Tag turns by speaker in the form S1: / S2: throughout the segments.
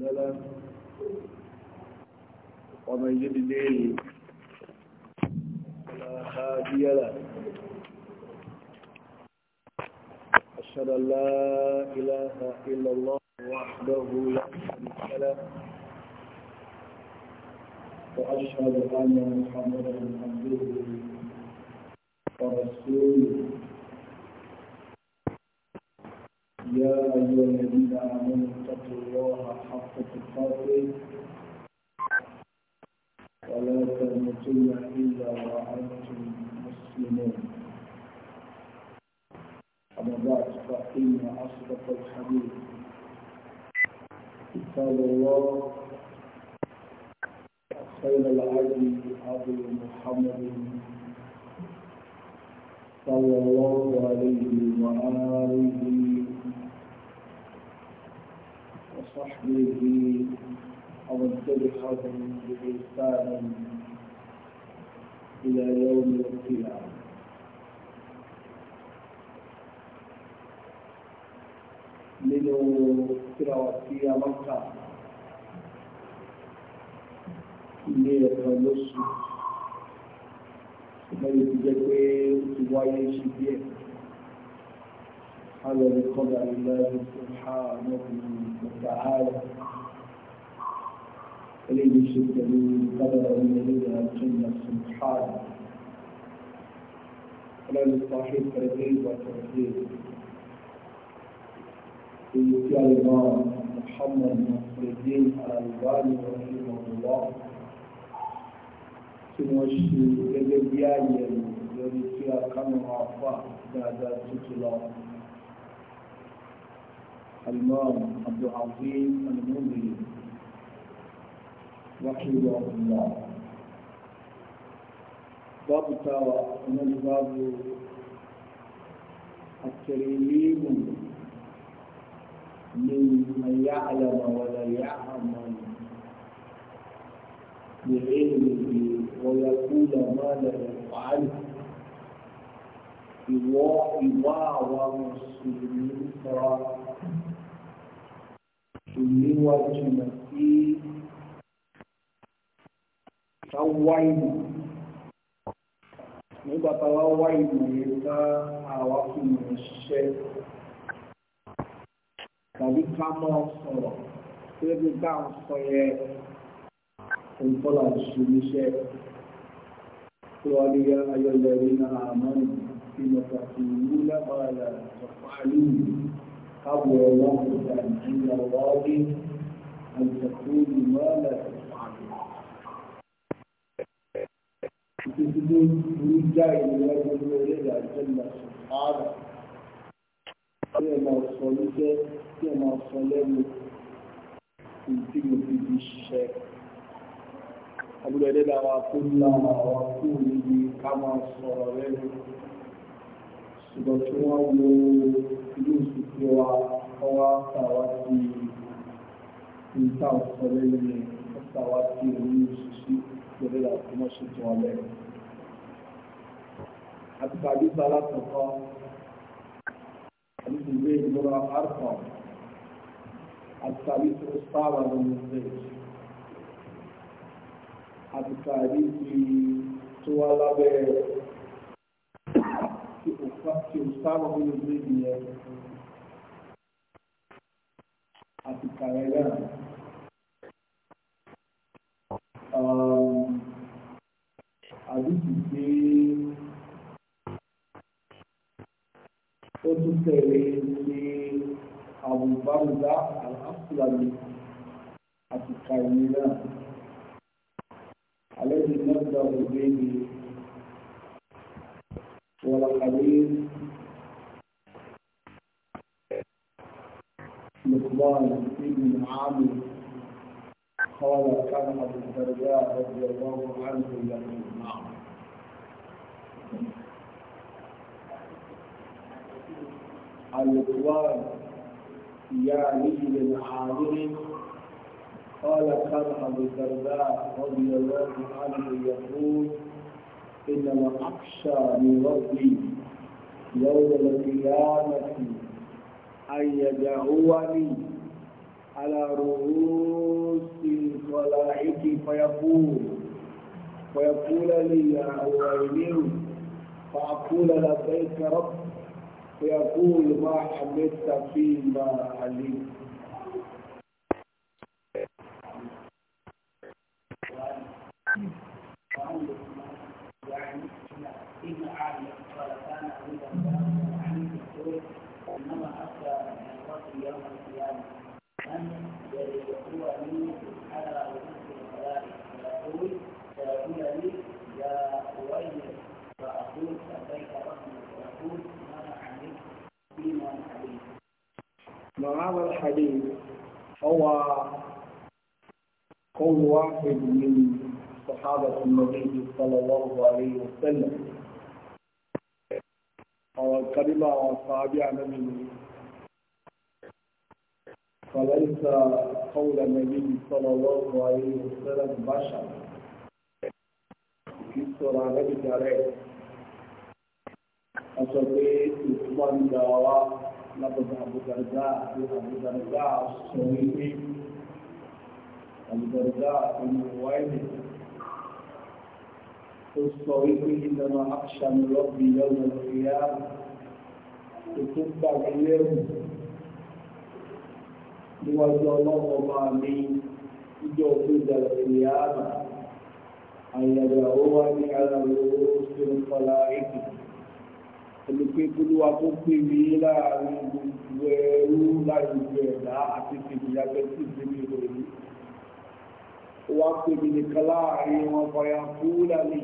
S1: لا ومن يضلل فلا هادي له أشهد أن لا إله إلا الله وحده لا
S2: شريك له
S1: وأشهد أن
S2: محمدا عبده ورسوله يا أيها الذين آمنوا اتقوا الله حق تقاته ولا تموتن إلا وأنتم مسلمون أما بعد فإن أصدق الحديث كتاب الله خير العدل أبي محمد صلى الله عليه وآله وصحبه أو اتبعهم بإحسان إلى يوم القيامة منو تراوتي يا مكة ليه تلوش ما يتجاوز وايش يبيه على القدر الله سبحانه وتعالى تعالى إليه الشدة قدر إليها الجنة سبحانه ولا للصاحب ترغيب وترهيب في اختيار الإمام محمد
S1: نصر الدين الألباني رحمه الله tí wọ́n ṣe gẹ́gẹ́ bí àyẹ̀wò lórí بعد a الله الإمام عبد العظيم
S2: المنذري رحمه الله
S1: باب التاوى من الباب من ممن يعلم ولا
S2: يعمل بعلمه ويقول ما لا يفعله في ìwà àwọn المسلمين kò ní wá jìnnà sí káwá ìmọ̀
S1: nígbà táwa wá ìmọ̀ yẹn ká àwa fi mọ̀ ṣiṣẹ́ tàbí ká máa sọ̀rọ̀ pé bí bá ń sọ yẹn kò tọ́lá ṣe níṣẹ́
S2: tó wá ní ayọ̀lẹ̀ rí náà àmọ́ ìgbìmọ̀ tàbí ìlú lábàá là tọ́fà lónìí. قبل الله عند الله أن تكون ما لا تفعلون تسجد ويجا إلى الله جل سبحانه
S1: kí ẹ máa sọ lójẹ́ kí ẹ máa sọ lẹ́nu tí mo fi di ṣiṣẹ́ abúlẹ̀dẹ́ dára tó lára
S2: àwọn kú níbi ká máa sọ̀rọ̀ lẹ́nu ṣùgbọ́n tí wọ́n wo táwọn sọ lẹ́yìn ní ọ̀sà wa tí òun ní ìṣíṣí lórí àkómọ́ ṣètò
S1: ọ̀lẹ́. àti pàdé sálá kọ̀ọ̀kan àti ìwé ìmúra àrùkọ̀ àti pàdé tó sábà lọ́nà ìṣẹ́. àti pàdé ti tó wá lábẹ́ tí ó sábà lọ́nà
S2: ìṣẹ́ yẹn. àti pàdé náà. Um, àdìsí pé ó tún tẹ̀lé pé àbùbáwùdá àfúlàní àti kàìmí náà alẹ́ ti قال كان أبو الدرداء رضي الله عنه
S1: يقول الإخوان يا علي بن عامر
S2: قال كان أبو الدرداء رضي الله عنه يقول إنما أخشى من ربي يوم
S1: القيامة أن يدعوني على رؤوس الخلائق فيقول فيقول لي أعوينه فأقول لبيك رب فيقول ما حمدت فيما عليك
S3: Thank
S2: you. وهذا
S1: الحديث هو قول واحد من صحابة النبي صلى الله عليه وسلم وكلمة وصحابي عن النبي فليس قول النبي صلى الله عليه وسلم بشر في سورة نبي عليه أصدقائي عثمان
S2: دعوة لقد أبو الدرداء أبو الدرداء الصويبي أبو الدرداء الموالد الصويبي إنما أخشى من ربي يوم القيامة تتبع غيره níwájú ọlọ́run ọba mi ìjọ òfin ìdàgbàsí ààbà àyàgbà ó wá ní ara ìrọ̀rọ̀ oṣù ìfọlá èkì olùpé kúlúwa tó pè
S1: mí láàrin gbogbo ẹrú láàrin gbogbo ẹ̀dá àti fìdí abẹ́sí ìsinmi ìròyìn wá pè mí nìkan láàrin wọn fọyà fúlàní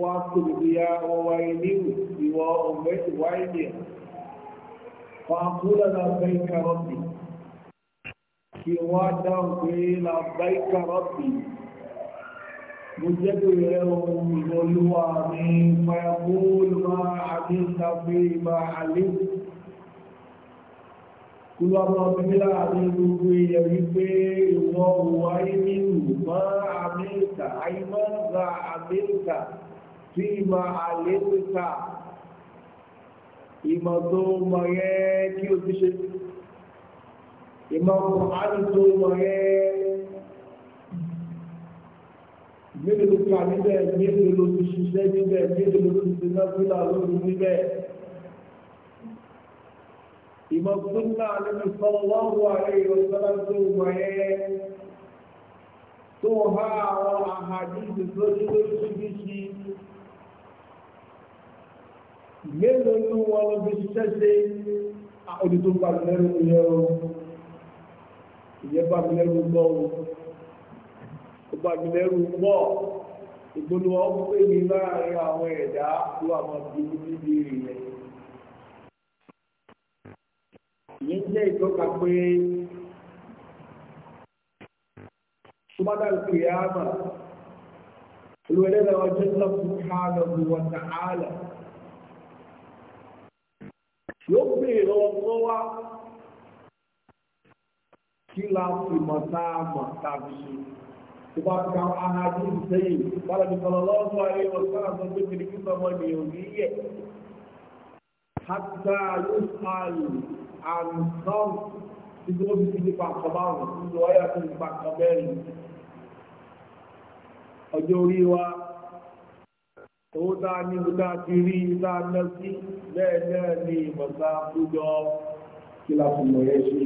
S1: wá pè mí bí wọ́n wáyé níwò ìwọ ọ̀gbẹ́sì wáyé nìyẹn. فأقول لبيك ربي kí wá dáhùn pé làbáìkà rọ́bì mo jẹ́bù rẹ̀ ohun ìrọlúwà ní fayakóòlù máa àbí ìtàgbé ìbá àlè kúlọ́ ọmọ bíbílà àbí gbogbo èèyàn wípé ìwọ òwà ìmìlú ìmọ̀ tó mọ̀ yẹn kí o ti ṣe ìmọ̀ kùránì tó mọ̀ yẹn mélòó ló ka níbẹ̀ mélòó ló ti ṣiṣẹ́ níbẹ̀ mélòó ló ti ṣe náfìlà lórí níbẹ̀ ìmọ̀ súnà níbi sọ́lọ́wọ́ àrẹ ìrọ̀sọ́lá tó mọ̀ yẹn tó há àwọn àhàdí ìdìbò lóríṣiríṣi mélòó ní wọn lọ bí ṣiṣẹ́ ṣe àkọ́jú tó bá lẹ́rù yẹ o ìyẹn bá mi lẹ́rù gbọ́ o ó bá mi lẹ́rù pọ̀ ìgbóluwọ́ pé mi láàrin àwọn ẹ̀dá tó àwọn ìbí níbi ìrìnlẹ̀. ìyẹn jẹ́ ìtọ́ka pé sumada kiyama olùwẹ̀lẹ́lẹ́ ọjọ́ náà fún káàlọ́ bí wọ́n ta ààlọ́ yóò béèrè ọgbọ́n wá kí la fi mọ̀ táa mọ̀ tàbí ṣe tó bá ka ahadu sẹ́yìn bára ní kọlọ lọ́wọ́ ayé wọn sára sọ pé kìrì kí sọmọ ni ò yẹ hàtà yóò sàlù àǹtọ́n tí tó fi ti nípa àkọ́bá ọ̀rọ̀ tó lọ ayé àti nípa àkọ́bẹ́rin ọjọ́ orí wa owó tá a ní ibi a ti rí tá a ná sí bẹ́ẹ̀ náà ni ìmọ̀ta kújọ kí la fi mọ̀ yẹn ṣe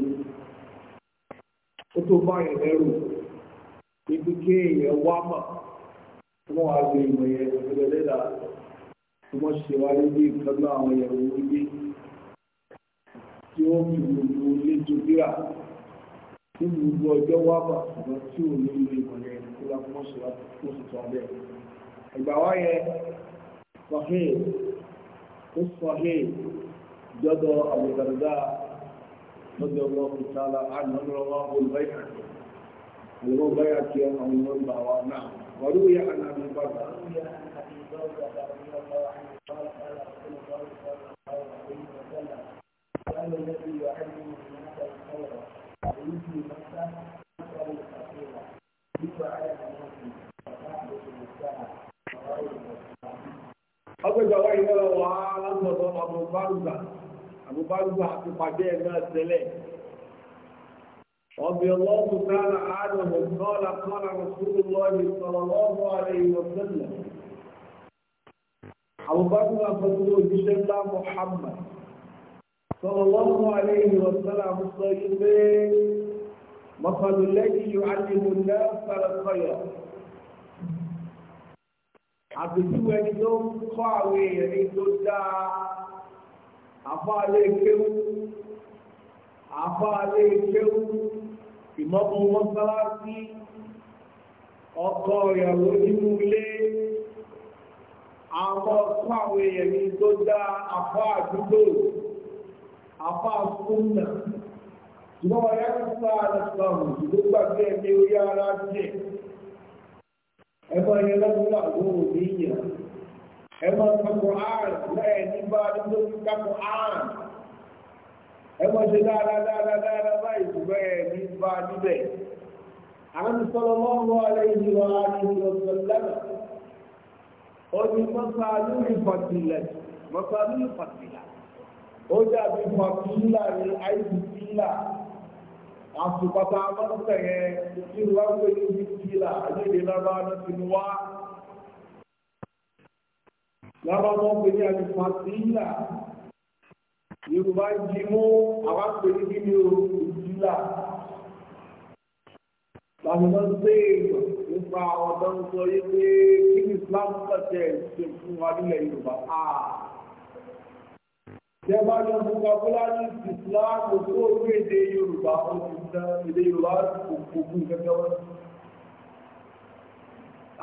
S1: ó tó bá yẹn lẹ́rù ibi àwọn tí fi gbogbo bíra tí gbogbo ọjọ́ wá mọ̀ ṣùgbọ́n tí ò ní yẹn ìgbà wọ́n yẹ sọ̀hìn ó sọ̀hìn jọ́dọ̀ àbùdàdà lọ́dọ̀ wọn kò sára ànàmọ́ wọn olùbáyà olùbáyà kí ẹ àwọn ọmọ ìgbà náà wọ́n yẹ ànàmọ́ bàbá.
S2: قال الذي
S1: pẹ́gbà wáyé lọ́rọ̀ wá látọ̀tọ̀ àbúbárùgbà àbúbárùgbà àti pàdé ẹ̀ náà tẹ́lẹ̀ ọ̀bì ọlọ́ọ̀bù kára àádọ́mù kọ́lá kọ́lá rọ̀súlù lọ́ọ̀lì sọ̀rọ̀ lọ́ọ̀bù ààrẹ ìwọ̀sẹ́lẹ̀ àbúbárùgbà pẹ̀lú òjíṣẹ́ ńlá Muhammad sọ̀rọ̀ lọ́ọ̀bù ààrẹ ìwọ̀sẹ́lẹ̀ àmúsọ yìí pé mọ̀kànlélẹ́yìn yóò àpèjúwe ẹni tó ń kọ́ àwọn èèyàn ní tó dáa àfáàlẹ́ kéwú àfáàlẹ́ kéwú ìmọ̀kùn mọ́sálásí ọkọ ìyàwó nínú ilé àwọn ọkọ àwọn èèyàn ní tó dáa àfáà àdúgbò àfáà súnmọ̀ ṣùgbọ́n ọ̀yá ń sáà lọ́sọ̀rọ̀ ṣùgbọ́n gbàgbé ẹni orí ara jẹ́ ẹmọ yẹn lọ́gbọ́n àgbóhùn níyàn ẹmọ kakọ àrùn lẹ́ẹ̀ nígbà tó ti kakọ àrùn ẹmọ ṣe dáadáadáadáa báyìí ṣùgbọ́n ẹ̀ ní bá níbẹ̀ àwọn ìsọ̀rọ̀ lọ́wọ́ alẹ́ yìí lọ àdìsí ọ̀sẹ̀ lẹ́nà ó ní mọ́sálú ìfọ̀tìlẹ̀ mọ́sálú ìfọ̀tìlà ó dàbí fọ̀tìlà ní àìsí àtùpàtà amọ́nùfẹ́ yẹn nínú wá pé ní ibi tí là ayéde lábá ló ti mú wá. lábá mọ́ pé ní àlùfà sí ìlà yorùbá jí mú àwa pé ní kí ni o ìjì là. làmúná ṣe èèyàn nípa àwọn ń sọ yé pé kí ni Islam pàṣẹ ìṣe fún wa nílẹ̀ yorùbá ah. Jẹba ló ń fún Kabulani Ìsìláàmù tó orí èdè Yorùbá ọdún ìdá èdè Yorùbá òkùnkùn kẹta wọn.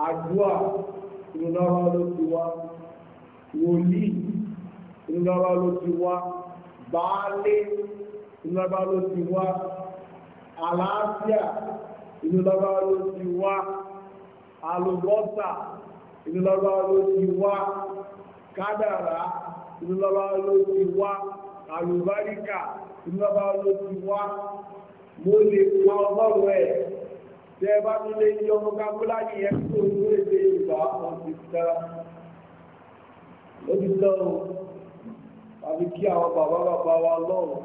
S1: Àdúà ìrìnlára ló ti wá, wòlíì ìrìnlára ló ti wá, baálé ìrìnlára ló ti wá, àlàáfíà ìrìnlára ló ti wá, àlùbọ́sà ìrìnlára ló ti wá, kádàrá ìlúlọ́wà ló ti wá àlùbáríkà ìlúlọ́wà ló ti wá mo lè pa ọlọ́run ẹ̀ tẹ́ ẹ bá tún lè yí ọmọ kábúlá nìyẹn tó ń gbé èdè ìgbà wọn ti tẹ́ ó ti tẹ́ o àbí kí àwọn bàbá bàbá wa lọ́rùn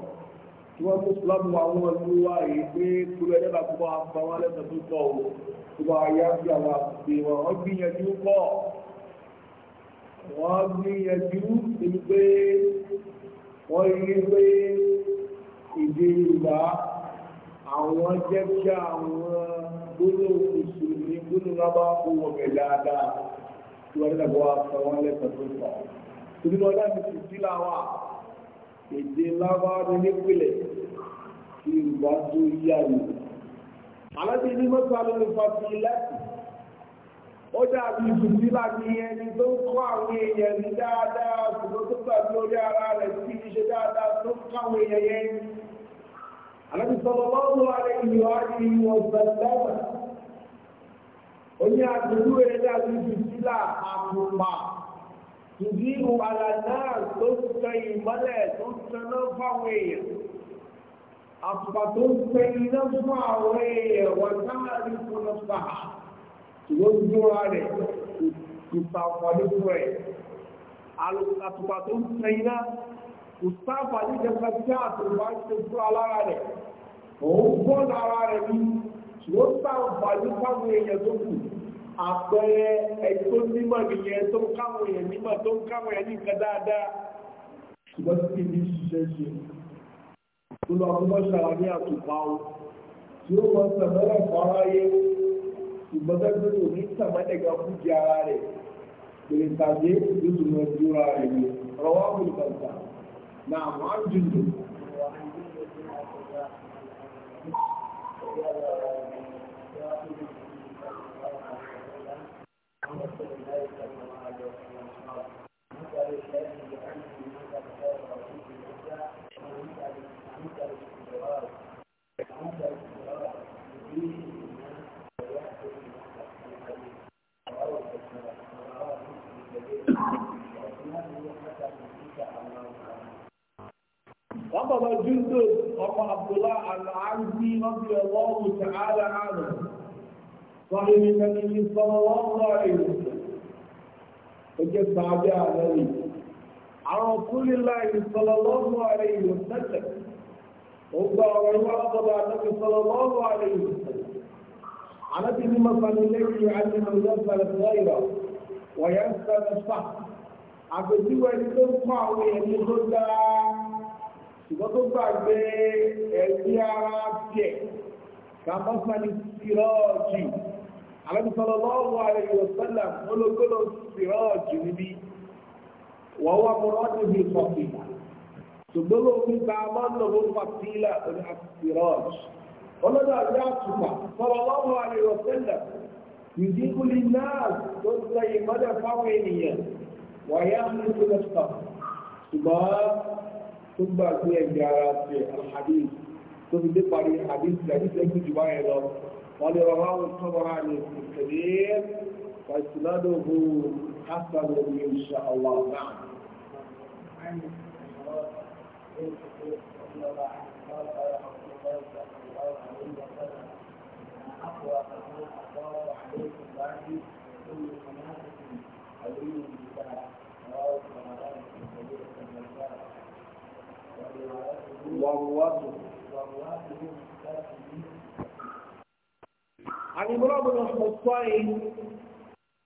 S1: tí wọ́n mú sùlámù àwọn ìlú wa yìí pé kúrò ẹ̀dẹ́ làkúbọ̀ àbáwọn lẹ́sẹ̀ tó kọ̀ ọ́ tó bá yá sí àwọn àti wọn gbìyànjú pọ̀ wọ́n gbìyànjú pé wọ́n rí pé èdè Yorùbá àwọn jẹ́ kí àwọn gbólóhùn mùsùlùmí gbólóhùn lábá kó wọ̀bẹ̀ dáadáa tí wọ́n dàgbọ́ àṣà wọn lẹ́sọ̀ tó sọ. Torí wọn láti fi sí làwà èdè lábá ní nípìnlẹ̀ tí Yorùbá tó yíyá yìí ó dàbí ìdùnnú láti ẹni tó ń kọ́ àwọn èèyàn ní dáadáa ṣùgbọ́n tó gbàgbé orí ara rẹ̀ tí kì í ṣe dáadáa tó ń káwọn èèyàn yẹn. àlejò sọ̀rọ̀ lọ́wọ́ ààrẹ ìlú àti ìwọ̀n sẹ̀lẹ́wà ó ní àdúgbò rẹ̀ dàbí ìdùnnú àmùpà ìdíhù àlànà tó ń tan ìmọ́lẹ̀ tó ń taná fáwọn èèyàn àtùpà tó ń tan iná fún àwọn èèyàn wọ̀n táàrí lójúra rẹ̀ ìsànfàní fún ẹ̀ àtùpà tó ń tẹ̀yìnà ìsànfàní jẹta tí àtùpà ń ṣe fún alára rẹ̀ òun bọ́ lára rẹ̀ ní ló sànfàní fáwọn èèyàn tó kù àpẹẹrẹ ẹni tó nímọ̀ nìyẹn tó káwọn èèyàn nímọ̀ tó káwọn èèyàn ní nǹkan dáadáa ṣùgbọ́n tí kì í ṣiṣẹ́ ṣe tó lọ fún mọ́ṣáláà ní àtùpà o tí ó mọ̀ sẹ̀mẹ́rẹ̀ fọ́ráyé ṣùgbọ́n gbẹ́gbẹ́ ló ní sàmọ́dẹ̀gà fújì ara rẹ̀ pèrè tàbí lóṣùnà ìdúrà rẹ̀ ni rọwọ́ olùbàdà náà máa ń dùn وقضى جندب وقى عبد الله العبدي رضي الله تعالى عنه صاحب النبي صلى الله عليه وسلم وجد بعدها النبي عن رسول الله صلى الله عليه وسلم وقضى وقضى النبي صلى الله عليه وسلم عن ابي مثل الذي يعلم الغفل الغيره وينسى الصح عبد الله يقول قعوه يقول ṣùgbọ́n tó gbàgbé ẹ̀rí ara tiẹ̀ kàmọ́sánì sírọ́ọ̀jì alẹ́bùsọ̀lọ́ lọ́wọ́ ààrẹ ìwọ̀sánlá ológóló sírọ́ọ̀jì níbi wọ́wọ́ mọ́rọ́dún bíi fọ̀tìlà ṣùgbọ́n ló fi gba mọ́nà ló fọ̀tìlà oní sírọ́ọ̀jì olódò àjọ àtùpà sọ̀rọ̀ lọ́wọ́ ààrẹ ìwọ̀sánlá ìdíkùlì náà tó ń sẹ́yìn mọ́dẹ̀ fáwọn ènìyàn wọ̀nyá ń lé tó gbà sí ẹgbẹ́ ara ti alhadis tó fi dé parí hadis hadis ẹgbẹ́ ìjùmọ̀ yẹn lọ wọ́n lè rọra wọn tọ́bọ̀rọ̀ ní ìkẹ̀lẹ́ fàṣìládòhù hasanu insha allah náà.
S2: Thank you. عن امرأة بن
S1: حصين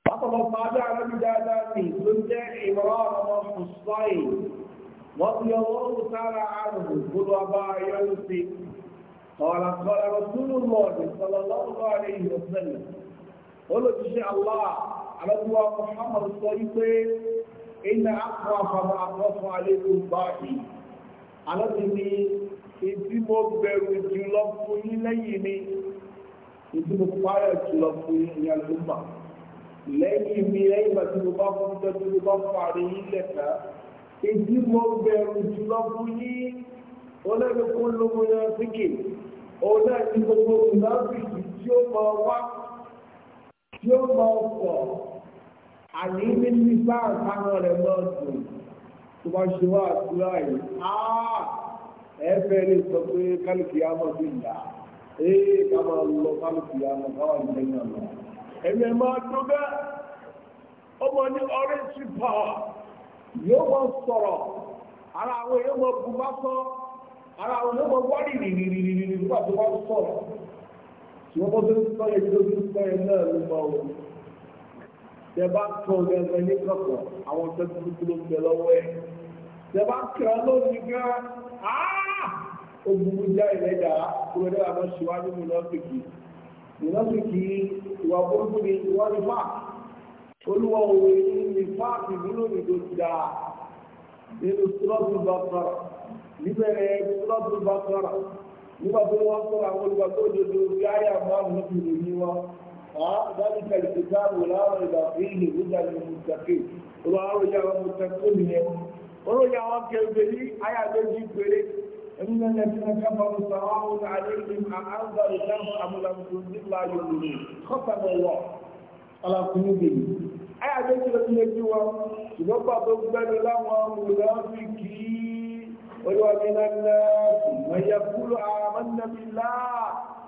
S1: بطل الطابع من داداتي زوجة امرأة بن حصين رضي الله تعالى عنه قل أبا يوسف قال قال رسول الله صلى الله عليه وسلم قل إن شاء الله على دعاء محمد صلى الله عليه وسلم إن أقرأ فما أقرأ عليكم باقي alábi ni etí mo bẹ̀rù jùlọ fún yín lẹ́yìn mi etí mo parẹ́ jùlọ fún yín ní alùpùpà lẹ́yìn mi lẹ́yìn ìgbà tí mo bá fún tọ́ tí mo bá parí yín lẹ́ka etí mo bẹ̀rù jùlọ fún yín olóògbé lóko náà síkè olóògbé gbogbo ìlànà tí ó máa wá tí ó máa pọ̀ àní nínú ìgbà àtàwọn rẹ̀ máa dùn tó bá ṣe wá àdúrà yìí áà ah! ẹ̀fẹ́ lè sọ pé kálùkì àmọ́ sí ìyá ee ká máa lọ kálùkì àmọ́ káwà ní ẹ̀yìn àmọ́ ẹ̀mí ẹ̀ máa tó bẹ́ ọmọ ní orange power yóò mọ sọ̀rọ̀ ara àwọn yóò mọ bu bá sọ ara àwọn yóò mọ wárì rìrìrìrìrì nígbà tó bá sọ̀rọ̀ ṣùgbọ́n bó tó ń sọ yẹn tó ń sọ yẹn náà ló máa wọ̀ tẹ bá tọ̀ gẹ́gẹ́ ní kọ̀ọ̀kan àwọn tó ti dúró ń bẹ lọ́wọ́ ẹ̀. Ìjọba ń kíra lónìí gan-an, àá! Ogun já ilẹ̀ dà, kúrò lẹ́wà lọ síwájú mi lọ́sìkì. Ìlọ́sìkì ìwà burúkú ni ìwà ní fà. Olúwa òwe ní fáàkì nínú ìdò dà nínú Sọ́ọ̀tù Bàkàrà. Níbẹ̀rẹ̀ Sọ́ọ̀tù Bàkàrà. Nígbà tó wọ́n sọ̀rọ̀ àwọn olùgbàgbọ́ òdodo bí ayé àbá mi lọ́sìkì ìròyìn wọn. ذلك الكتاب لا ريب فيه هدى للمتقين وما رجع المتقين olóyè àwọn kẹgbẹ̀rí ayàgbéjì gbèrè ẹ̀múnlẹ̀ tí wọ́n kẹfà ń sọ àwọn ohun àdéhùn àánzọ ìdáhùn àmúlàmùsùn nípa yorùbá kọ́sàmọ̀ wọ̀ ọlọ́kùnrin bèbí ayàgbéjì ló ti lè jí wọn ṣùgbọ́n pàtó gbẹ́nu láwọn olùdáwọ́sì kì í olúwa ní lẹ́nu mọ̀yẹ́kúlù àmọ́nàmílá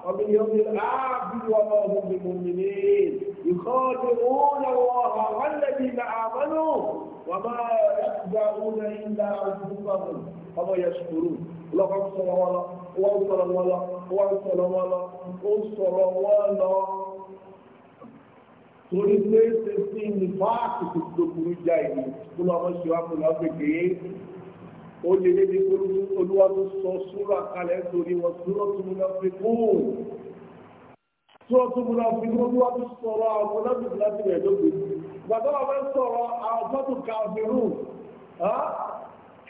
S1: ومن يوم العابد وما هم بمؤمنين يخادعون الله والذين آمنوا وما يخدعون إلا أنفسهم وما يشكرون لقد صلى الله وصلى الله وصلى الله وصلى الله torí pé ṣe sí ní fáàkì tó gbogbo ìjà ìlú kó lọ́mọ ṣe wá kó lọ́ọ́ gbègbè ó lè débi olúwa tó sọ súrà kalẹ̀ torí wọn súrà tó múná fi kún súrà tó múná fi kún olúwa tó sọ̀rọ̀ àwọn ọlọ́dún láti rẹ̀ lóbi gbàtọ́ wà fẹ́ sọ̀rọ̀ àwọn sọ́tù kàfírù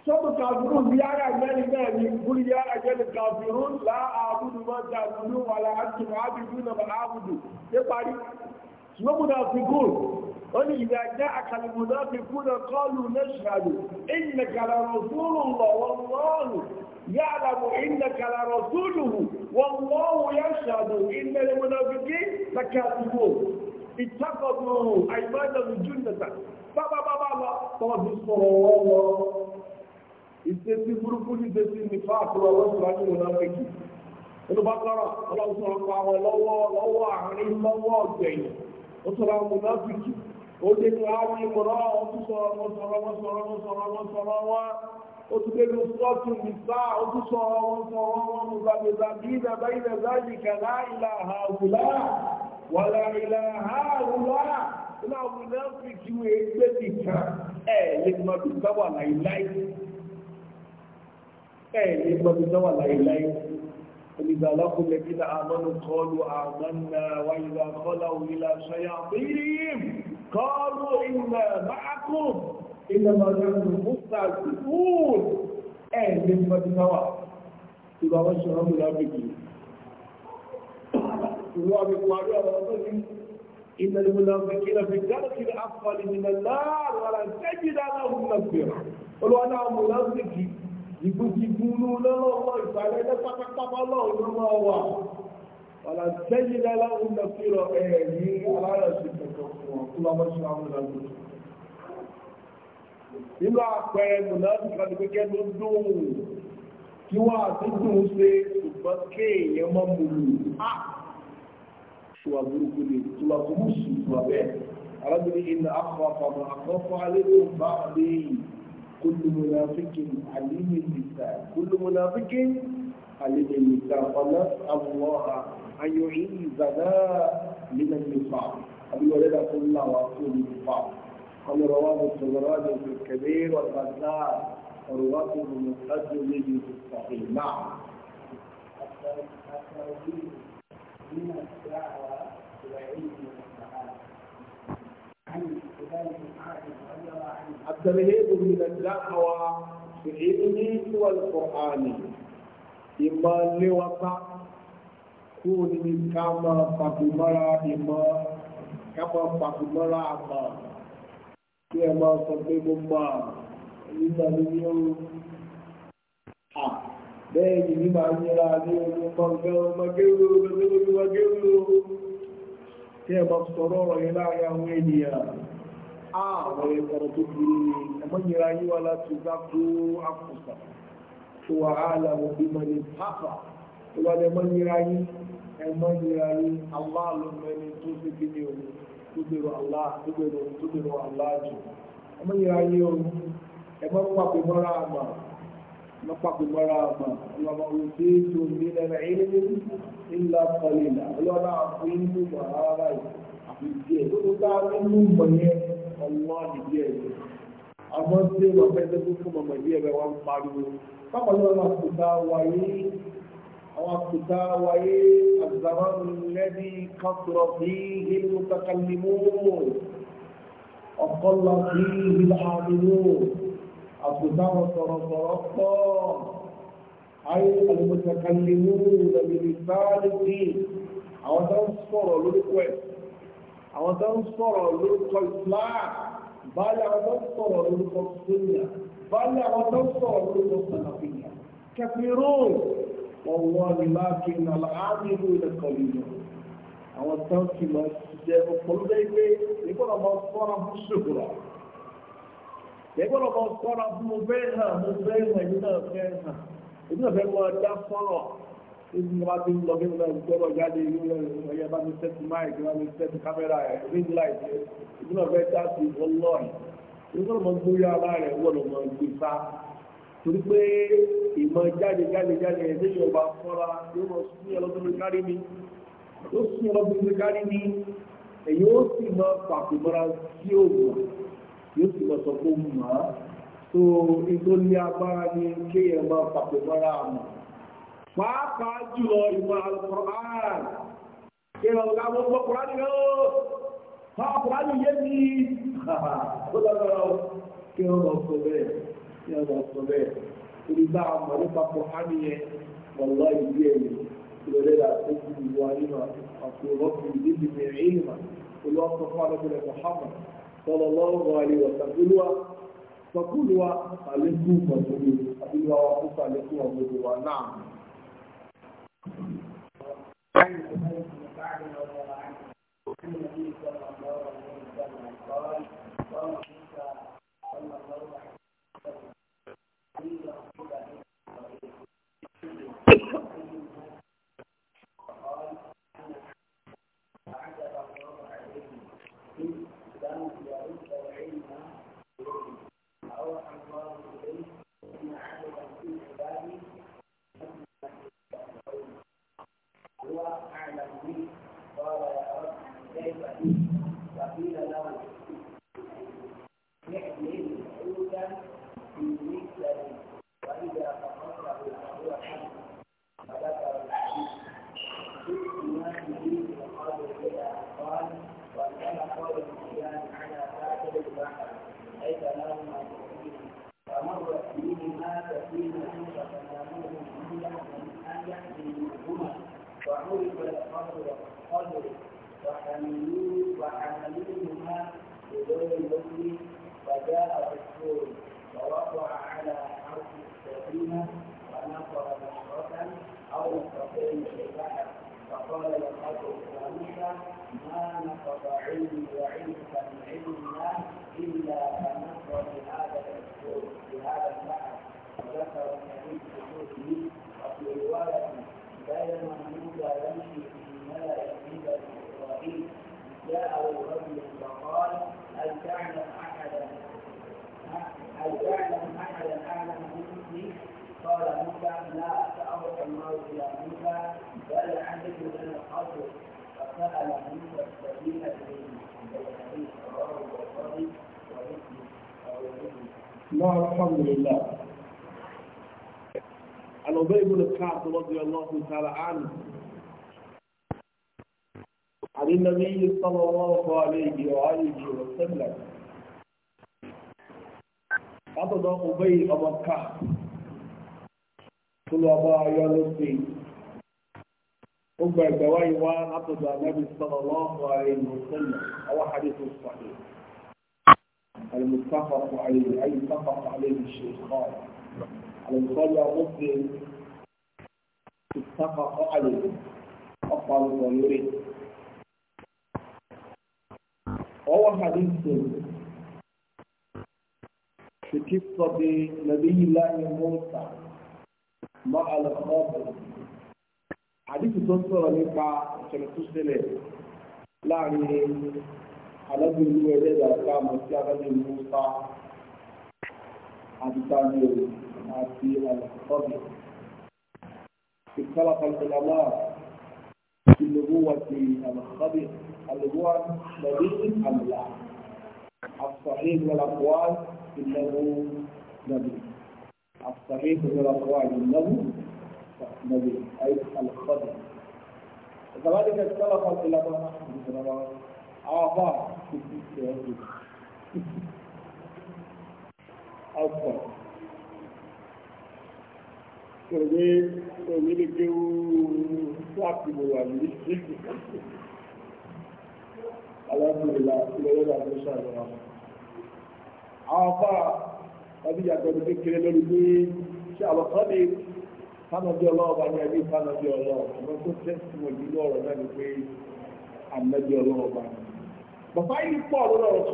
S1: sọ́tù kàfírù bí ara ìgbẹ́ni náà ni kúrì yá ẹgbẹ́ni kàfírù láàbùdù máa ta àbùdù wà láàbùdù máa bìbí náà máa àbùdù dé parí ṣùgbọ́n múná fi kún ó ní ìgbà jẹ́ àkàlùmọ̀dá ti kúrò kọlù lẹ́ṣàdù ìnà kàlàrọ̀ súrù lọ wọ́n lọ́rù yàlàmù ìnà kàlàrọ̀ súrù wọ́n lọ́rù yẹ́ṣàdù ìnà lẹ́mọ̀dọ́gbẹ̀gẹ́ takàtùkò ìtakọ̀dù àìbádọ̀lù júndàtà bábábábá lọ tọ́jú sọ̀rọ̀ wọ́n lọ ìṣesí burúkú ní ìṣesí ní fáàkùrọ̀ wọ́n sọ̀rọ̀ ní mọ̀dọ́gbẹ̀gì olùbákọ́rọ̀ ọlọ́sọ̀rọ̀ ó dé ní àwọn ìkọ̀rọ̀ wọn tún sọ̀rọ̀ wọn sọ̀rọ̀ wọn sọ̀rọ̀ wọn sọ̀rọ̀ wọn sọ̀rọ̀ wọn ó tún dé ní sọ́ọ̀tù nìfà ó tún sọ̀rọ̀ wọn sọ̀rọ̀ wọn mú gbàgbègbà bí iná báyìí náà záàlì kàlá ìlà àwùlá wàlà ìlà àwùlá kọ́ọ̀lù ilẹ̀ máàkùn ilẹ̀ mọ̀lẹ́rù mùsà síkúùn ẹ̀ ní mọ̀tíkáwà tí bá wọ́n ṣe rọ́mù lábìkì ìwọ́n mi kò àrí ọ̀rọ̀ tó ní ilẹ̀ mọ̀lẹ́rù lábìkì dáàkì àfọ̀lì nílẹ̀ láàrùn ara jẹ́jì dára ọ̀hún lọ́pẹ̀rẹ̀ olùwádà ọmọ lábìkì ìgbójìgbó lọ́wọ́ ìpàdé pátápátá lọ́wọ́ wà wà jẹ́jì dára ọ̀hún lọ́pẹ̀rẹ̀ ẹ̀yìn alárẹ̀ Nínú àpẹẹrẹ Mùnàbí kan ní pẹ́kẹ́ ló dùn kí wọ́n àti dùn ṣe ṣùgbọ́n kéèyàn mọ́ múlù. À ṣùwà burúkú lè túwà tó mú sí ìwà bẹ́ẹ̀. Arábìnrin iná akọ̀ọ̀fàmọ̀ àkọ́kọ́ alẹ́kùn bá lè kúlù mùnàfíkìn àlímì nìta. Kúlù mùnàfíkìn أبي ولد كل ورسول الله قال رواه الصغراج في الكبير والغزاء ورواته ابن
S2: به في الصحيح نعم من الدعوة عن
S1: التمهيد من الدعوة في سوى والقرآن إما لوطا كون من كما فبمرا إما ẹ máa pàtó mọ́ra àmà kí ẹ máa sọ pé mo mọ̀ nígbà mi ní ooru. bẹ́ẹ̀ ni mi máa yẹra ní orí ọmọge ọmọge ọmọge ọmọge ọmọge kí ẹ máa sọ̀rọ̀ ọ̀rọ̀ yẹn láàrin àwọn ènìyàn. àwọn ẹ̀kọ́rọ̀ tó kiri ni ẹ máa yẹra yí wa láti bá kó àkùsà tó wà á làwọn bí mo lè pàpà tó wà lè máa yẹra yí ẹ máa yẹra yí àwọn mẹ́rin tó ṣe kí ni òun tó Allah tó bẹ̀rù Allah jù ọmọ yìí ayé o ẹ má pàpè mọ́ra àmà má pàpè mọ́ra àmà ọlọ́mọ òṣè tó ní lẹ́nu ẹ̀yẹ́dẹ́ ńlá kọlẹ́lá ọlọ́mọ àfún inú mọ̀ ara yìí àfi díẹ̀ tó tó bá nínú mọ̀ yẹn ọlọ́ nìdíẹ̀ yìí àwọn tí wọ́n fẹ́ tó fún mọ̀mọ́ ìdí ẹ̀rẹ̀ wọn pariwo báwọn lọ́wọ́ وقتا وإيه الزمان الذي كثر فيه المتكلمون وقل فيه العاملون أقتا وترطرطا أي المتكلمون بلسان الدين أو تنصر للكويت أو تنصر للإسلام بل أو تنصر للقصية بل أو تنصر للقصية كثيرون والله لكن العاملون قليلون àwọn tán kì lọ jẹ ọ̀pọ̀lọpọ̀ ilé ìgbọ́dọ̀ mọ sọ́ra fún ṣòkòrò ìgbọ́dọ̀ mọ sọ́ra fún mo fẹ́ hàn mo fẹ́ hàn èmi náà fẹ́ hàn èmi náà fẹ́ mọ ẹja sọ́rọ̀ èmi náà bá ti ń lọ bí mo náà gbọ́dọ̀ jáde ìlú rẹ̀ ẹ̀yẹ bá mi sẹ́tù máìkì bá mi sẹ́tù kámẹ́rà ring light èmi náà fẹ́ dá sí ọlọ́ọ̀yì ìgbọ́dọ̀ mọ gbóyà ara rẹ̀ torí pé ìmọ̀ jáde jáde jáde ẹ̀dẹ́ ìjọba fọ́ra yóò sún ọlọ́dún ló kárí mi ó sún ọlọ́dún ló kárí mi èyí ó sì mọ pàpò mọ́ra sí òwò yóò sì mọ sọ pé tó igbó ní agbára ni kéèyàn mọ pàpò mọ́ra àmọ́ pàápàá jùlọ ìmọ̀ Al-Qur'an kéèyàn ọ̀gá gbogbo Kùránì rẹ̀ ó pàápàá Kùránì yé mi ó lọ́wọ́
S2: kéèyàn lọ sọ bẹ́ẹ̀ ní ọ̀dọ̀ ọ̀sán bẹ́ẹ̀
S1: torí bá a mọ̀ nípa pọ̀ hánì yẹn wọ̀lọ́ ìlú ẹ̀yẹ ìrọ̀lẹ́ la tó ti di wa nínú àti ọlọ́pìn ìdíje mi rìn ìmà olùwàsọ fún alẹ́kùnrin Thank you. تعالى عنه عن النبي صلى الله عليه وآله وسلم أبدا أبي أبا كعب كل أبا يلسي أبا جويوان أبدا النبي صلى الله عليه وسلم أو حديث صحيح المتفق عليه أي اتفق عليه الشيخان على البخاري ومسلم sáfàkọ́ àlòkù ọ̀pọ̀ àlòkù lórí. ọwọ́ hadithu في قصة نبي الله موسى مع الخاطر حديث تصور nípa ìṣẹ̀lẹ̀ tó ṣẹlẹ̀ láàrin alábìnrin ẹ̀rẹ́ ìdàgbà mọ̀sí alábìnrin Musa àti tani àti alàkọ́bìnrin. اختلف العلماء في نبوة الخبر هل هو نبي أم لا؟ الصحيح من الأقوال إنه نبي الصحيح
S2: من الأقوال إنه نبي أي الخبر
S1: وكذلك اختلف العلماء آباء أكثر pẹ̀lú pẹ̀lú lè gé oòrùn láti mọ̀ wà ní
S2: alábìrìlá ìlọ́lọ́dà tó ṣàlọ́wà àwọn
S1: afá ọdún yàtọ̀ ní kékeré lórí pé ṣe àlọ́kọ́ ní fánàbí ọlọ́ọ̀bá ní ẹbí fánàbí ọlọ́ọ̀bá àwọn tó tẹ́sí wọn nínú ọ̀rọ̀ náà pé ànábí ọlọ́ọ̀bá ni. bàbá pọ̀ lọ́rọ̀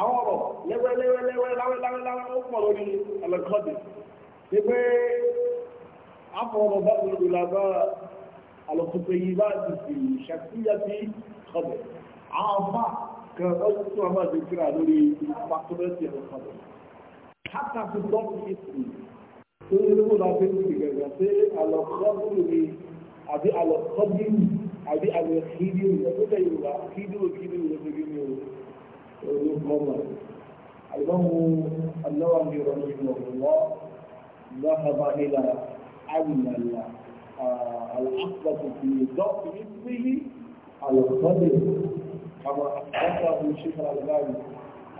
S1: àwọn ọ̀rọ̀ lẹ́wẹ́lẹ́wẹ́lẹ́wẹ́ láwẹ́láwẹ́ ó pọ̀ lórí ẹlẹ́kọ́dì ní pé afọ̀rọ̀ bá ti lò lábá àlọ́kùnfẹ́ yìí bá ti fi ṣàkíyà sí kọ́dì àwọn afá kan ó ti tún àmà ti kíra lórí pàtọ́lẹ́sì ẹlẹ́kọ́dì hátà ti tọ́ sí ìsìn tó ní lóko láti ti gẹ̀gẹ̀ sí àlọ́kọ́dì àbí àlọ́kọ́dì àbí àlọ́kídìrì
S2: ويقوم الإمام النووي رحمه الله ذهب إلى أن
S1: العقبة في ضبط مثله القدر كما أثبته الشيخ الألباني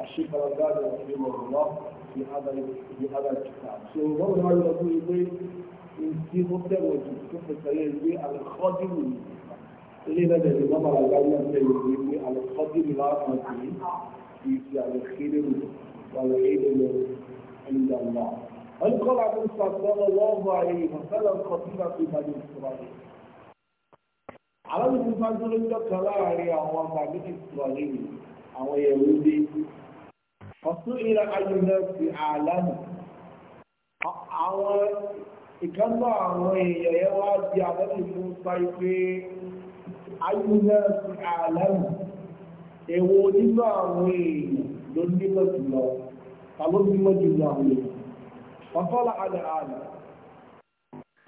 S1: الشيخ الألباني رحمه الله في هذا في هذا الكتاب. So what we are going to do is we will see what there was to say الخادم لنا الذي نظر علينا سيدي على القدر العظمة في الخير والعلم عند الله هل قال موسى صلى الله عليه وسلم خطيبة في بني إسرائيل على موسى صلى الله عليه وسلم بني إسرائيل أو يهودي فسئل عن الناس أعلم àwọn ìkánná àwọn èèyàn yẹn wá di àbẹ́bí fún sáyé pé ayúlẹ̀ sí àlẹ́mù èwo nínú àwọn èèyàn ló nímọ̀ jùlọ tàbí nímọ̀ jùlọ àwọn èèyàn ọ̀tọ́lá àdà àlẹ́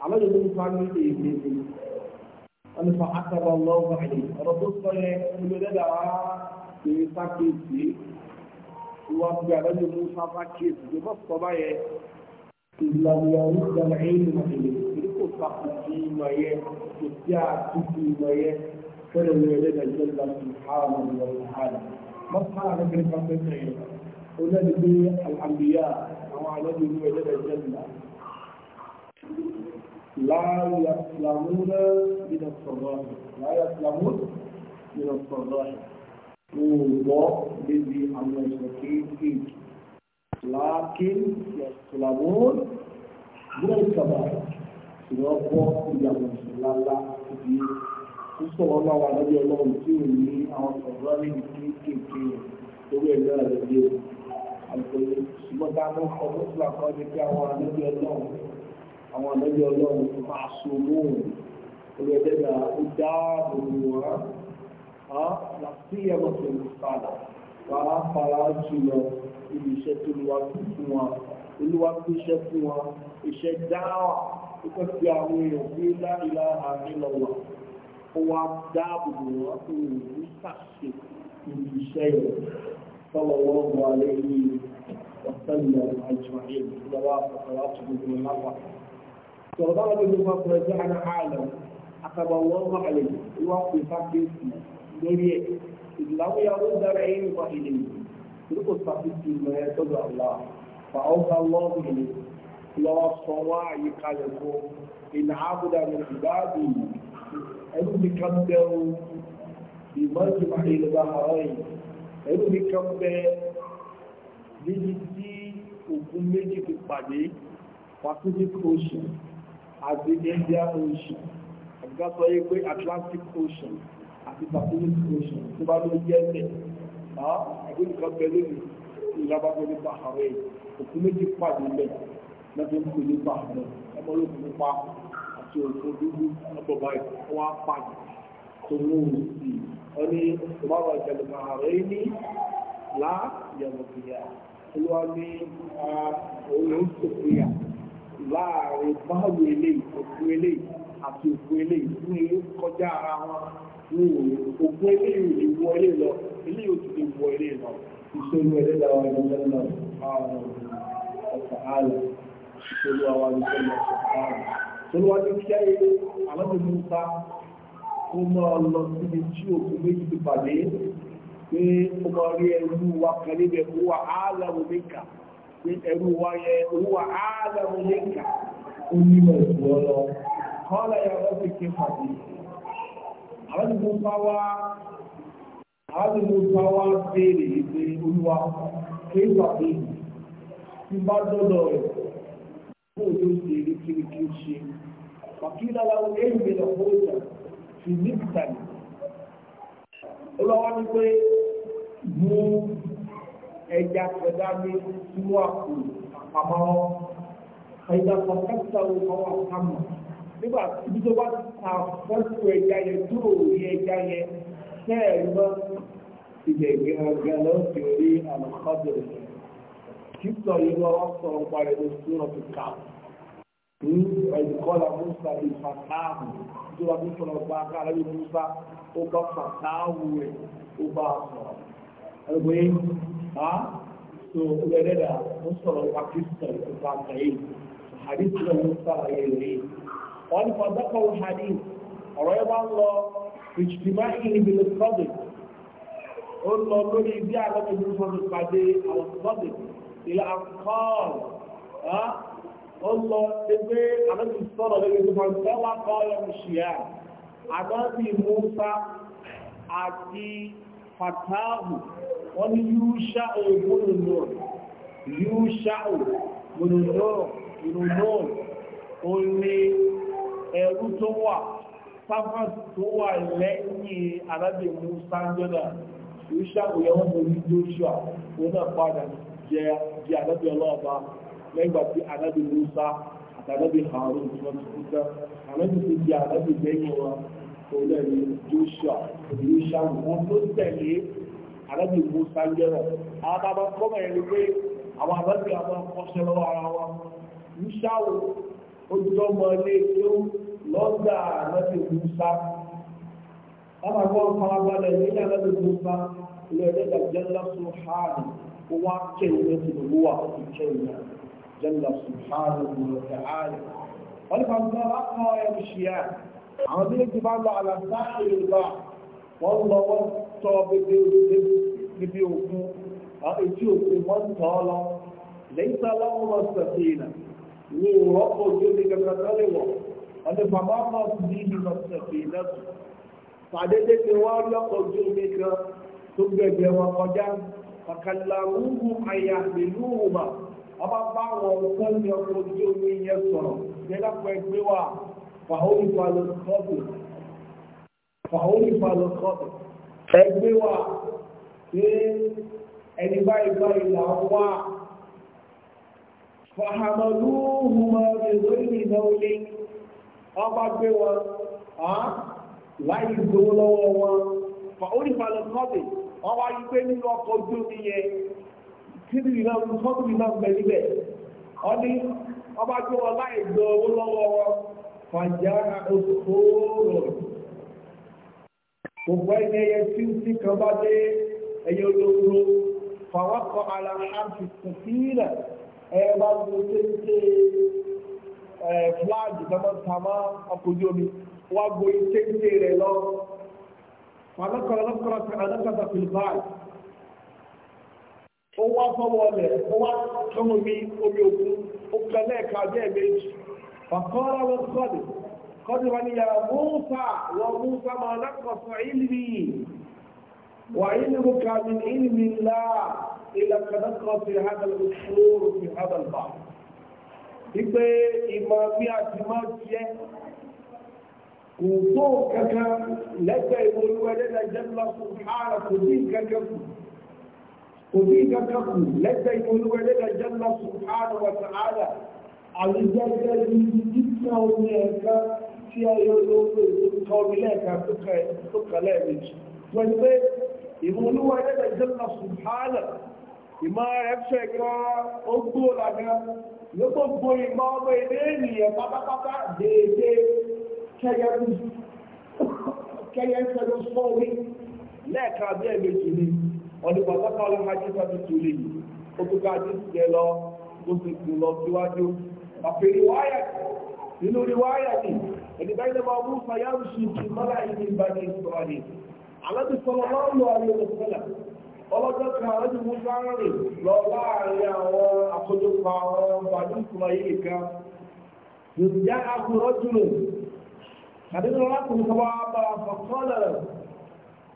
S1: àlọ́jọ tó ń fa ní èdè ni wọ́n ní fa akẹ́bọ̀ lọ́wọ́ àyè ọ̀rọ̀ tó sọ yẹ olùdẹ́dà wá pé sákèsì wọ́n fi àlọ́jọ tó ń fa sákèsì tó bọ́ sọ báyẹn ìlànà ìdàlẹ́ ìlú ìlú kò sí ìmọ̀ yẹ kò sí àtúntò ìmọ̀ yẹ. ولو يدد الجلد سبحانه وتعالى مصنع ذكر قصتين ولد الأنبياء هو الذي يدد الجلد لا يسلمون من الصغار لا يسلمون من الصغار وضع الذي الله يشركين فيه لكن
S2: يسلمون من الكبار سيوفق يا الله sísọ ọlọ́wà lọ́bí ọlọ́run tí ò ní àwọn sọ̀rọ̀ nínú tí
S1: kéèké lórí ẹ̀rọ rẹ̀ dé àgbẹ̀yẹ ṣùgbọ́n bá mú ọdún tó àkọ́ ní pé àwọn àlọ́bí ọlọ́run àwọn àlọ́bí ọlọ́run tó máa so lóhùn lórí ẹ̀dẹ́gbà ó dáàbò wọ́n á láti ẹ̀rọ tó ń padà wà á fara jùlọ ibi iṣẹ́ tó lè wá fún wa olúwa tó iṣẹ́ fún wa iṣẹ́ dáhà ó kọ́ sí àwọn èèyàn bí láìláà nílọ́wọ́ kó wá dáàbò bò wọ́n kó o ní sàṣe níbi iṣẹ́ rẹ̀ sọ́wọ́ wọn wọ alẹ́ yìí ọ̀sán ilẹ̀ àjùmáyé lọ́wọ́ àpọ̀tọ̀wá tó gbogbo lápá. sọ̀rọ̀ bá wọn lóko fún ẹgbẹ́ àná àlọ́ àkàbà wọn wọ alẹ́ yìí wọ́n pè fákèsì lórí ẹ̀ ìdìláwó lọ́wọ́ sọ ẹ̀rù mi kan bẹ́ o ìmọ̀jú àìlèbá ọ̀rọ̀ yìí ẹ̀rù mi kan bẹ́ níbi tí òkun méjì ti pàdé Pacific Ocean àti India Ocean àgbà sọ yìí pé Atlantic Ocean àti Pacific Ocean tó bá ló yẹ ẹsẹ̀ ẹ̀rù mi kan bẹ́ lónìí ìyába tó ní bàhárẹ̀ òkun méjì pàdé bẹ́ẹ̀ lọ́dún kò ní bàhárẹ̀ ẹ̀mọ́ ló kún pa tí òṣùn dúdú ọgbọ̀gbọ̀ ìwọ̀n apáyì
S2: tó mú un sí
S1: ọ ní ìwọ̀n ìjẹ̀lùmọ̀ ààrẹ ní láàyẹ̀mọ̀bìyà olúwa ní òun sòfìyà láàrin báwo ilé òkú ilé àti òkú ilé ìfún ilé kọjá ara wọn ní òun òkú ilé ìròyìn ìwọ ilé lọ ilé òtún ìwọ ilé lọ ìṣòro ẹ̀dẹ́dà wa ní ọjọ́ ọ̀sán àlọ́ ìṣòro àwọn ìṣòro ọ̀sán àlọ́ tolúwájú kí ayé alábòjú ń ta ó máa lọ síbi tí òkú méjì ti pàdé pé ó máa rí ẹrú wa kan níbẹ̀ kó wà áàlàmù mẹ́kà pé ẹrú wa yẹ owó wà áàlàmù mẹ́kà
S2: ó nímọ̀ ìlú ọlọ
S1: kọ́lá ya wọ́n ti ké pàdé alábòjú ń wá alábòjú ń wá béèrè pé olúwa ké pàdé ti bá dọ́dọ̀ rẹ̀ bóò ló ṣe eré kiri kí ó ṣe wàkílá láwọn èèyàn lọ fún ìjà fi nípìtàlì ó lọ́wọ́ ní pé mú ẹja pẹ̀dá ní sínú àpò àpamọ́ ẹja kan kẹ́kẹ́ ọwọ́ àpamọ́ nígbà ibi tó bá ta fọ́ọ̀tù ẹja yẹn tó rí ẹja yẹn tẹ́ẹ̀ lọ ilẹ̀ ìgbéraga lọ́sẹ̀ orí àlùkọ́dọ̀ rẹ̀ kíkọ ìlú ọ̀rọ̀ sọ̀rọ̀ parí ní sọ̀rọ̀ tó kà ní ẹ̀dùkọ́lá musa ní fàtáàmù tó wà ní sọ̀rọ̀ bá kára ní musa ó bá fàtáàmù rẹ̀ ó bá sọ̀rọ̀ ẹgbẹ́ ha tó ẹgbẹ́dẹ́dà ó sọ̀rọ̀ wà kíkọ̀ tó bá kàyé hadith náà ló sàlàyé rẹ̀ wọ́n ní fọ́dákọ̀ hadith ọ̀rọ̀ ẹ bá ń lọ ìjìdìmá ìhìnbí ìlà àkọ́ọ̀rọ̀ ó lọ pé àlọ́tù sọ̀rọ̀ lórí ìgbìmọ̀ ìtọ́wà kọ́ọ̀lọ̀ ṣìyà àdọ́bì Musa àti Fatahu wọ́n ní Yúṣà ògbónùnú Yúṣà ògbónùnú ó ní ẹ̀rú tó wà sáfà tó wà lẹ́yìn àlọ́bì Musa jọ́dà Yúṣà òyẹ́wọ́n mọ̀ ní Joshua ó náà padà ní jẹ́ di ànábì ọlọ́ọ̀bá lẹ́gbà tí ànábì Musa àtànábì Harun tí wọ́n ti kú tán ànábì tó di ànábì lẹ́yìn wọn kò lẹ́yìn Joshua òbílú wọn tó tẹ̀lé ànábì Musa jẹ́rọ̀ àwọn bàbá kọ́mọ̀ ẹni pé àwọn ànábì àwọn akọ́ṣẹ́ lọ́wọ́ ara wọn Musawo ojúlọ́mọ ilé tó lọ́gbà ànábì Musa wọ́n máa gbọ́ farabalẹ̀ nílẹ̀ Musa ilé ẹ̀dẹ́gbẹ̀jẹ́ lọ́sùn hàn وواقعية النبوة في الكلمة جل سبحانه وتعالى ولكن الله أقوى يا بشيان عمدين اتبعنا على ساحل البحر والله وانتو بدي وكو أتيو في من طالع ليس لهم السفينة وربو جل كتلوا أن فما قصدين السفينة فعدد الوالي قد جل كتلوا tó gbẹ̀gbẹ̀ wọn kọjá fàkàlàwùhù àyàmìlúhùmà ọba bá wọn sẹ́ni ọkọ̀ ojú omi yẹn sọ̀rọ̀ nígbàpọ̀ ẹgbẹ́ wa fàhóyì falọ̀kọ́bì fàhóyì falọ̀kọ́bì ẹgbẹ́ wa ṣé ẹni báyìí báyìí là ń wá fàhàmàlúhùmà ìlú ìrìnà olè ọba gbé wọn láì gbowó lọ́wọ́ wọn fàhóyì wọ́n wá yí pé nínú ọkọ̀ ojú omi yẹn kíni ìlà fọ́tò ìlà bẹ̀ níbẹ̀ ọ ní ọba tí wọn láì gbọ́ owó lọ́wọ́ wọn fàjà òkòòrò gbogbo ẹni ẹyẹ tí ń tí kan bá dé ẹyẹ olóró fàwọ́kọ̀ aláhàmì kòkìlẹ̀ ẹyẹ bá gbó téńté ẹ fúláàgì tọmọtàmọ ọkọ̀ ojú omi wọ́n gbó téńté rẹ̀ lọ فذكر نذكرة نكت في البعض ó wá fọwọ́ rẹ̀ ó wá kán omi omi òkun ó kan lẹ́ẹ̀ka ọjọ́ ìbejì fàkọ́rọ́ wọn kọ́dù kọ́dù wọn ni yàrá mùsà wọn mùsà máa lákọ̀ọ́sọ ìlmi wà ìlmi kàmí ìlmi ńlá ìlàkàdàkọ̀ fi hàdàl òṣòro fi hàdàl bá. wípé ìmọ̀ bí a ti máa jẹ́ kò tó kankan lẹ́gbẹ̀ẹ́ ìwòlúwẹ̀ lẹ́gbẹ̀ẹ́ jẹ́lá sùhánà kò bí kankan kù kò bí kankan kù lẹ́gbẹ̀ẹ́ ìwòlúwẹ̀ lẹ́gbẹ̀ẹ́ jẹ́lá sùhánà wà sàádà àlùjẹ́jẹ́ ní títà omi ẹ̀ka tí a yọ lóòrò ìtòkà omi lẹ́ẹ̀ka tó kàlẹ́ méjì wọ́n pé ìwòlúwẹ̀ lẹ́gbẹ̀ẹ́ jẹ́lá sùhánà ìmọ̀ rẹ̀ fẹ́ kọ́ ó gbó lànà ló gbogbo ìmọ̀ ọmọ ilé ènìyàn pátápátá déédéé kẹyẹ sẹ́lú sọ́wé lẹ́ẹ̀ka bí ẹ̀mẹ́jì ni ọ̀dùnkọ̀ sọ́kà ọlọ́mọ ajé sọ́tù tó lè yìí ó tó ká ajé ti jẹ lọ ó sì kù lọ síwájú àpèrè wáyà nínú rí wáyà ni ẹni bá ilé máa mú fàyàwó sí ju mọ́lá ìdí ìbàdí ìsọ̀rọ̀ ni alábi sọ̀rọ̀ máa ń lo ayé òṣèlá ọlọ́jọ́ kan alábi mú sáárìn lọ láàrin àwọn àkójọpọ̀ àwọn bàdí ìsọ̀rọ̀ yìí kan àdéhùn alákùnrin kan wá bá wa fọ kọ́lẹ̀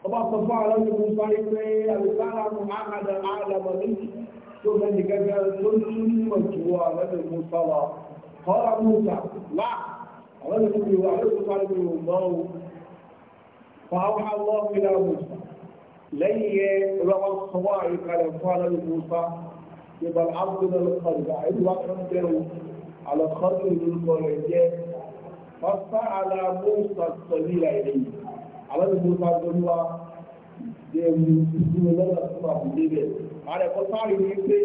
S1: ọba sọ fún àwọn ọmọ ìlú sáré pé àlùfáà mú àhàdà àlàmọ̀ ní tó mẹ́ni gẹ́gẹ́ tó ń túmọ̀ jù wọ àwọn ìlú sọ́wọ́ kọ́lá mú ta láà àwọn ìlú ìwà àdéhùn sáré pé ò fọ́sá aláàmúsà sọ̀rí àìrí àwọn ìgbòsà gbọ́lúwà ẹ̀rù ìgbòsà lọ́nà fún àbúlé rẹ̀ ààrẹ fọ́sá rí ní pé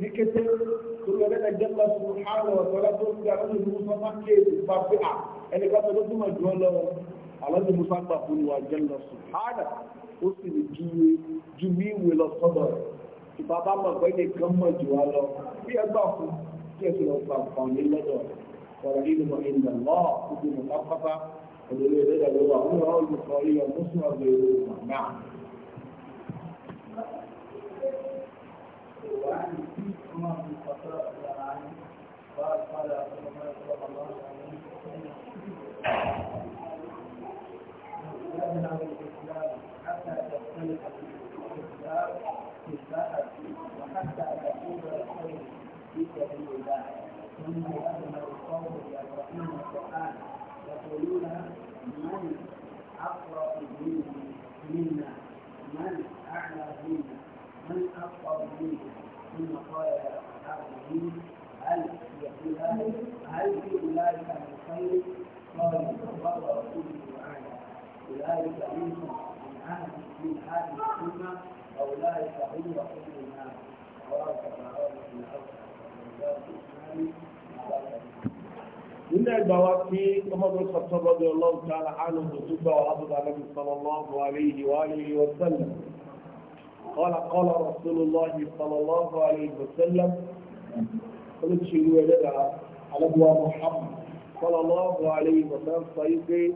S1: ní kété tó lọ lẹ́nà jẹ́lá fún àwọn ọ̀tọ́lá tó ń gbé àwọn ìgbòsà máa ké ìgbà pé à ẹni ká tọ́lọ́ tó mà jù ọ lọ àwọn ìgbòsà gbà fún ìwà jẹ́lá fún hánà ó sì lè ju ju mí ìwé lọ sọ́dọ̀ rẹ̀ ìbá bá mọ̀ pé nìkan ورحيله عند الله كتب مؤقتة ودليل
S2: ذلك هو عمره البخاري ومسلم وغيرهما نعم وعن عمر بن قال قال رسول الله صلى الله عليه وسلم الاسلام حتى تختلف الاسلام في وحتى الخير في الله أولئك منهم من في هذه السنة أولئك هم وحيد الناس وراك في
S1: إن البواكي عمر بن الخطاب رضي الله تعالى عنه بالصحبة وحفظ النبي صلى الله عليه وآله وسلم قال قال رسول الله صلى الله عليه وسلم قل شنو على أبو محمد صلى الله عليه وسلم صيفي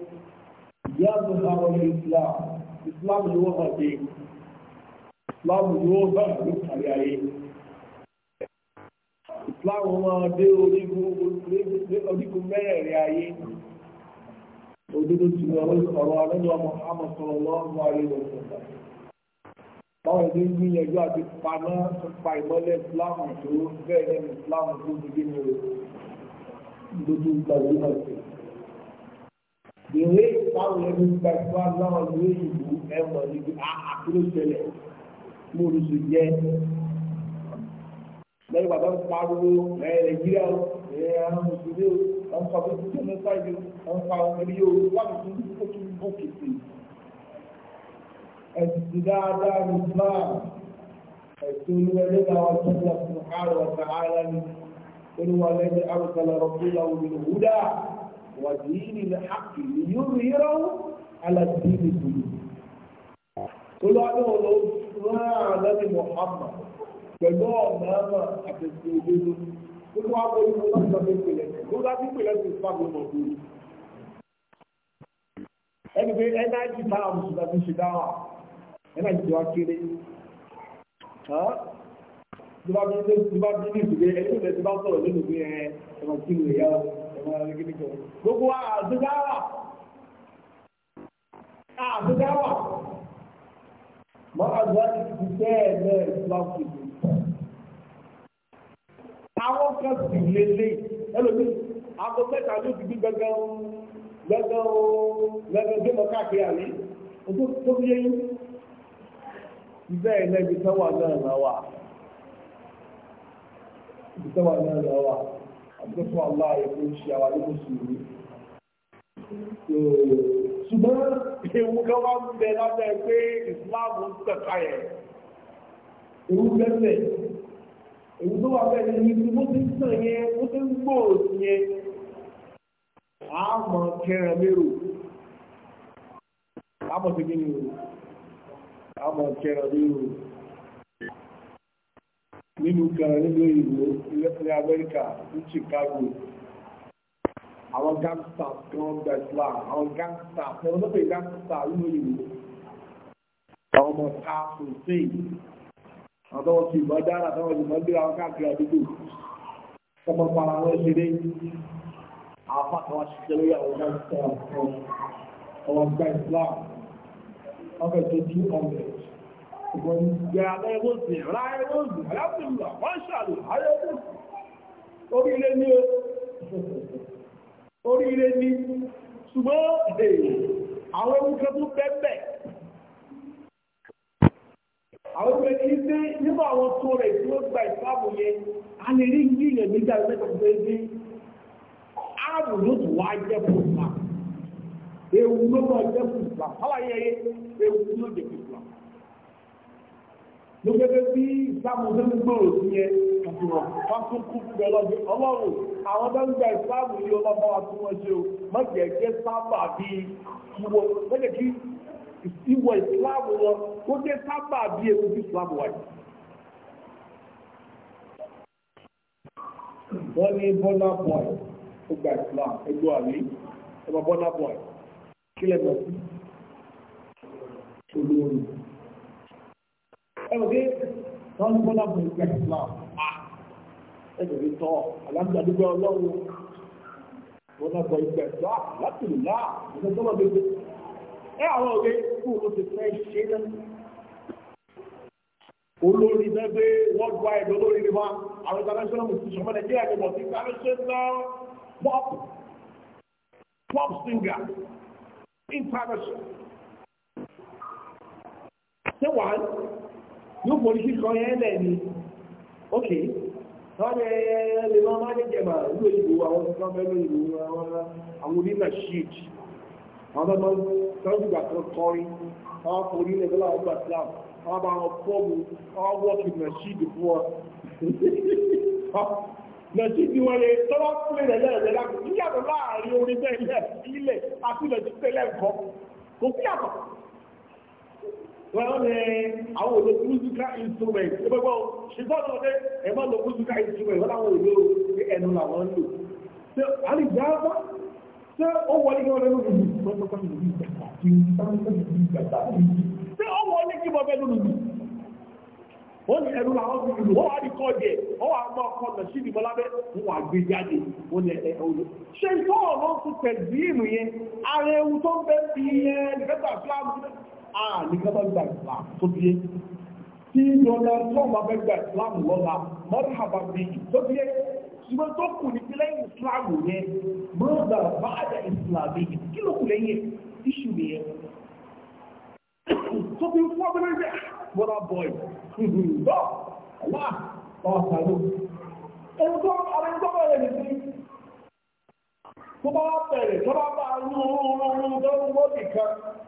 S1: يظهر الإسلام الإسلام yóò hàn dé Islam yóò bá ní kárí ayé Islam máa dé orígun mẹ́rẹ̀ẹ̀rẹ̀ ayé òdodo ti ọ̀rọ̀ àlọ́dọ̀ Muhammad sallallahu alaihi wa sallam báwọn ẹni ń gbìyànjú àti paná pa ìmọ́lẹ̀ Islam tó bẹ́ẹ̀ ní Islam tó ti gbé ní o lójú gbàgbé náà sí ìwé ìpàwọn ẹni gba ìfọ aláwọ ìwé ìlú ẹwọ níbi àkúrò ṣẹlẹ̀ mú oríṣi jẹ lẹ́yìn bàbá ń pariwo lẹ́yìn nàìjíríà ẹ àwọn mùsùlùmí o wọn pa bó tó ní sáyé wọn pa àwọn ẹbí yóò wà ní tó tó tó ń bó kìsì ẹsì dáadáa ní islam ẹsì olúwẹlẹ náà wọn tó lọ sí àrùn ọ̀sán ààrẹ ni olúwalẹ ní àrùn sọlọ rọ fún ìlà òmìnira ودين الحق ليظهره على الدين كله olùwàdí ọ̀lọ́ rán lẹ́nu Muhammad pẹ̀lú ọ̀nà àmà àtẹ̀sí òdodo ó ní wàá bọ́ inú láti ọ̀dọ̀ ìpìlẹ̀ ló dájú ìpìlẹ̀ tó sábà mọ̀ tó yìí. ẹni pé ẹnájì bá àwọn mùsùlùmí àti ṣe dáwà ẹnájì tó wá kéré tó bá bí ní ìsìnkú ẹni tó lẹ́sìn bá sọ̀rọ̀ nínú bí ẹ ẹ̀rọ kí ni ìyá ọ̀hún gbogbo àdúgbàwà àdúgbàwà mọ́ àdúgbà ti fi bẹ́ẹ̀ bẹ́ẹ̀ láti lè àwọn kan sì lélẹ̀ ẹlòmí aago mẹ́ta ló ti gbígbẹ́ gan gbẹ́gbẹ́ o gbẹ́gbẹ́ gbẹ́mọ káàkiri àlè ojú tó fi yéyí bẹ́ẹ̀ lẹ́bi sọ́wọ́ náà náà wà àti fún ọlá ètò ìṣe àwọn ní mùsùlùmí. ṣùgbọ́n ewu kan wá ń bẹ lábẹ́ pé ìsìláàmù ń tẹ̀ka yẹn ewu bẹ́ẹ̀ ewu tó wà bẹ́ẹ̀ ni ibi bó ti sàn yẹn bó ti ń gbòòrò yẹn àmọ́ kẹrin lérò àmọ́ ti gbé ni o àmọ́ kẹrin lérò nínú kan nílé ìwò ilẹ̀ Amẹ́ríkà ní Chicago àwọn gangsta kan gba Islam àwọn gangsta ẹ̀rọ tó pè gangsta nínú ìwò àwọn ọmọ ká sòsìn àwọn tó wọ́n ti ìbọn dára tó wọ́n ti ìbọn gbéra wọn káàkiri àdúgbò ọmọ para wọn ṣeré àwọn fàkà wọn ṣiṣẹ́ lórí àwọn gangsta kan ọmọ gba wọn fẹ́ tó tú ọmọ ẹ̀. Oríire ni, ṣùgbọ́n èèrè, àwọn ẹgbùnkẹ́ tó pẹ́pẹ́. Àwọn ẹgbẹ́ kìí sí nígbà àwọn tó rẹ̀ tí ó gba ìsáàbò yẹn, a lè rí ìgbìyàn nígbà ìgbẹ́gbẹ́ sí ààbò ló tó wá jẹ́ fún ìgbà. Ewu ló mọ́ jẹ́ fún ìgbà, ló gẹ́gẹ́ bí ìsìlámù tó ń gbòòrò sí yẹn ìdùnnà wọn tún kú fún ọlọ́dún ọlọ́run àwọn tó ń gba ìsìlámù yìí ọlọ́ba wa tí wọ́n ṣe o má jẹ́ jẹ́ sábà bí ìwọ lọ́jọ́ kí ìwọ ìsìlámù wọn kó jẹ́ sábà bí ewu sí ìsìlámù wa yìí. wọ́n ní bọ́lá bọ́ọ̀ ó gba ìsìlámù ẹgbẹ́ àlè ọmọ bọ́lá bọ́ọ̀ kílẹ̀ mọ́ sí olórin ẹ̀rọ̀dé wọ́n ní bọ́lá bọ̀ ìgbà ìsìlá à ẹ̀rọ̀dé tọ́ aláǹdà dúpẹ́ ọlọ́run bọ́lá bọ̀ ìgbà ìsìlá láti lè lá ìgbà tó wà lóde ẹ àwọn òwe kú ló ti fẹ́ ṣe náà olórí bẹ́ẹ̀ world wide olórí ni wa àwọn international musician ọmọ nàìjíríà ni wọ́n ti ká ló ṣe lọ pop pop singer international. Ṣé wàá yóò forí sí kan yẹn lẹ̀ ni ok lọ́dẹ lè máa má jẹjẹ mà ní òyìnbó àwọn tó fẹ́ lóyìnbó àwọn àwọn sheet àwọn tó máa ń kọrin àwọn forí lẹ̀ lọ́la ọgbà islam àwọn bá wọn fọ́ọ̀mù àwọn wọ́ọ̀kì mọ̀ sheet fún ọ lọ́sí tí wọ́n lè tọ́wọ́ pílẹ̀ rẹ̀ lẹ́rẹ̀ lákòókò yíyàtọ̀ láàrin orin bẹ́ẹ̀ ilẹ̀ àti ilẹ̀ títẹ̀lẹ̀ nǹkan kò sí yàtọ̀ wọ́n ní àwọn òde musical instrument ṣe gbogbo ṣùgbọ́n ọdẹ ẹ má lọ musical instrument wọ́n láwọn òde ní ẹnu làwọn ń lò ṣe àlìjá bá ṣe ó wọlé kí wọ́n lẹ́nu lùlù pẹ́pẹ́pẹ́ lùlù ìgbàgbà tí ṣe ó wọlé kí wọ́n lẹ́nu lùlù wọ́n ní ẹnu làwọn fi lùlù wọ́n wá ní kọ́ jẹ wọ́n wá mọ́ ọkọ lọ sí ìdìbò lábẹ́ wọ́n wá gbé jáde wọ́n ní ẹ̀ ọ̀rọ̀ ṣe ìtọ́ ọ̀rọ̀ tó tẹ̀síìmù yẹn ara ewu tó ń bẹ́ fi yẹn nígbà àníkọ́bá gba islam tó bíyé tí Donald Trump bá fẹ́ gba islam lọ́la mọ́tò àbá bí tó bíyé ṣùgbọ́n tó kù ní sílẹ̀ islam yẹn mọ́tò bá àjà islam yìí kí ló kù lẹ́yìn iṣu nìyẹn tó fi fún abẹ́rẹ́ jẹ́ bọ́dà bọ́ì bọ́ wà bọ́ọ̀ sàlù ẹni tó ara ẹni tó bá yẹn nìyí tó bá bẹ̀rẹ̀ tó bá bá a lóorun lóorun lóorun lóorun lóorun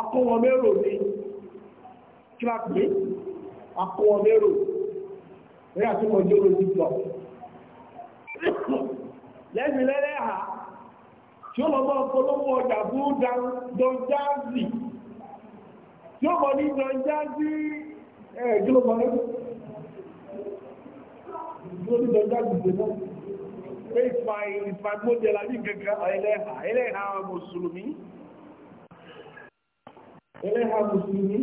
S1: akọ́wọn mẹ́rò ní kílápì akọ́wọn mẹ́rò rẹ̀ àtúkọjọ́ lórí lọ lẹ́gbìnlẹ́lẹ́ à tí ó lọ mọ́ polówó ọjà fún dọ̀jáàzì tí ó mọ̀ ní dọ̀jáàzì ẹ̀ẹ́dúnlọ́mọ́ lórí dọ̀jáàzì dẹ̀mọ́ pé ìfà ìfà gbójẹ́ lábí gẹ́gẹ́ ẹlẹ́hà ẹlẹ́hà mùsùlùmí ẹlẹ́ha mùsùlùmí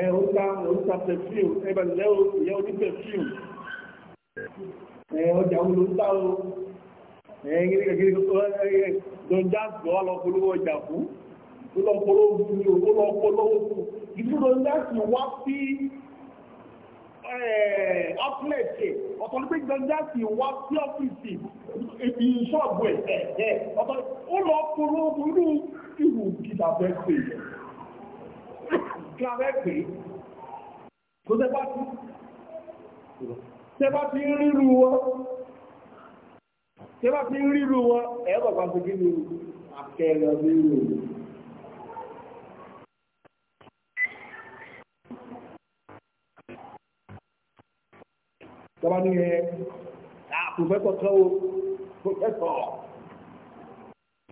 S1: ẹ orúkà orúkà perfume ẹbẹ̀lẹ́ ìyẹ́ oní perfume ẹ ọjà olú ń táwọ ẹ gírígírí dọ̀njà gbọ́ lọ ọjà fún ó lọ polówó fún ó lọ polówó wá sí ọ́pìlẹ̀tì ọ̀tọ̀ nípa sì wá sí ọ́fíìsì ibi ìṣọ́ọ̀bù ẹ̀ ẹ̀ ọ̀tọ̀ ó lọ polówó fún kìtàbẹ́sẹ̀ yẹn kí a fẹ́ pè tó tẹ́bá tí ríru wọn tẹ́bá tí ríru wọn ẹ̀ẹ́bọ̀ bá ti gínú àkẹrẹ ríru tọ́bá ní ẹ àpòfẹ́tọ̀ kọ́wọ́ pòfẹ́tọ̀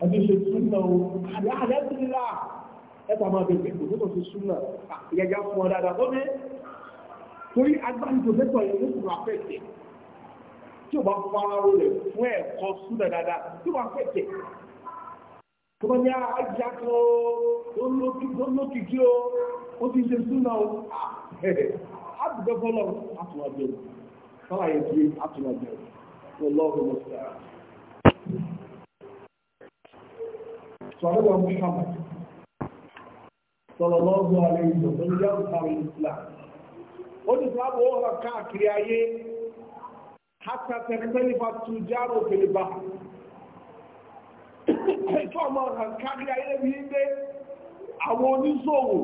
S1: ọdún ṣe túnmọ̀ àdáhàdẹ́sìnlá ẹ̀fà máa bèèrè kò tó fi súnà ìyẹ̀yà fún ọ dáadáa lóde torí agbáńtò mẹ́tọ̀ yẹn ló kùnà fẹ́ẹ̀tẹ̀ tí ó bá fara rẹ̀ fún ẹ̀kọ́ súnà dáadáa tí ó bá fẹ́ẹ̀tẹ̀ tó bá ní ajá ah, kan ó lókìkí ó ó ti ṣe súnà ó àbùgbẹ́ fọlọ́ àtúnwájẹ́ fọláyé di àtúnwájẹ́ wọlọ́ọ̀rọ̀ mọ́tà. Sọ̀rọ̀ wọn Muhammad sallallahu alaihi wa sallam yàgò sáré islam ó ní sábà ó hàn káàkiri ayé hata tẹ̀lifà tu járó fèlébà ètò ọmọ hàn káàkiri ayé bí i pé àwọn oníṣòwò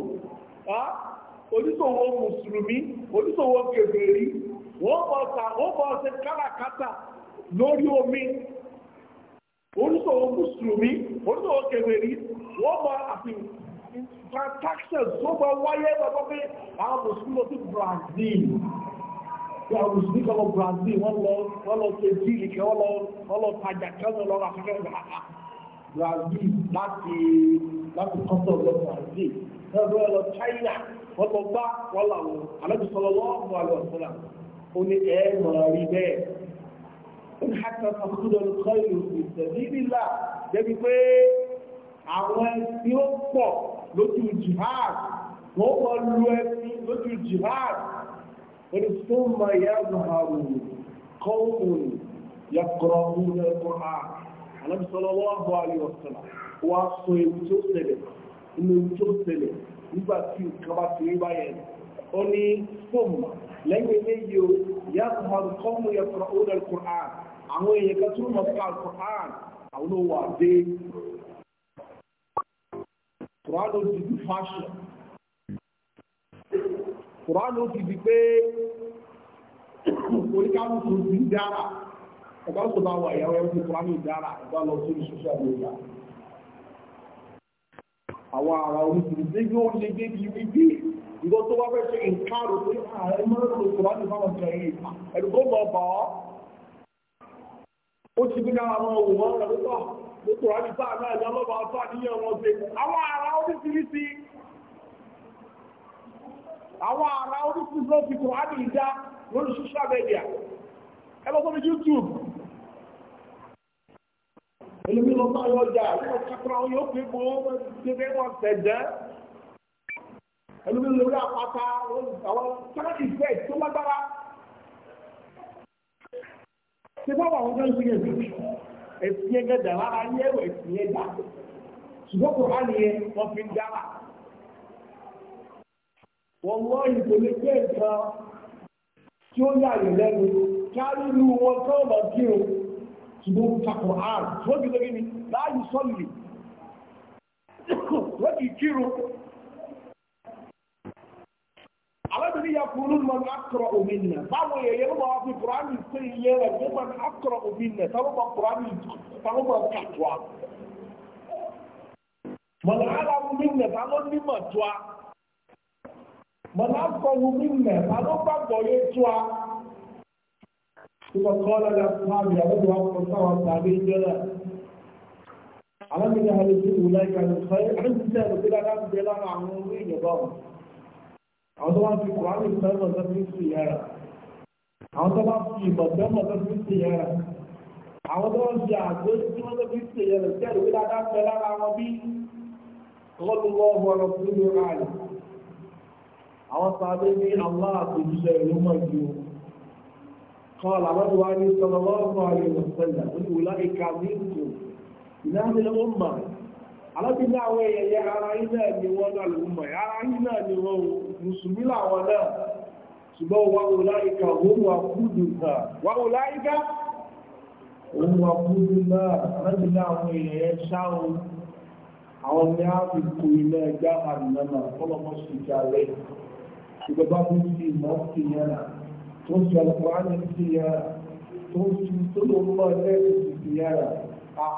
S1: oníṣòwò mùsùlùmí oníṣòwò kèfèrí wọ́n bọ̀ ọ̀sẹ̀ káràkátà lórí omi oníṣòwò mùsùlùmí oníṣòwò kèfèrí wọ́n bọ̀ àfihàn transaction tó bọ̀ wáyé lọ́gbọ́ pé àwọn mùsùlùmí lọ sí Brazil bí àwọn mùsùlùmí kan lọ Brazil wọ́n lọ wọ́n lọ ṣe díìlì kẹ́ wọ́n lọ wọ́n lọ tajà kẹ́ wọ́n lọ àfikẹ́ Brazil láti láti kọ́tọ̀ lọ Brazil wọ́n lọ lọ China wọ́n lọ gbá wọ́n làwọn alábìsọ̀rọ̀ lọ́wọ́ àlọ́ ọ̀sán ó ní ẹ̀ mọ̀ràn rí bẹ́ẹ̀ hata fakúdọ̀ lọ́kọ́ ìlú ìsẹ̀lẹ̀ nílá débi pé àwọn ẹni tí ó pọ̀ lójú jihad wọ́n wọ́n lu ẹbí lójú jihad wọ́n tó ma yá zuharu kọ́wùn ya kọ́rọ̀ ọ̀hún ní ẹ̀kọ́ ha alábi sallallahu alaihi wasallam wọ́n á sọ ewu tó ṣẹlẹ̀ inú ewu tó ṣẹlẹ̀ nígbà tí nǹkan bá ti rí báyẹn ó lẹ́yìn eléyìí o yá zuharu kọ́wùn ya kọ́rọ̀ àwọn èèyàn kan tó mọ̀ sí àlùkò ha àwọn olówó àdé kùránù ti di fashion kùránù ti di pé oníkàlùkù ti dára ẹ̀ka tó bá wà ìyàwó ẹ̀kú kùránù dára ẹ̀ka lọ sí social media àwọn ará oríṣiríṣi yóò lè dé bí wípé ìgbọ́ tó wá fẹ́ ṣe ìkárò pé ààrẹ mọ́rọ̀ ló kùránù bá wọn jẹ ìyẹn ẹ̀rù tó lọ bọ̀ ọ́ ó ti gbé náà àwọn òun ọ̀rọ̀ tó gbogbo wa ní sáà náà ní ọlọ́ba ọtọ́ àníyàn wọn ṣe àwọn ará oríṣiríṣi àwọn ará oríṣiríṣi ló fi kùn ábì ìdá lórí social media ẹ lọ YouTube èlùmí lọ sáà yóò jà lọ kápẹ́rẹ́ wọn yóò pé gbogbo ṣẹlẹ̀ wọn tẹ̀dẹ́ èlùmí lórí àpáta àwọn sẹ́lẹ̀ ìfẹ́ tó lágbára ṣe bá wà wọn fẹ́ ẹ̀sìn yẹn gẹ̀dà lára yẹ ẹ̀wọ̀ ẹ̀sìn yẹn dà ṣùgbọ́n kò há nìyẹn wọ́n fi ń dá wà. wọ́n wọ́ ìpele pé nǹkan tí ó yà yẹn lẹ́nu kárí lu wọn tó lọ kí o ṣùgbọ́n takò hàn wọ́n ti lórí mi láàyè sọ́ọ̀lì wọ́n ti kírun alábìrin yà kúrú man akọrọ omi nà báwo yẹ yẹ lọ́wọ́ fi kúránì sí iye rẹ̀ ní man akọrọ omi nà táwọn bá kúránì táwọn bá kàtúwa man alamu mi nà táwọn ní mà tuwa man akọrọ omi nà táwọn bá gbọ̀yé tuwa. ثم قال لأصحابي أبدو أبقى سوى التابعين جدا ألم يجعل أولئك عن الخير عند سيد بلا نام بلا نعم وين àwọn tó bá fi kùránì sẹ́mọ̀ sẹ́fí sí yára àwọn tó bá fi ìmọ̀ sẹ́mọ̀ sẹ́fí sí yára àwọn tó ń ṣe àgbo tí wọ́n sẹ́fí sí yára sí ẹ̀rù wíwá dá lára wọn bí lọ́dúnlọ́ ọ̀rọ̀ tó ń yọra rẹ̀ àwọn sáré ní àwọn àtòjúṣe ìlú mọ̀ ju قال عبد الله صلى الله عليه وسلم أولئك منكم من أهل الأمة على بنا ويا يا عرائنا الأمة يا عرائنا mùsùlùmí làwọn náà ṣùgbọ́n wà ó láìka òun wà kúrú náà wà ó láìka òun wà kúrú náà láti ní àwọn èèyàn yẹn ṣáwọn àwọn ní àbíkú ilé ẹgbẹ́ àmìnàmà fọlọ́mọ́ sí ìjàlẹ̀ ṣùgbọ́n bá mú sí ìmọ̀ sí yẹn náà tó ń sọ ọ̀pọ̀ á ní sí yẹn náà tó ń fi tó ló ń mọ ẹgbẹ́ ìsìnkú yẹn náà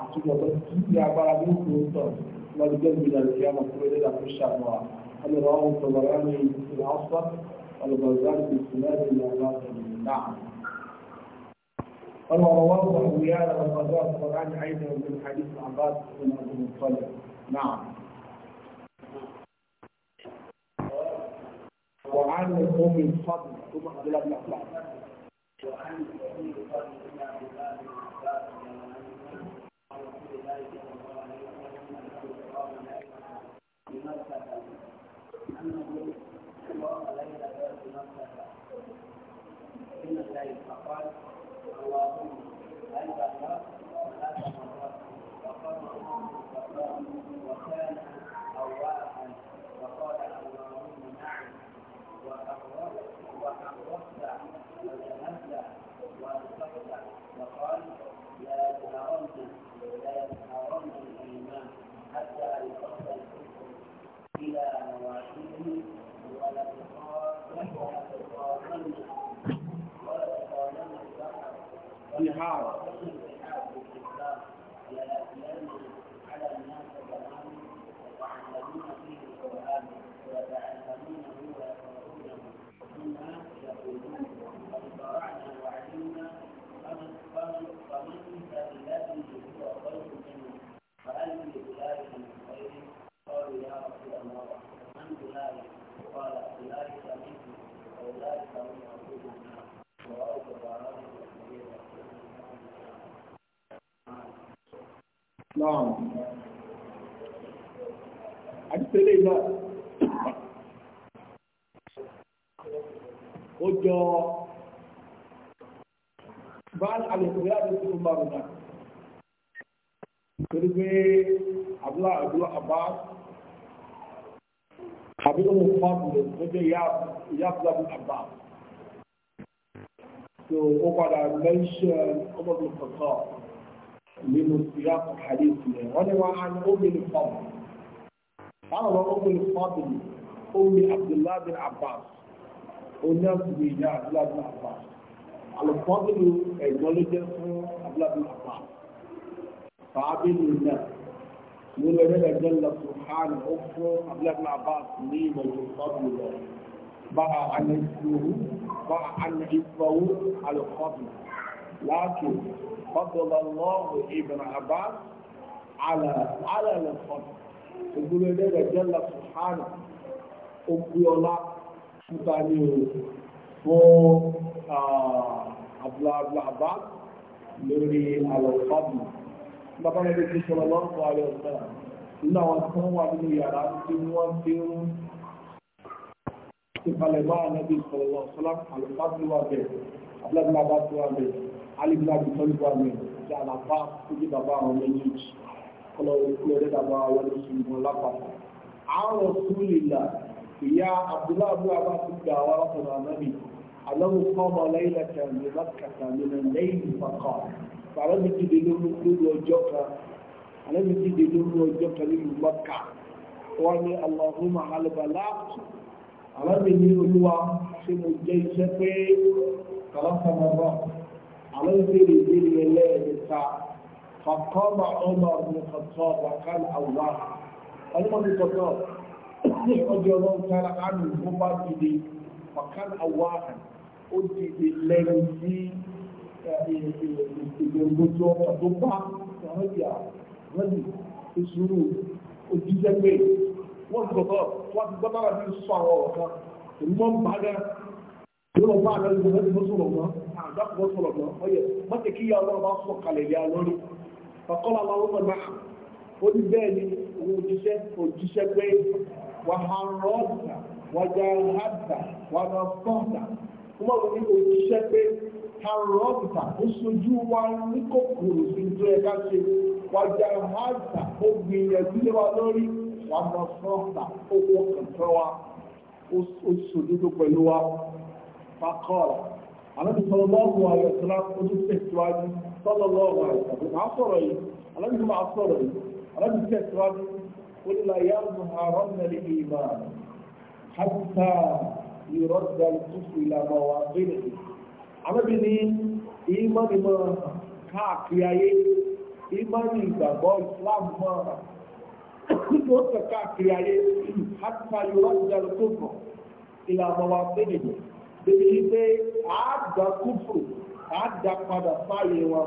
S1: àtúbọ̀ tó ti di agbára bí ó kúrò tán lọ́dún tó ń gbìyànjú yẹn mọ̀ kúrò nígbà tó ṣàmúwa. هل رواه الطبراني في الأصفر والبزار في السناد الأعلام نعم قال رواه أبو يعلى والبزار الطبراني أيضا من حديث العباس بن عبد المطلب نعم
S2: وعن أم الفضل ثم عبد الله بن عباس وعن أم الفضل house.
S1: náà àdìsẹ́lẹ̀ náà ó jọ báyìí àlùkòrí àdìsẹ́ tó ń bá mi náà torí pé àbúlá àbúlá àbá àbí ohun fábùlẹ̀ tó jẹ́ ìyá àbúlá àbá so ó padà mẹ́ṣẹ́ ọmọdé kọ̀ọ̀kan nínú síyàpù àdéhùn rẹ̀ wọ́n ní wọ́n á ní omi ní fọ́ọ̀mù báwo lọ omi ní fọ́ọ̀mù ni omi umm umm abdullahi bin abbas oní àbúrò ìyá abdullahi bin abbas alùpọ́ọ̀mù ni ẹ̀gbọ́n ló jẹ́ fún abdullahi bin abbas fàábí ni náà mo lọ nílẹ̀ jẹ́lẹ̀ sùhánù ó fún abdullahi bin abbas ní ìmọ̀ umm ìfọ́ọ̀mù lọ bá a àná ìfọwọ́ bá a àná ìfọwọ́ alùpọ́ọ̀mù láàkì فضل الله ابن عباس على على الفضل يقول لنا جل سبحانه أبيولا شتاني فو عبد الله بن عباس لوري على الفضل bàbá rẹ̀ lè fi sọ̀rọ̀ lọ́pọ̀ ayọ̀ sẹ́ra nínú àwọn tí wọ́n wà nínú yàrá tí wọ́n ti ń ṣe palẹ̀ bá ànábì sọ̀rọ̀ lọ́sọ́lá àlùfáàbí wà bẹ̀ abúlé bàbá tó wà bẹ̀ alìgbàgbé tọ́lú wà ní ìjà àlàbá tó jẹ́ bàbá àwọn méjèèjì kọlọ̀ ìpínlẹ̀ bàbá wọn ní ṣùgbọ́n lápapọ̀ àwọn súnlélà ìyá abdullahi abba ti gbà wà látọ̀nà ànábì aláwọ̀ kọ́mọ lẹ́yìn lẹ́kẹ̀ ní lákàtà nínú lẹ́yìn ìfàkọ́ bàbá mi ti dé lórí ọjọ́ kan ànábì ti dé lórí ọjọ́ kan nínú mọ́kà wọ́n ní aláhùnmá alìbàlá ànábì ní olúwa ṣe mo jẹ́ iṣẹ́ pé kàlọ́kọ̀ àwọn ìbéèrè ìbéèrè ẹlẹ́ẹ̀dẹ́ta fàkọ́mà ọmọ ọdún kọ̀tọ́ wàkán àwùwá ọlọ́mọdé kọ̀tọ́ ní ọjọ́ ọlọ́run sára àánú tó bá dìde wàkán àwùwá ó dìde lẹ́nu sí ìgbẹ̀rùgbọ́jọ́ tó bá ìrànlọ́dìá rẹ́dì ìṣòro òjíṣẹ́ pé wọ́n kọ̀tọ́ wọ́n ti gbọ́dọ̀ yóò lọ bá àdáyé wọn láti mọ́sọ̀rọ̀ wọn àdáàkù mọ́sọ̀rọ̀ wọn ọyẹ mọ́tẹ̀ kí ìyá ọlọ́run bá sọ̀ kalẹ̀ ìyá lórí ọkọ́lá aláwọ̀ mọ̀ náà ó ní bẹ́ẹ̀ ni òun òjíṣẹ́ òjíṣẹ́ pé wà á rọ́ọ̀tà wà já hàtà wà á sọ̀tà wọ́n mọ̀ ní òjíṣẹ́ pé ha rọ́ọ̀tà ó sojú wa ní kòkòrò sí tó ẹ̀ká ṣe wà já hàtà ó gbìyànjú lé wa lórí wà á sọ̀tà ó ó sojú fàkọ́ọ̀lá alábi sọlọ́lọ́wọ́ àyọ̀sọ́lá ojú tẹ̀síwájú sọlọ́lọ́wọ́ àyọ̀sọ́lá máa sọ̀rọ̀ yìí alábi máa sọ̀rọ̀ yìí alábi tẹ̀síwájú olùlà yà ń ha rọ́nàlì ìmà hàtà ìrọ́dà ìtúfù ìlànà wà bẹ́ẹ̀ alábi ní ìmọ̀ ni mọ̀ káàkiri ayé ìmọ̀ ni ìgbàgbọ́ ìsìlámù mọ̀ tó sọ débi wípé àádọ́ kúfùrù àádá padà fáyé wa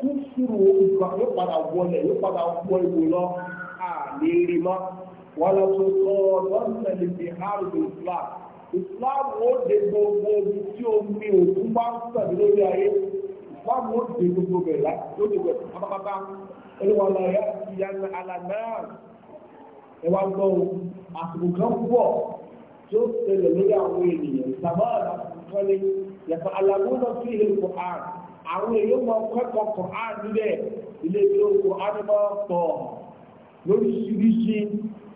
S1: kúfùrù ìgbà yóò padà wọlé yóò padà wọ ìwò lọ àlérí mọ́ wọn lọ tó sọ lọ́sẹ̀ lè fi àrùn islam islam ó de gbogbo ibi tí omi òkun bá ń sàbí lórí ayé islam ó de gbogbo bẹ̀ láti ó de gbogbo pátápátá olúwa lọ yá ìyá alàmẹ́rẹ́ ẹ wá gbọ́ àsìkò kan pọ̀ tó ṣẹlẹ̀ lórí àwọn ènìyàn sábà àtúntọ́lé yàtọ̀ alamúnà sí ilé Qur'an àwọn èèyàn máa kẹ́kọ̀ọ́ Qur'an níbẹ̀ ilé tó Qur'an máa pọ̀ lóríṣiríṣi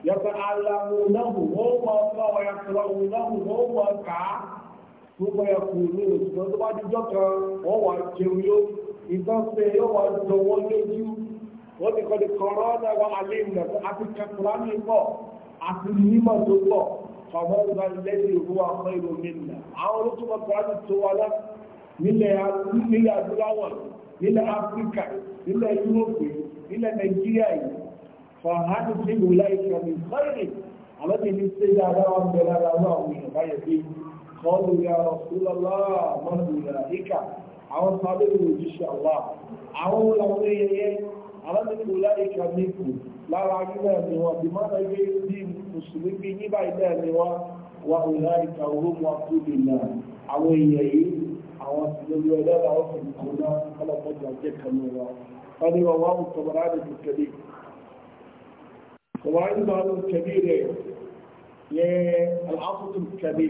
S1: yàtọ̀ alamúnà wọ́n máa kọ́ ọ yàtọ̀ alamúnà wọ́n máa kà á tó bá yà kú ní òṣùpá tó bá dijọ́ kan wọ́n wà jẹun yó ìtàn ṣe yóò wà jọwọ́ lójú wọ́n ti kọ́ di wà á lé ìrìnàjò àti kẹ́kọ̀ọ́ fàmọ́lùmá lẹ́yìn ìrúwà fún ìlú nílà àwọn olótúmọ̀ kùránì tó wà lá nílẹ̀ adúláwọ̀ nílẹ̀ áfíríkà nílẹ̀ yúróòpù nílẹ̀ nàìjíríà yìí fàhánì sí ìlú láì kàmí fáìlì àwọn ènìyàn ṣe dáadáa wọn bẹ̀rẹ̀ ara wọn àwọn èèyàn báyẹ̀ bí kọ́ọ̀lù ya ọ̀ṣunlọ́lá mọ́tò ìlà ìkà àwọn sábẹ́ ìròyìn ṣàwà àwọn olùlàwọ̀ èèyàn alábìnrin ọláìka nípò lára nílẹ̀ ni wọn bí má lọ gbé bí mùsùlùmí bí nígbà ilẹ̀ ni wọn wà ọláìka olóòmù àkúlè náà àwọn èèyàn yìí àwọn ìlú ẹlẹ́ra ọ̀sẹ̀ nìkan náà ọlọ́pọ̀jọ ajẹ́ kan ní wọn wọn ni wọn wà ń tọmọdá nìkan kẹlẹ tọmọdá nìkan kẹlẹ rẹ yẹ alákùtù kẹlẹ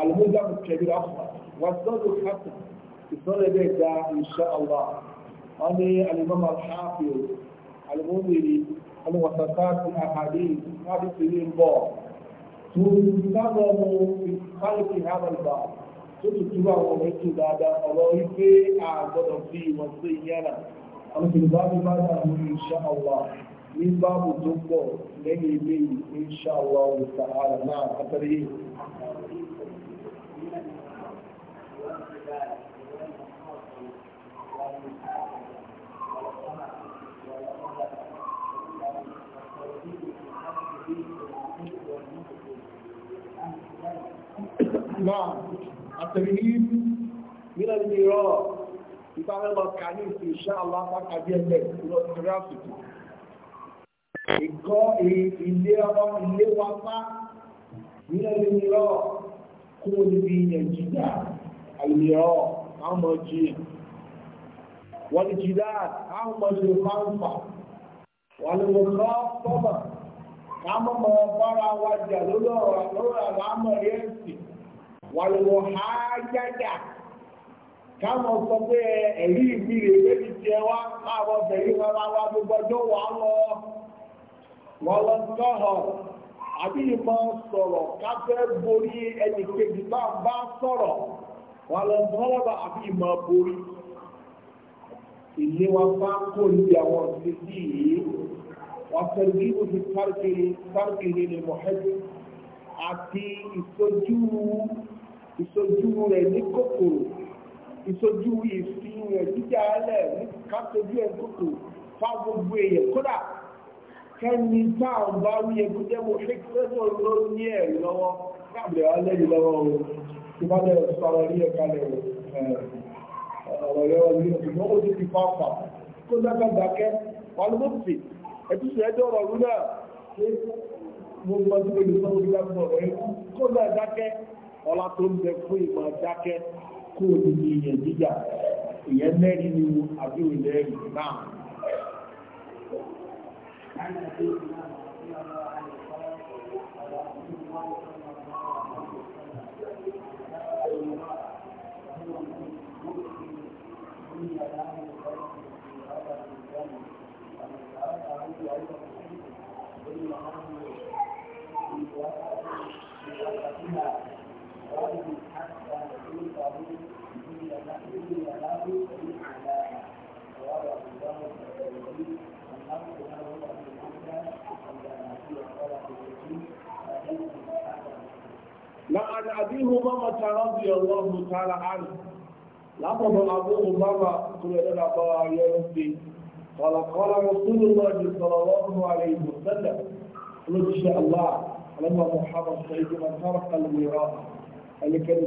S1: alùmúdàmù kẹlẹ afọ wọn sọdọ kàtà ìsọdọ ẹgbẹ ìjà inṣàlá wọ́n ní alimọ́mọ́ ṣáàpì o alimọ́mìrì ọlọ́wọ́sọ̀tàkì àhàdì láti tìrí ń bọ̀ tó sábọ̀ mu ìfáìkì hábàlùbà tó ti tú àwọn ọmọ ètò dáadáa ọ̀rọ̀ wípé a gbọ́dọ̀ fi ìwọ̀n sí ìyára àwọn tìrìbá bí bá dà mú insha Allah ní báàbù tó pọ̀ lẹ́yìn ilé yìí insha Allah ta'ala náà àtàrí yìí. náà àtẹ̀yìn nílẹ̀ ní irọ́ ìbáwẹ́lọ kàní ìsìn iṣẹ́ alápákàdé ẹgbẹ́ ìlọ ìrẹ́ àsìkò ìkọ́ ilé ọmọ ilé wa pa nílẹ̀ ní irọ́ kó níbi nàìjíríà àìlérọ́ àwọn ọmọ jìyà wọ́n ti jìdá àwọn ọmọ ṣe fáńfà wọ́n lè wọ́n lọ́ tọ́mà káàmọ́ mọ́ bára wa jà lórí ọ̀rọ̀ àlámọ̀ rẹ̀ ẹ̀sìn wàlúwọ̀ ha yájà káwọn sọ pé ẹ̀rí mi rè lébi tiẹ̀ wá káwọn bẹ̀rí rárá wá gbogbo ọjọ́ wà lọ wọ́n lọ sọ́họ̀ àbí ìmọ̀ sọ̀rọ̀ káfẹ́ borí ẹnì kejì bá ń bá sọ̀rọ̀ wọ́n lọ sọ́lọ́bà àbí ìmọ̀ borí ilé wa bá kó níbi àwọn ìṣesí yìí wọ́n fẹ́ bí o ti sáré kiri sáré kiri ni mọ̀hẹ́dì àti ìsojú rẹ̀ ní kòkòrò ìsojú ìfin rẹ̀ jíjà ẹlẹ̀ ní kásojú ẹ̀ kòkòrò fa gbogbo èèyàn kódà kẹ́ni táà bá rí ẹkú jẹ́ mo ṣe kẹ́sọ̀ ló ní ẹ̀ lọ́wọ́ káàbẹ̀ alẹ́yìn lọ́wọ́ o tí bá lẹ́yìn sọ̀rọ̀ rí ẹ̀ka lẹ̀ ọ̀rọ̀ rẹ̀ ọ̀rọ̀ rẹ̀ ṣùgbọ́n ó ti fi fa fà kó dáká dákẹ́ wà ló fi ẹtú sí ẹjọ́ ọ̀rọ̀ rú náà ṣé mo mọ sí olùsọ́wọ́ bí dákọ̀ ọ̀rọ̀ rẹ̀ kó dáká dákẹ́ ọlá tó ń bẹ fún ìmọ̀ dákẹ́ kó ní ìyẹn jíjà ìyẹn mẹ́rin ni àbí òlẹ́rìn náà. àbí ìhùmọ́ mọ̀ta rọ́bì ọlọ́run tààrà àrùn lápapọ̀ àbúrò bàbá tó lè dọ́dà bá wa yọ ọ́ sí kọ̀lọ̀kọ̀lọ̀ mùsùlùmí lọ́dún sọ̀rọ̀ lọ́dún àrẹ ìbò sẹ́lẹ̀ olóṣìṣẹ́ allah alẹ́mọ̀ muhammad sọ̀rọ̀ mọ̀tàrà kalmira ẹnikẹ́ni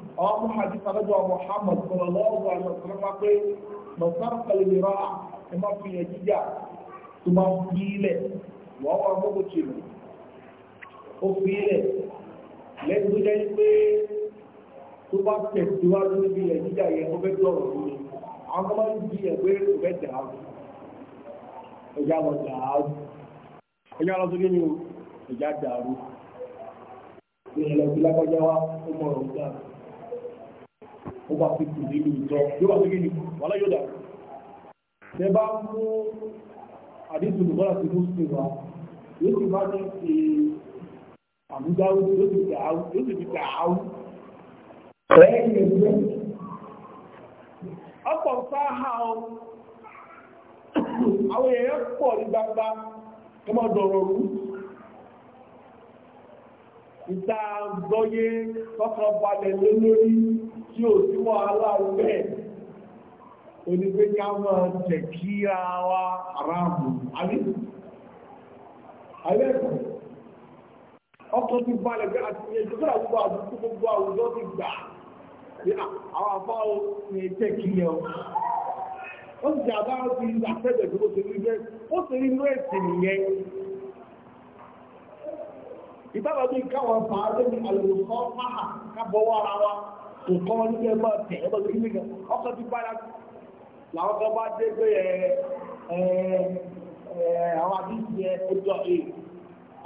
S1: àwọn mú hadith alájọ Muhammad sọ̀rọ̀ lọ́wọ́ àjọ sọ̀rọ̀ wá pé mọ̀sára kàlẹ̀ lè rà ẹ má fi yẹn jíjà tó máa fi ilẹ̀ wọ́n wá gbogbo tì lù ó fi ilẹ̀ lẹ́yìn tó jẹ́ pé tó bá tẹ̀síwájú níbi yẹn jíjà yẹn ó fẹ́ dọ̀rọ̀ lórí àwọn máa ń di ẹgbẹ́ kò fẹ́ dà á ẹ̀yà lọ dà á ẹ̀yà lọ sókè ni o ẹ̀yà dà á ru ìrìnlẹ̀ wa ó mọ̀ ọ̀rọ̀ gbà ó bá fi kù nínú ìjọ yóò bá gbégé ní wàhálà yóò dàrú ṣe bá ń mú àdéhùn ìbọ́lá ti mú sí wa yóò sì bá ní ṣe àmúdáwó yóò sì fi àáwú yóò sì fi kà áwú. lẹ́yìn ẹgbẹ́ ọ̀pọ̀ sáà ọ àwọn èèyàn pọ̀ ní gbangba tó máa dọ̀rọ̀ rú ìta gbọ́yé tọ́kọ̀ balẹ̀ lé lórí tí ò sí wàhálà bẹ́ẹ̀ onígbé ká máa tẹ̀ kíra wa aráàmù àbí àbẹ́ẹ̀kọ́ ọkọ̀ ti balẹ̀ bí àti ìjọba àgbà àdúgbò gbogbo àwùjọ ti gbà pé àwọn afáwọ ni tẹ̀ kíra ọ ó sì ṣe àbá ti àtẹ́bẹ̀ tó ṣe rí bẹ́ẹ̀ ó sì rí inú ẹ̀sìn nìyẹn ìtàbàbí káwọn fàá lórí àlòkọ́ máa kábọ̀wọ́ ara wa nǹkan wọn níbi ẹgbẹ́ ọ̀tẹ̀ ẹgbẹ́ ọ̀tẹ̀ níbi kan ọkọ̀ ti para làwọn kan bá dé pé ẹ ẹ àwọn àdìsí ẹ ọjọ́ ẹ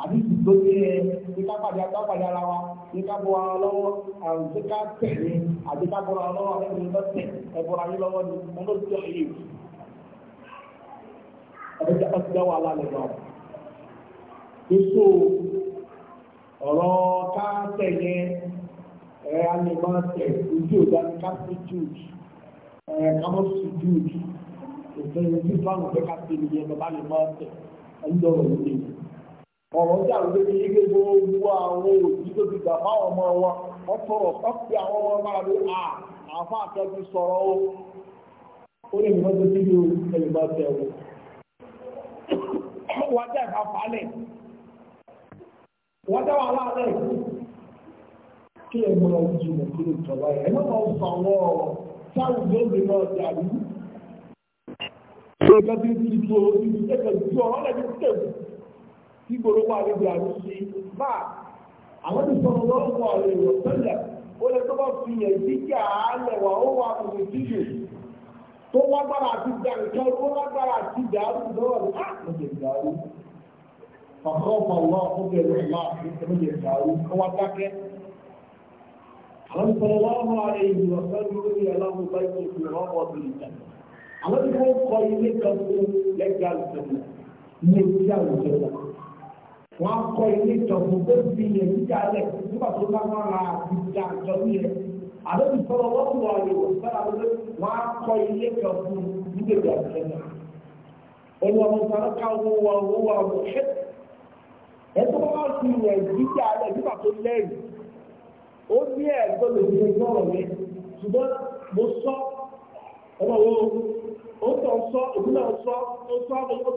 S1: àdìsí tó dé ẹ ní ká pàdé àtàpàdé ara wa ní ká bọ́ ara lọ́wọ́ àrùn tí ká tẹ̀lé àti ká bọ́ra lọ́wọ́ àrùn tí ká tẹ̀ ẹ bọ́ra yín lọ́wọ́ ni wọn ló jọ ẹ. ọ̀dọ́jà ọ̀sẹ̀ dá wàhálà lẹ̀ lọ. èso ọ̀rọ̀ ká tẹ̀lé ẹ̀ á lè ụzọ tẹ̀ ojú ọ̀dà ní kápítúùdì ẹ̀ kámọ́sùdúùdì òfin ojú fáwọn ọ̀dọ́ kápítúùdì yẹn bàbá lè máa tẹ̀ ẹ̀ńdọ̀ òní. ọ̀rọ̀ tí àwọn ọ̀dọ́ yìí gbé gbogbo a kí ẹ mọ ọdún jùlọ kí ló jọba yẹn ẹ̀mọ́ máa ń fa àwọn ọ̀rọ̀ tí àwùjọ òde náà dàrú. ṣé ẹgbẹ́ tí ń tu ọ̀rọ̀ tí ẹgbẹ́ tí ọ̀rọ̀ lẹ́ni tẹ̀wé tí gbòòrò wà níbi àrùn sí bá àwọn tí sọ̀rọ̀ lọ́wọ́ wà lè rọ̀ tẹ́lẹ̀ ó lè tó bá fi yẹn jíjà àálẹ̀ wà ó wà kùnú sílẹ̀ tó lágbára àti dàrúkọ tó lágbára àti dàrú lọ́wọ́ ní àkùnjẹ̀ dàrú. Fàkọ́ ọ̀pọ̀ àwọn ọ̀pọ̀ bẹ̀rẹ̀ máa fi ẹ̀mí قال صلى الله عليه وسلم بني له بيت في روضة الجنة àwọn tí wọ́n kọ́ ilé kan fún lẹ́gbẹ̀ẹ́ àlùfẹ́lẹ̀
S2: ní etí àlùfẹ́lẹ̀
S1: wọ́n á kọ́ ilé kan fún tó fi yẹn jíjà lẹ̀ nígbà tó bá máa ra jíjà àjọ yẹn àdóbi sọ̀rọ̀ wọ́n wọ̀ àyẹ̀wò sára lórí wọ́n á ilé kan fún nígbèdè àlùfẹ́lẹ̀ olùwàmù sọ̀rọ̀ ká wọ́wọ́ wọ́wọ́ àwọn ó ní ẹ̀gbọ́n lè fi ẹgbẹ́ ọ̀rọ̀ mi ṣùgbọ́n mo sọ ọmọ wo ó sọ sọ òbí náà sọ sọ ọmọ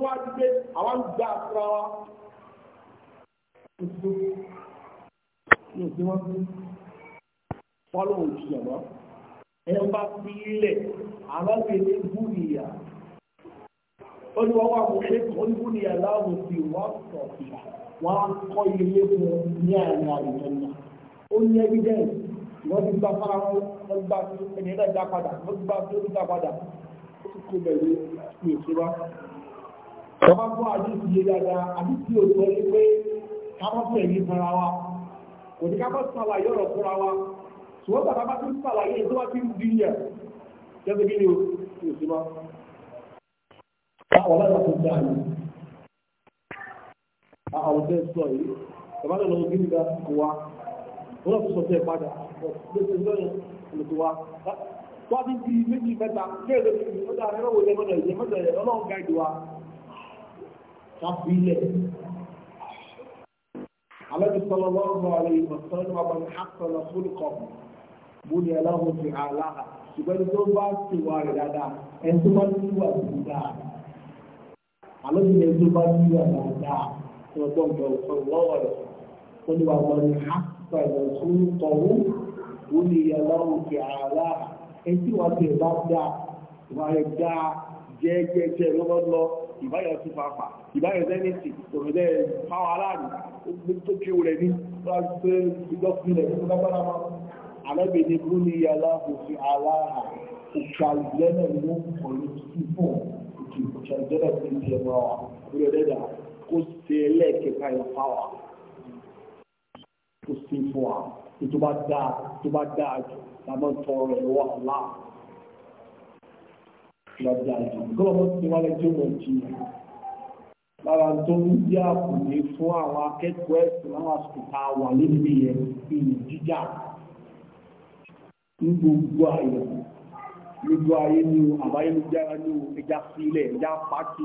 S1: àwa ń wa. bá fi ilẹ̀ alágbèlé láwùjọ wọ́n wọ́n á kọ́ ilé fún ní àárín náà. ó ní evidence wọ́n ti gba fara wọn wọ́n gba ẹni náà dá padà wọ́n ti gba lórí dá padà ó ti kó bẹ̀rẹ̀ ní ìṣúra. Bàbá fún àdé ìdílé dáadáa àbí tí o sọ ní pé káwọn fẹ̀ ní fara wa kò ní káwọn sàlàyé ọ̀rọ̀ fúnra wa ṣùgbọ́n bàbá bá tún sàlàyé tó wá sí ìdí yẹn jẹ́sẹ̀ kí ni o ní ìṣúra. Káwọn láti fún dáa ni. Àwọn ọ̀dọ́ sọ yìí, bàbá lọ́wọ́ gíga kò wá wọ́n lọ́pọ̀ sọ pé ẹ̀ padà lóṣù lọ́yìn olùkọ́ wa wọ́n ti di méjì mẹ́ta kéèrè lóṣù mẹ́ta ẹ̀rọ wo lẹ́mọ́nà ìyẹn bá ti wà dáadáa tó bá ti wà dáadáa alẹ́bí tó bá wà dáadáa tó ọgbọ́n فَلَسُوطَهُ وُلِيَ لَهُ كِعَالَهُ ẹtí wọn ti bá dá ìwà rẹ̀ dá jẹ́jẹ́jẹ́ lọ́lọ́lọ́ ìbáyọ̀ sí pàpà ìbáyọ̀ sẹ́nìtì òmìnira fáwọn aláàrí tó kí o rẹ̀ ní pé ìjọsílẹ̀ nínú lágbára wọn alẹ́bẹ̀ ní burú ní yàrá òfin aláàrá òkàlùjẹ́nà mú ọ̀rọ̀ sí
S2: fún òkè òkàlùjẹ́nà sí ìjẹmọ́ àwọn olùdẹ́dà kó ṣe ẹlẹ́ẹ̀kẹta
S1: kó sí fún wa tó bá dáa tó bá dáa jù lábọ́ tọrọ ẹ̀ wà láà lọ dáa jù gbọ́dọ̀ mọ́ ti wálé tí ó mọ̀ jìyà lára tó ń jẹ́ àkùnlé fún àwọn akẹ́kọ̀ọ́ ẹ̀sìn láwọn àsìkò tá a wà níbi yẹn ìlú jíjà ní gbogbo àyẹ̀ gbogbo ayé ní àbáyélujára ní ẹja sílẹ̀ ẹja pàtì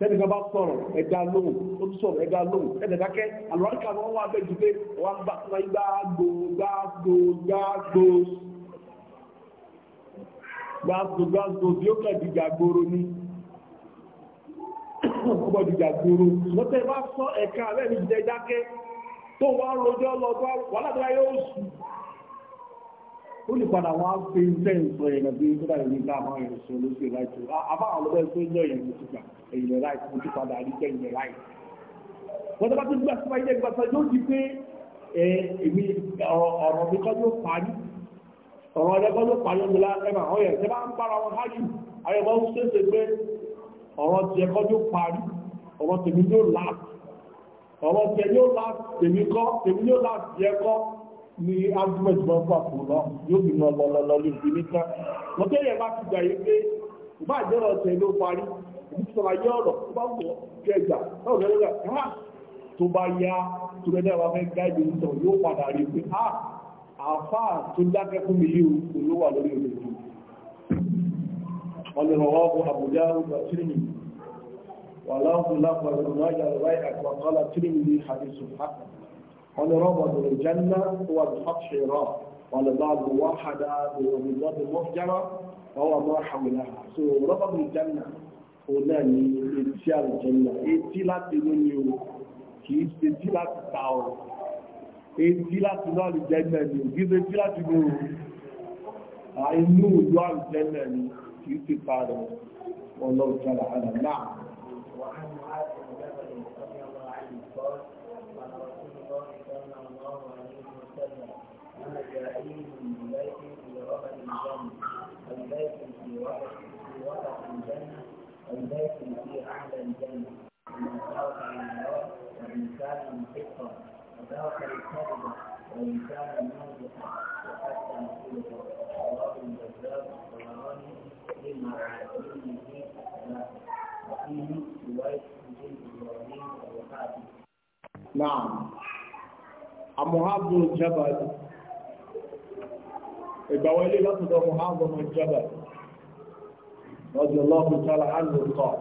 S1: tẹ́lẹ̀ kan bá sọ̀rọ̀ ẹ̀dá lóhùn ó tún sọ̀rọ̀ ẹ̀dá lóhùn ẹ̀dẹ̀ dákẹ́ àlùbáríkà wọn wà bẹ́ẹ̀ ju pé wọ́n gbà fún gbàgbó gbàgbó gbàgbó gbàgbó gbàgbó tí ó kàn dìjà gbòòrò ni ọgbọ̀n dìjà gbòòrò wọ́n tẹ́ bá sọ ẹ̀ka rẹ̀ ní ìdẹ́dákẹ́ tó wà lójọ́ lọ ó lè padà wọn á fi iṣẹ́ ìsọ ìrìnà bí kódà ìrìn ká àwọn ìrìn sọ lóṣù láìpẹ́ àbá àwọn ọlọ́bẹ̀ tó ń yọ ìrìn mo ti gbà ìrìn láì mo ti padà rí iṣẹ́ ìrìn láì. wọ́n tọ́ka tó gbà sí wáyé ìgbà sọ yóò di pé èmi ọ̀rọ̀ mi kọ́ ló parí ọ̀rọ̀ ọ̀rẹ́ kọ́ ló parí ọ̀rọ̀ la ẹ̀ máa ọ̀yẹ̀ ṣẹ́ bá ń bára wọn hájú ayọ̀ bá pé ọ̀rọ̀ tiẹ̀ kọ́ ni argument máa ń fà fún lọ yóò fi lọ lọ lè fi nìkan lọ́tẹ́ yẹn bá ti gbà yí pé ìbá ìjọba ọ̀sẹ̀ ló parí ìbí sọ̀rọ̀ ayé ọ̀rọ̀ tó bá wọ̀ náà lọ́wọ́ ká tó bá yá tó bẹ́ẹ̀ náà wà fẹ́ yóò padà rí pé á àfà tó dákẹ́ fún mi yìí o ló wà lórí àbújá ọgbà tírìmì tírìmì ní àdìsùn ونرى بالجنة هو بفتح راء ولباب واحدة بضاد مفجرة وهو ما حولها so ربط الجنة هنا etí àlùjẹ́nà etí láti lóyún o kìí ṣe etí láti ta ọ etí láti lọ àlùjẹ́nà ni kìí ṣe etí láti lọ o inú ìlú àlùjẹ́nà ni kìí ṣe ta rẹ̀ ọlọ́ọ̀jára àlà náà.
S2: وعن معاذ بن جبل رضي الله عنه قال النسائي نعم. من بيت في ربع الجنة والبيت في وسط في وسط الجنة والبيت في أعلى الجنة ومن ترك النار وإن كان فطرا وترك الكذب وإن كان موجها وحتى نقوله رواه الجزار الطبراني في معادنه وفيه رواية بن إبراهيم الوقاتي
S1: نعم أم هذا الجبل ìgbàwọ́ ilé látọ̀dọ̀ Mu'adh ibn Jabal radiyallahu ta'ala anhu qala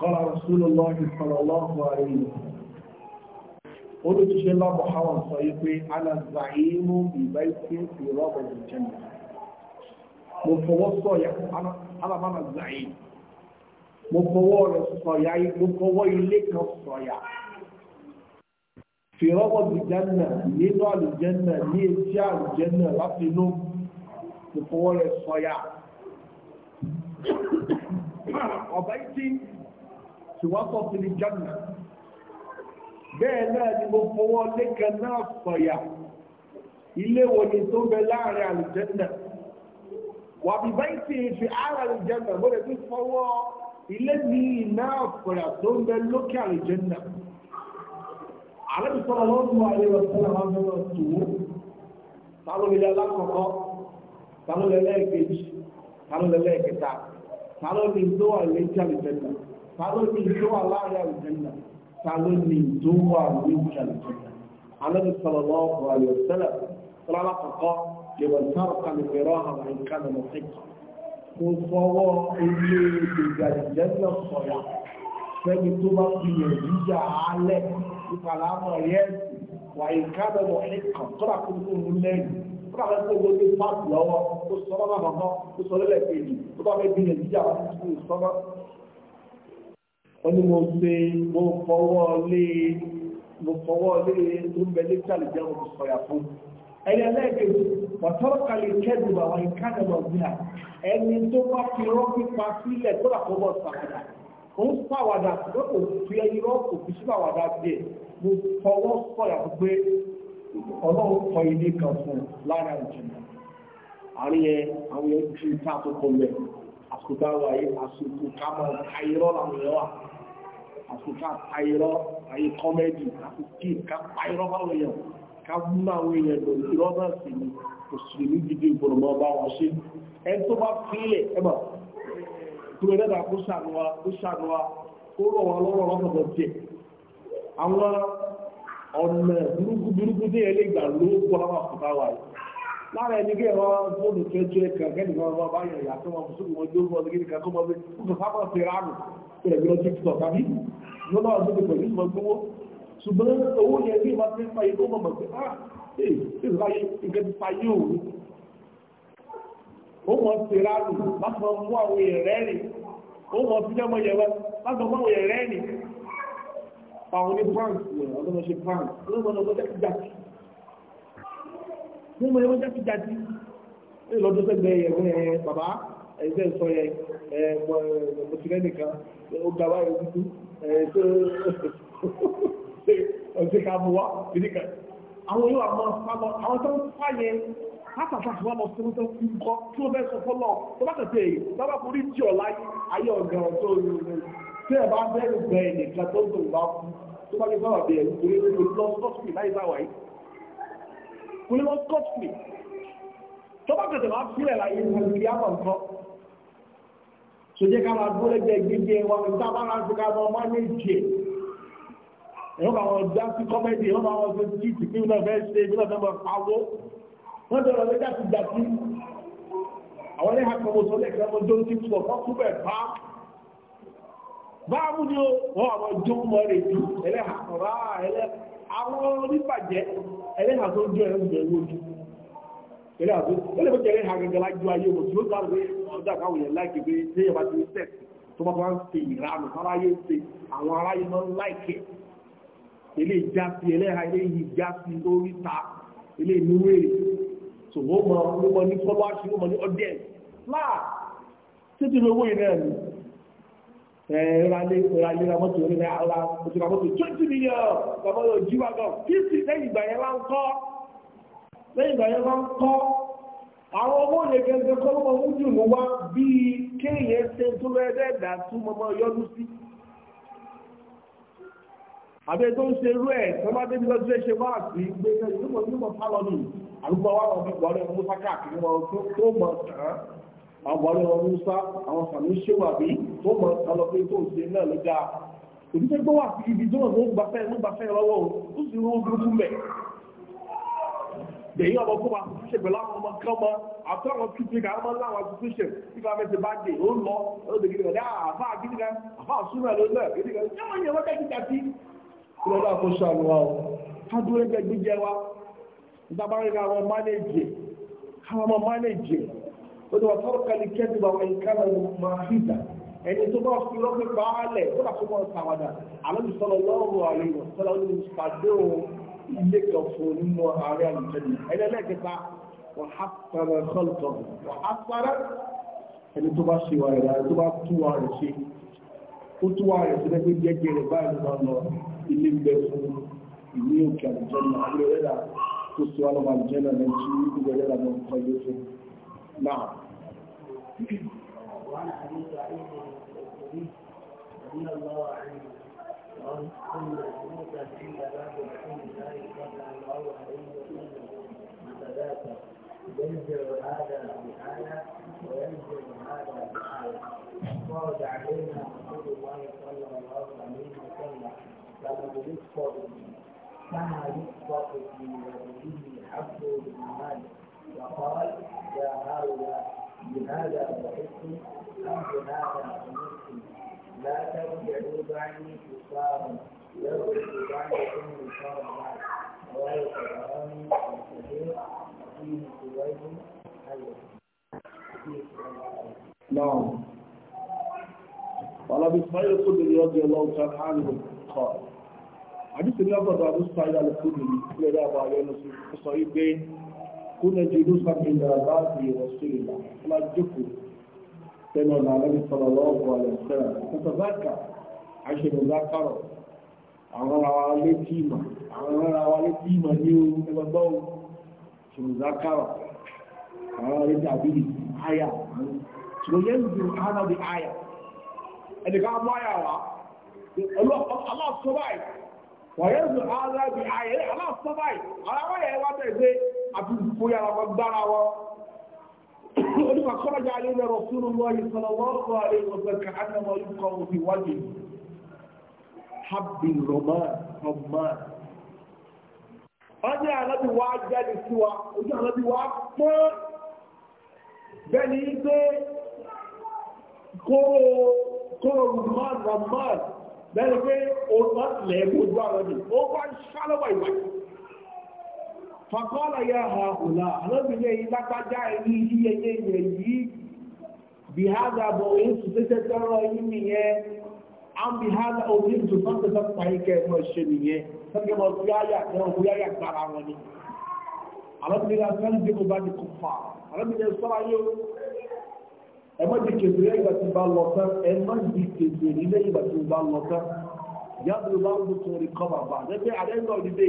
S1: qala Rasulullah sallallahu alaihi olùtíṣẹ́ ńlá Muhammad sọ yí pé alazaimu ìbáyìí fi rọ́bà ìjẹ́nà mo fọwọ́ sọ̀yà alábàmà zaim mo fọwọ́ rẹ̀ sọ̀yà mo fọwọ́ fi rọ́wọ́ ìjánà nínú àlùjánà ní etí àlùjánà láti inú ìfọwọ́ rẹ̀ sọ́yà ọ̀bá ìtí tí wọ́n sọ sí ìjánà bẹ́ẹ̀ náà ni mo fọwọ́ lẹ́kẹ̀ náà sọ́yà ilé wo ni tó bẹ láàrin àlùjánà wà bí bá ìtí fi ara àlùjánà mo lè fi fọwọ́ ilé mi náà sọ́yà tó ń bẹ lókè àlùjánà àlẹ́bí sọ́rọ̀ lọ́dún ayé lọ sọ́rọ̀ máa ń bẹ̀rẹ̀ tòwó tálólélẹ́ alákọ̀ọ́kọ́ tálólélẹ́ ẹ̀kejì tálólélẹ́ ẹ̀kẹta tálóni tó wà lẹ́jà lìjẹ̀nà tálóni tó wà láàyà lìjẹ̀nà tálóni tó wà lẹ́jà lìjẹ̀nà àlẹ́bí sọ́rọ̀ lọ́dún ayé sọ́rọ̀ sọ́rọ̀ alákọ̀ọ́kọ́ yẹ̀wọ̀n kan ìfẹ̀rọ̀ àwọn ìkànnì fẹ́ni tó bá fi ẹ̀rí yà á lẹ̀ nípa láàmú ẹ̀yẹ́ wà ìkábẹ̀ wọ̀ ẹ̀kàn tó bá kúrú fún un lẹ́yìn tó bá fẹ́ kó owó tó pààtì lọ́wọ́ tó sọ lọ́wọ́ àbọ̀mọ́ tó sọ lọ́lẹ̀ kejì tó bá fẹ́ gbìyànjú yà wá sí ìsọ́nà. ó ní mo ṣe mo fọwọ́ lé mo fọwọ́ lé tó ń bẹ ní kíláàlì jẹ́ mo sọ̀yà fún ẹ̀yẹ lẹ́ẹ̀kejì wàtọ́rọ̀ kalẹ̀ kẹ́dùn àwọn ìkábẹ̀ ó ń pàwàdà pé kò fi irọ́ kò fi sípàwàdà díẹ̀ mo fọwọ́ sọ̀yà pé ọlọ́run kọ ilé kan fún lára ìjìnlẹ̀ àárín yẹn àwọn yẹn ti ta àkókò rẹ̀ àkókò àwọn ayé àsìkò ká máa ka irọ́ làwọn yẹn wà àkókò ka irọ́ ayé kọ́mẹ́dì àkókò ká pa irọ́ báwọn yẹn ká mú àwọn èèyàn lò irọ́ náà sì ni kò sì ní gidi ìgbòròmọ́ bá wọn ṣe ẹni tó bá fílẹ̀ ẹ tó rẹ̀ dà kó ṣàánúwa kó ṣàánúwa kó rọ̀ wọn lọ́rọ̀ lọ́sọ̀tọ̀ jẹ àwọn ọ̀nà burúkú burúkú tí ẹ lè gbà ló gbọ́ àwọn àkùtà wa yìí lára ẹni kí ẹ̀rọ fóònù tó ẹjọ́ ẹ̀kà kẹ́lì kan wọ́n bá yẹ̀yà tó wọn fún wọn jó wọn kí nìkan tó wọn bí kúkú sábà fi ráàmù tó ẹ̀gbẹ́ lọ tiktok àbí lọ́nà ọdún tó pẹ̀lú ìmọ̀ gbówó ṣùgbọ́n owó yẹn bí wọ́n ti ń fa ikú mọ̀mọ̀ pé ah ee ṣe láyé nǹkan ti fa yé òun ó mọ̀ sí ráàlù láti mọ̀ mú àwọn èèyàn rẹ́rìn ó mọ̀ sí jẹ́mọ̀ yẹ̀wẹ́ láti mọ̀ mú àwọn èèyàn rẹ́rìn àwọn ní france rẹ̀ ọdún mọ̀ ṣe france ló mọ̀ lọ́gbọ́n jákèjádì ló mọ̀ lọ́gbọ́n jákèjádì ní lọ́dún sẹ́gbẹ́ yẹ̀wẹ́ ẹ̀ bàbá ẹ̀ṣẹ́ sọ yẹ ẹ̀ mọ̀ṣẹ̀lẹ̀ nìkan ó ga wáyé dúdú ẹ̀ṣẹ́ ọ̀ṣẹ́ ká mú wá látàtà tí wọ́n lọ sí oúnjẹ kú kọ́ tí ó bẹ́ẹ̀ sọ fọ́lọ́ tó bá tẹ̀tẹ̀ èyí lọ́bà kò rí jì ọ̀la ayé ọ̀gá ọ̀tọ́ òyìnbó tí ẹ bá bẹ́ẹ̀rù bẹ́ẹ̀ nìkan tó ń dùn bá kú tó bá gbé bá bẹ̀rù kò rí lọ sọ́ọ̀tì láì bá wáyé kò rí lọ sọ́ọ̀tì tó bá tẹ̀tẹ̀ máa fílẹ̀ láyé ìrìnàjò àkọ́kọ́ sojẹ ká máa gbọ́dọ̀ jẹ gbígbé wa níta bá láti ká máa má ní jẹ ẹ̀rọ bá wọn dá sí kọ́mẹ́dì ẹ̀rọ bá wọn fi títì pé wọn fẹ́ ṣe ìbílẹ̀ fẹ́ máa pawó wọ́n dọ̀rọ̀ lé dàtí dàtí àwọn ilé àkọwò tó lẹ́kẹ̀ẹ́ ọmọ jó ti pọ̀ kọ́ kú bẹ̀ bá báàmù ni ó wọ́n àwọn jó mọ́ rẹ̀ jù ẹlẹ́ àkọ̀rá ẹlẹ́ àwọn oníbàjẹ́ ẹlẹ́ àtó jó ẹ̀ ń bẹ̀rù ojú ẹlẹ́ àtó ẹlẹ́ bó ayé wọn tí ó dá lórí yẹn ṣé yẹn bá ti tó bá wá ń ṣe ìranù ń ṣe àwọn aráyé so wọ́n mọ wọ́n mọ ní followers wọ́n mọ ní audience láà títí lówó yìí náà ni ẹ̀ẹ́dẹ́gbẹ̀rẹ́ ìrànlẹ́ ramọ́tò orí náà ara òtún ramọ́tò twenty million bàbá yóò jí wá gan fifty lẹ́yìn ìgbà yẹn wá ń kọ́ lẹ́yìn ìgbà yẹn wá ń kọ́ àwọn owó yẹn gẹ́gẹ́ kọ́ ló mọ ojú mi wá bíi kéèyàn ṣe tó rẹ́ẹ́dẹ́gbà tún mọ́mọ́ yọ́dún sí àbẹ́ tó ń ṣe rú ẹ̀ tọ́lá débi lọ́dún ṣe wá sí gbé yóò mọ̀ sálọ ní àrùkọ wa wọn bí gbọ́dọ̀ ẹ̀mú sáká àkìrí wọn tó mọ̀ tán àwọn gbọ́dọ̀ ẹ̀mú Musa àwọn sàmì ṣéwà bí tó mọ̀ sálọ pé tó ń ṣe náà ló dáa òṣìṣẹ́ gbọ́ wà sí ibi tó ń gbafẹ́ ń gbafẹ́ lọ́wọ́ ó sì rú burúkú mẹ́ èyí ọmọ kó ma ṣe pẹ̀lú àwọn ọmọ kan mọ àti àwọn tuntun kan ọmọ láwọn association nípa mẹsẹ̀ bá dé ó lọ ó lè gidi kan dáa àfa gidi kan àfa súnmọ́ ló lọ gidi kan ṣé wọ́n yẹ wọ́n tẹ́ kíkà sí lọ́dọ̀ àkóso àlùwà ọ̀ ká dúró ẹgbẹ́ gbíjẹ wa ìtàbá rẹ̀ àwọn mánéjì káwọn ọmọ mánéjì ó ti wà tọ́rọ kalẹ̀ kẹ́sì bá wọn ìkàlà máa hìtà ẹni tó bá fi lọ́pẹ́ bá lẹ̀ ó bá fún wọn sàwádà àlọ́bí sọlọ lọ́rùn àrẹ wọn sọlọ ní pàdé ohun ilé kan fún nínú ààrẹ àlùjẹ́ni ẹni ẹlẹ́kẹta wọ́n á sọ̀rọ̀ sọ̀tọ̀ wọ́n á sọ̀rọ̀ ẹni tó bá ṣe wà rẹ̀ tó bá tú wà rẹ̀ ṣe ó tú wà rẹ̀ sí lẹ́gbẹ́ jẹ́jẹ́ rẹ̀ báyìí lọ́nà ilé ń bẹ fún ìní òkè àjọ náà abúlé-ẹ̀dà tó sọ alọ́mọ àjọ náà lẹ́yìn tí ìgbẹ̀lẹ́dà náà kọ́ ilé fún náà.
S2: وعن ابي سعيد الخدري رضي الله عنه قال كنا جلوسا عند باب رسول الله صلى الله عليه وسلم نتذاكر ينزل هذا بحاله وينزل هذا بحاله فرد علينا رسول الله صلى الله عليه وسلم لما برزق به كما يرزق في يده حبل من مال وقال يا هؤلاء بهذا بعثت أم بهذا أمرت لا ترجعوا بعدي كفارا يرجع بعدكم كفارا بعد رواه الطبراني والكبير وفيه سويد
S1: نعم وعن ابي اسماعيل الخدري رضي الله تعالى عنه قال àdìsí lọ́gbọ̀dọ̀ àdúsá ìyàlẹ̀ fúdù ní ìpínlẹ̀ àbá ayọ́nu sọ wípé kó lè jẹ́ ìlúsà ní ìdára bá ti ìwọ̀ sí ìlà fúlá jókòó tẹnu ọ̀nà alẹ́bí sọ̀rọ̀ lọ́wọ́ alẹ́ sẹ́rà kọsọ̀ báàkà àṣẹ̀mù lákàrọ̀ àwọn ará wa létí ìmọ̀ àwọn ará wa létí ìmọ̀ ní ẹgbẹgbọ́ ṣùgbọ́n lákàrọ̀ àwọn ará létí àbílì àyà ṣùgbọ́n yẹn ń àyà ẹnìkan mú àyà wa ọlọ́ọ̀ sọ báyìí wọ̀nyẹ́sù aláàbí ayé aláàfọ́ báyìí aláwọ̀yẹ̀ wá tẹ̀sẹ̀ àti ìfòyà àwọn gbára wọn onímọ̀ kọ́lọ́jà alẹ́ lọ́rọ̀ fún un lọ́yìn sọ̀rọ̀ lọ́rọ̀ alẹ́ ọ̀sẹ̀ ká anamọ̀ ikọ̀ òfin wájú habbi roman roman ọjọ́ lẹ́nu pé o lọ lẹ́gbò ojú àwọn ọdún ó wá ṣálọ́wà ìwà fàkọ́lá ya ha hùlá alóbìnrin yìí lágbájá ẹni yí ẹyẹ ìyẹ yìí bí ha dàbọ̀ èyí tó tẹ́tẹ́ tọ́rọ yìí nìyẹn án bí ha dà òbí tó tọ́ tẹ́tẹ́ pa yìí kẹ́ mọ̀ ṣe nìyẹn sọ́kẹ́ mọ̀ bí ayà tẹ́ òkú yáyà gbára wọn ni alóbìnrin yìí lágbájá ẹ má di kèfè lẹ́yìn ìgbà tí bá lọ tán ẹ má di kèfè lẹ́yìn ìgbà tí bá lọ tán yàtọ̀ bá ń tún rí kọ́mà bá lẹ́gbẹ́ àdéhùn ọ̀dídé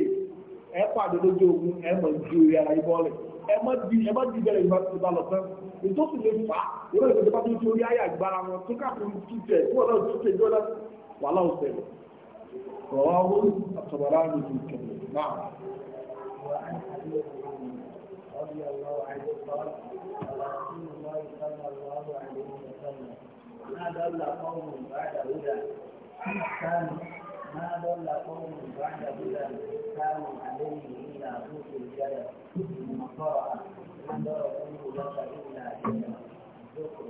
S1: ẹ pàdé lójú ogun ẹ mọ̀ ju orí ara yín bọ́ọ̀lẹ̀ ẹ má di ẹ má di bẹ̀rẹ̀ ìgbà tí bá lọ tán ìtòsí lè fà á ìrọ̀ ìgbà tí bá tún tún orí ayé àgbára wọn tó káàkiri tútẹ̀ tí wọ́n náà tútẹ̀ jọ́ náà wà láwọn
S2: ما ضل قوم بعد هدى كانوا ما ضل قوم بعد هدى كانوا عليه إلى طوق الجدل ثم قرأ من ضربوه لك إلا جدل ذكر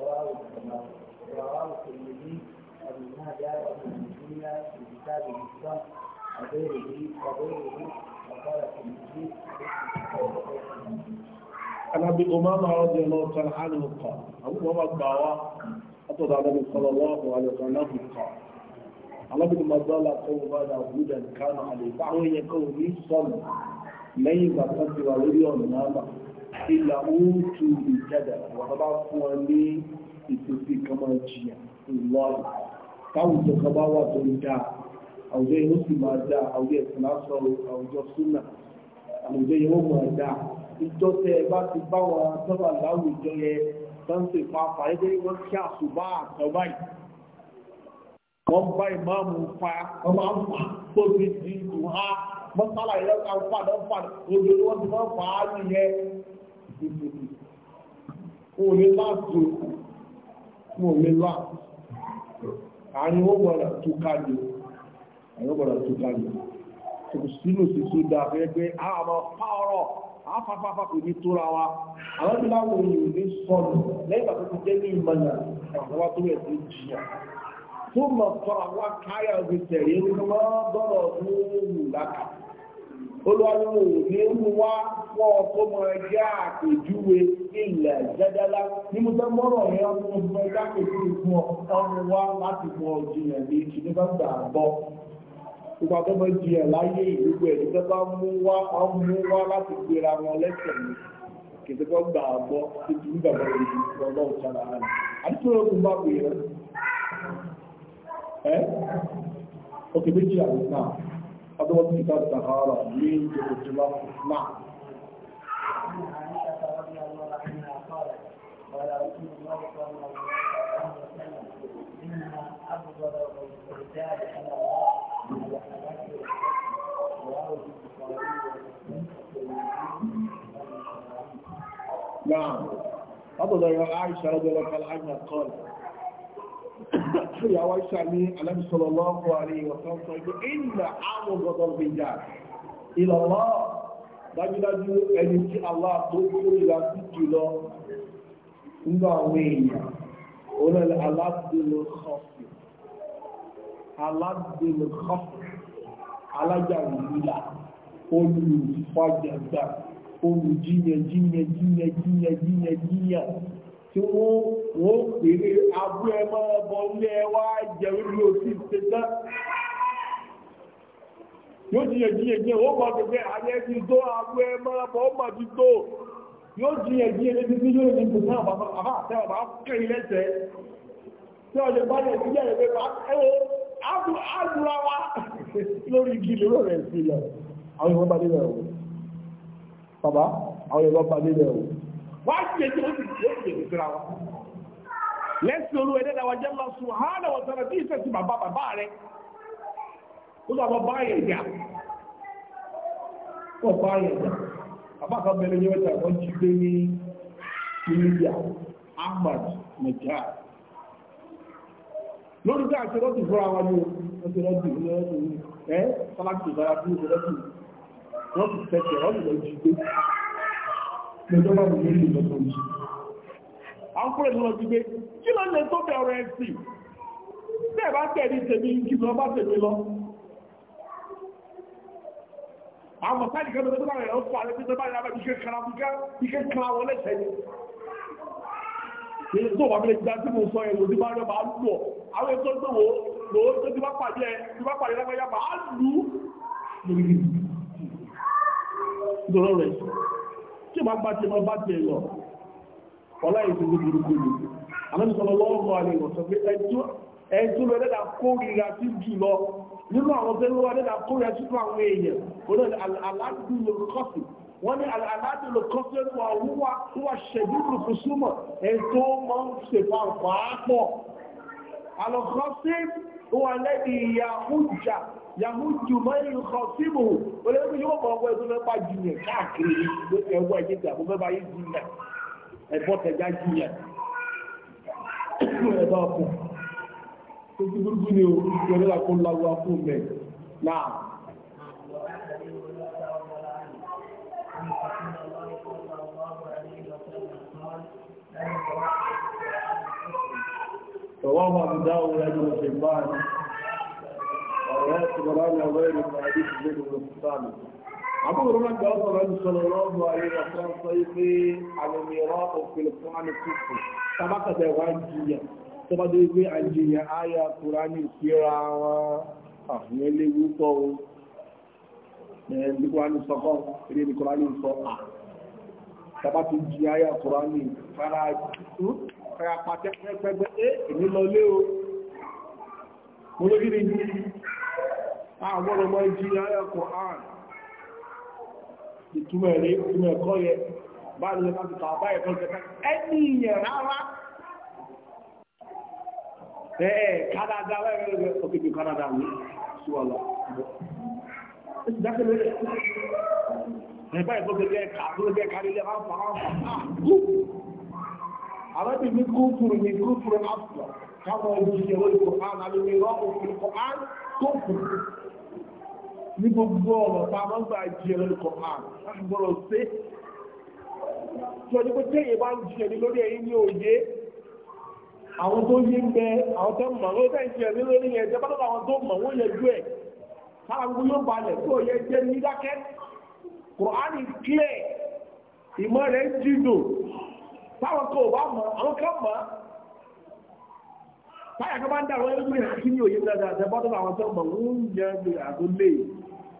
S2: رواه رواه الترمذي وابن ماجه وابن مسلم في كتابه الصمت وغيره وغيره وقال الترمذي
S1: عن ابي امامه رضي الله تعالى عنه قال ابو امامه أتضع النبي صلى الله عليه وسلم قال على بن مضالة قوم بعد هدى كان عليه فهو يقوم صلى لين بقدر وليون نام إلا أوتوا بكذا وطبعا فواني ìtòsí kan máa jìyà ìlọ́rùn táwọn ìjọba bá tọ́ǹsì fún àfàyè pé wọ́n kí àṣùbá àtọ́bá yìí wọ́n bá ìmáàmù fa wọ́n máa ń fa tó fi di ìlú ha mọ́sálà yẹn ká ń fa lọ́ fa ojú ni wọ́n ti máa ń fa á nìyẹn kò lè láàbò afáfáfá kò ní tóra wa àwọn ìlú àwọn èèyàn ní sọnù lẹ́yìn bàtà tó jẹ́ ní ìmọ̀nà àwọn tó yẹ tó jìyà tó mọ̀ fọ́ra wá káyà òbí tẹ̀lé mọ́ bọ́rọ̀ ní òwú lákà olùwàlúwò ní mú wá wọ́ tó mọ̀ ẹgbẹ́ àpèjúwe ilẹ̀ jẹ́jẹ́lá ní mo fẹ́ mọ́rọ̀ yẹn ọdún mo fẹ́ jákèjúwe fún ọ ọmọ wa láti mọ jìyà ní ìṣẹ́gbẹ́gbà bọ́ gbogbo àtọ́mọ̀ jiyàn láyé ìlúgbò ẹ̀ nígbà bá mú wá mú wá láti gbéra wọn lẹ́sẹ̀ ní kìtìkọ́ gbà àgbọ́ tó ti gbàgbọ́ ìlú ọlọ́ ìṣàlá rẹ̀ àdúgbò ọkùn bá pè é òkè méjì náà sàhárà ní ìjọba tó bá náà. الإسلام أبدا يا عائشة رضي الله عنها قال يا عائشة من النبي صلى الله عليه وسلم إن أعوذ بالرجال إلى الله dájúdájú ẹni tí Allah tó kórìíra sí jùlọ nínú àwọn èèyàn orílẹ̀ aládùúgbò kọfì aládùúgbò kọfì alájà òmìnira olùfọjàgbà olùjiyàn jiyàn jiyàn jiyàn jiyàn jiyàn tí wọ́n wọ́n pèrè abú ẹ máa bọ̀ ní ẹwà jẹun ní òsì tẹ́tà yóò jiyàn jiyàn jiyàn wọ́n mọ̀ pé ayé ti tó abú ẹ máa bọ̀ ọmọ ti tó yóò jiyàn jiyàn lébi tí yóò ní kùnà àbá àtẹ àbá kéré lẹ́sẹ̀ tí ọjọ́ bá yẹ jíjẹ́ rẹ̀ pé ẹwọ́ ábúra wa lórí igi lóró rẹ̀ sí lọ àwọn ìwọ́n bá dé rẹ̀ wọ́n bàbá àwọn ìlú ọba nílẹ̀ o wá sí èyí ó sì ṣe é ṣe ìṣura wọn. lẹ́sìn olú ẹ̀dẹ́ náà wájẹ́ máa sùn hàn náà wọ́n sọ̀rọ̀ bí ìfẹ́ sí bàbá bàbá rẹ̀ ó sọ bàbá yẹn jà ó bá yẹn jà bàbá kan bẹ̀rẹ̀ ní ọjà wọ́n jí gbé ní India Ahmad Najjar lórí bí àṣẹ lọ́dún fúnra wọn ni ó ti lọ́dún ẹ̀ sọ́lá wọ́n ti tẹ̀sẹ̀ wọ́n ti lọ jí gbé lọ́jọ́ bá mi
S2: lórí ìlọ́tọ̀ yìí.
S1: àwọn kúrò ní lọ jí gbé kí ló lè tó bẹ̀ ọ̀rọ̀ ẹ̀sìn bẹ́ẹ̀ bá tẹ̀lé tèmi kí lọ bá tèmi lọ. àwọn mọ̀sáàdì kan tó bá rẹ̀ ó fọ àlẹ́ tó bá rẹ̀ lábẹ́ iṣẹ́ kan abúgá iṣẹ́ kan àwọn ẹlẹ́sẹ̀ ni. èyí tó wà mí lè gba tí mo sọ ẹ̀ lòdì bá rẹ̀ máa lù ọ́ àwọn ètò ìgbòho lòó tó ti bá pàdé ẹ̀ ti bá pàdé lágbàáyà máa lù ú dọ̀rọ̀ rẹ̀ tí ó bá bá ti máa bá ti lọ ọlá ìsinmi burúkú ni àmọ́sọ̀lọ́ lọ́wọ́ àlè ìwọ̀sọ̀ pé ẹ̀tún lọ dẹ́dà kórìíra sí jùlọ nínú àwọn tẹ́lú wa dẹ́dà kórìíra sí fún àwọn èèyàn oní aládùúgbò kọ́sì wọ́n ní aládùúgbò kọ́sì wà wúwa wúwa ṣẹ̀dúrù kùsùmọ̀ ẹ̀tọ́ máa ń ṣèpá pàápọ̀ alọ́kọ́sì wà lẹ́yìn ìyá yàmújù mẹ́rin kan síbò olóògùn yóò mọ̀ ọgbọ́n ẹgbẹ́ mẹ́fà jìyàn káàkiri ẹwọ́ ẹ̀jẹ̀ tí àbúfẹ́ bá yé jìyàn ẹ̀fọ́ tẹ̀já jìyàn ẹ̀bá ọkọ̀ tó ti burúkú ni o ìjọba ìlà kó láwọ fún mẹ́ náà. Rọ̀wọ́ àwọn àbùdá òun ẹjọ́ ìṣègbà ni. رواية طبراني وغيره من حديث زيد بن ثابت عبد الرحمن بن عمر صلى الله عليه وسلم صيفي على الميراء في القرآن الكفر طبقة غانجية طبقة غانجية آية قرآن كيرا àwọn eléwu pọ̀ o ẹ̀ẹ́dì kúránì sọ́kọ́ eré ní kúránì sọ à tàbá ti jí ayá kúránì fara ìtú fara pàtẹ́ pẹ́pẹ́gbẹ́ é èmi lọ lé o mo lórí ní àwọn ọmọ ẹjí ayẹ́kọ̀ ààrùn ìtumọ̀ ẹ̀rẹ́ ìtumọ̀ ẹ̀kọ́ yẹ bá ah, ní ẹ̀kọ́ ti tàbá ẹ̀kọ́ kẹta ẹni ìyẹ̀ rárá ẹ̀ẹ́ kádàdà rẹ̀ ọkẹ̀kẹ̀ kádàdà ní ṣúwọ́lá ẹ̀bá ìfọ́kẹ̀kẹ̀ kàdúrẹ́kẹ̀ kárílẹ̀ عربي من كفر من كفر أصلا كما يجيزه القرآن على الميراث في القرآن كفر ní gbogbo ọ̀rọ̀ tá a máa ń gbà jẹ lórí kọ̀ọ̀kan láti gbọ́dọ̀ ṣe tí ọdún pé téèyàn bá ń jẹ ní lórí ẹ̀yìn ní òye àwọn tó yé ń bẹ àwọn tó mọ̀ lórí ẹ̀yìn jẹ ní lórí ẹ̀jẹ̀ bá lọ́dọ̀ àwọn tó mọ̀ wọ́n yẹ ju ẹ̀ kára gbogbo yóò balẹ̀ tó yẹ jẹ́ ní dákẹ́ kùránì clear ìmọ̀ rẹ̀ jìdò táwọn kan ò bá mọ̀ àwọn kan mọ̀ táyà kan bá ń dà wọ́n yẹ lórí ẹ̀yìn ní òye dáadáa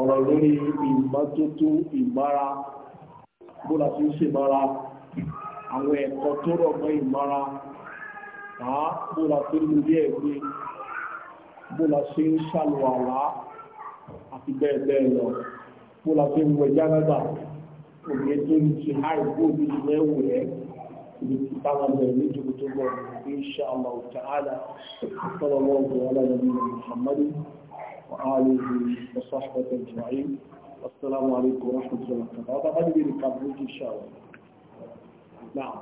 S1: ọ̀rọ̀ lórí ìmọ́tótó ìmọ́ra bóla tí ó ṣe mọ́ra àwọn ẹ̀kọ́ tó rọ̀ mọ́ ìmọ́ra àá bóla tó lórí ẹ̀gbẹ́ bóla ṣe ń ṣàlùwàlá àti bẹ́ẹ̀ bẹ́ẹ̀ lọ bóla tó ń wẹ̀ jágbàgbà òye tó ń ti háì bóòdù ìwẹ̀wò ẹ̀ ibi tí táwọn bẹ̀rẹ̀ ní ìjọba tó bọ̀ insha Allah ta'ala sallallahu alaihi wa sallam وآله وصحبه أجمعين السلام عليكم ورحمة الله وبركاته هذا ما نبي نكمل إن شاء الله نعم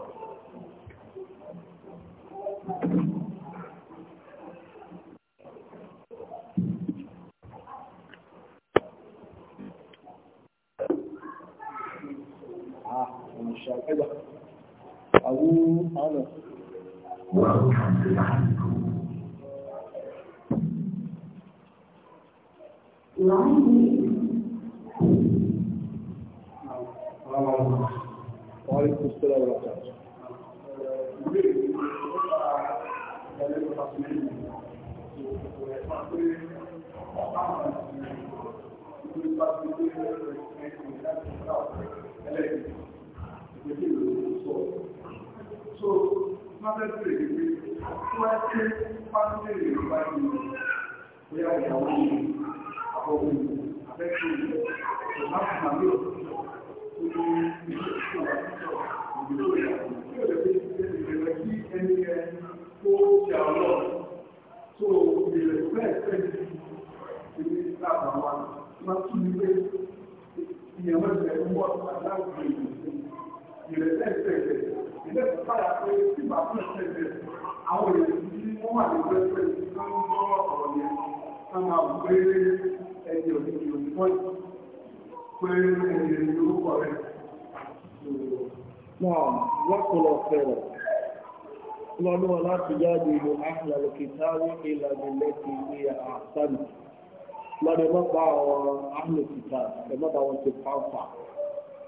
S1: ah, أبو أنس وعليكم السلام
S2: àwọn èèyàn tí wọ́n wà ní pẹ́pẹ́ tí wọ́n
S3: ń gbọ́
S1: ọ̀rọ̀ yẹn ká máa wù pé ẹni òdìdì òdìpọ̀ pé ẹni orúkọ rẹ̀ náà lọ́pọ̀lọ́ fẹ̀rẹ̀ lọ́nà láti jáde ìlú àhìlẹ̀ kìtàrí ìlànà lẹ́kì ní àṣánì lọ́nà mọ́pá àwọn àhìlẹ̀ kìtàrí ẹ̀mọ́ta wọn ti pàǹfà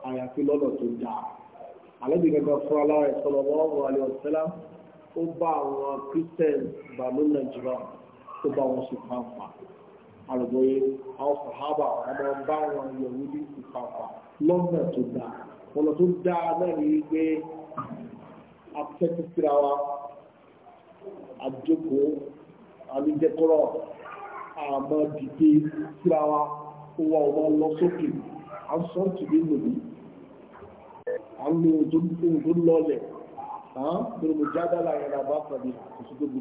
S1: àyàfi lọ́nà tó dáa àlẹ́bí gẹ́gẹ́ fún aláwọ̀ ìsọ̀rọ̀ lọ́wọ́ alẹ́ ọ̀sẹ́lá ó bá àwọn christian bàlú nàìjíríà tó bá wọn ṣe pàǹfà àròbọ̀yé àwọn sàhábà àwọn ọba wọn yẹ̀wò ní ìpapà lọ́nà tó dáa ọ̀nà tó dáa náà ní pé afẹ́kíkíra wa àjókòó àníjẹkọ́rọ̀ àmọ́ dìde síra wa ó wà ọmọ lọ sókè à ń sọ tìbí lòdì à ń lo ohun lọlẹ̀ hàn gbọ́dọ̀ mo jáde láyé ra bá pàdé kò sí tìbí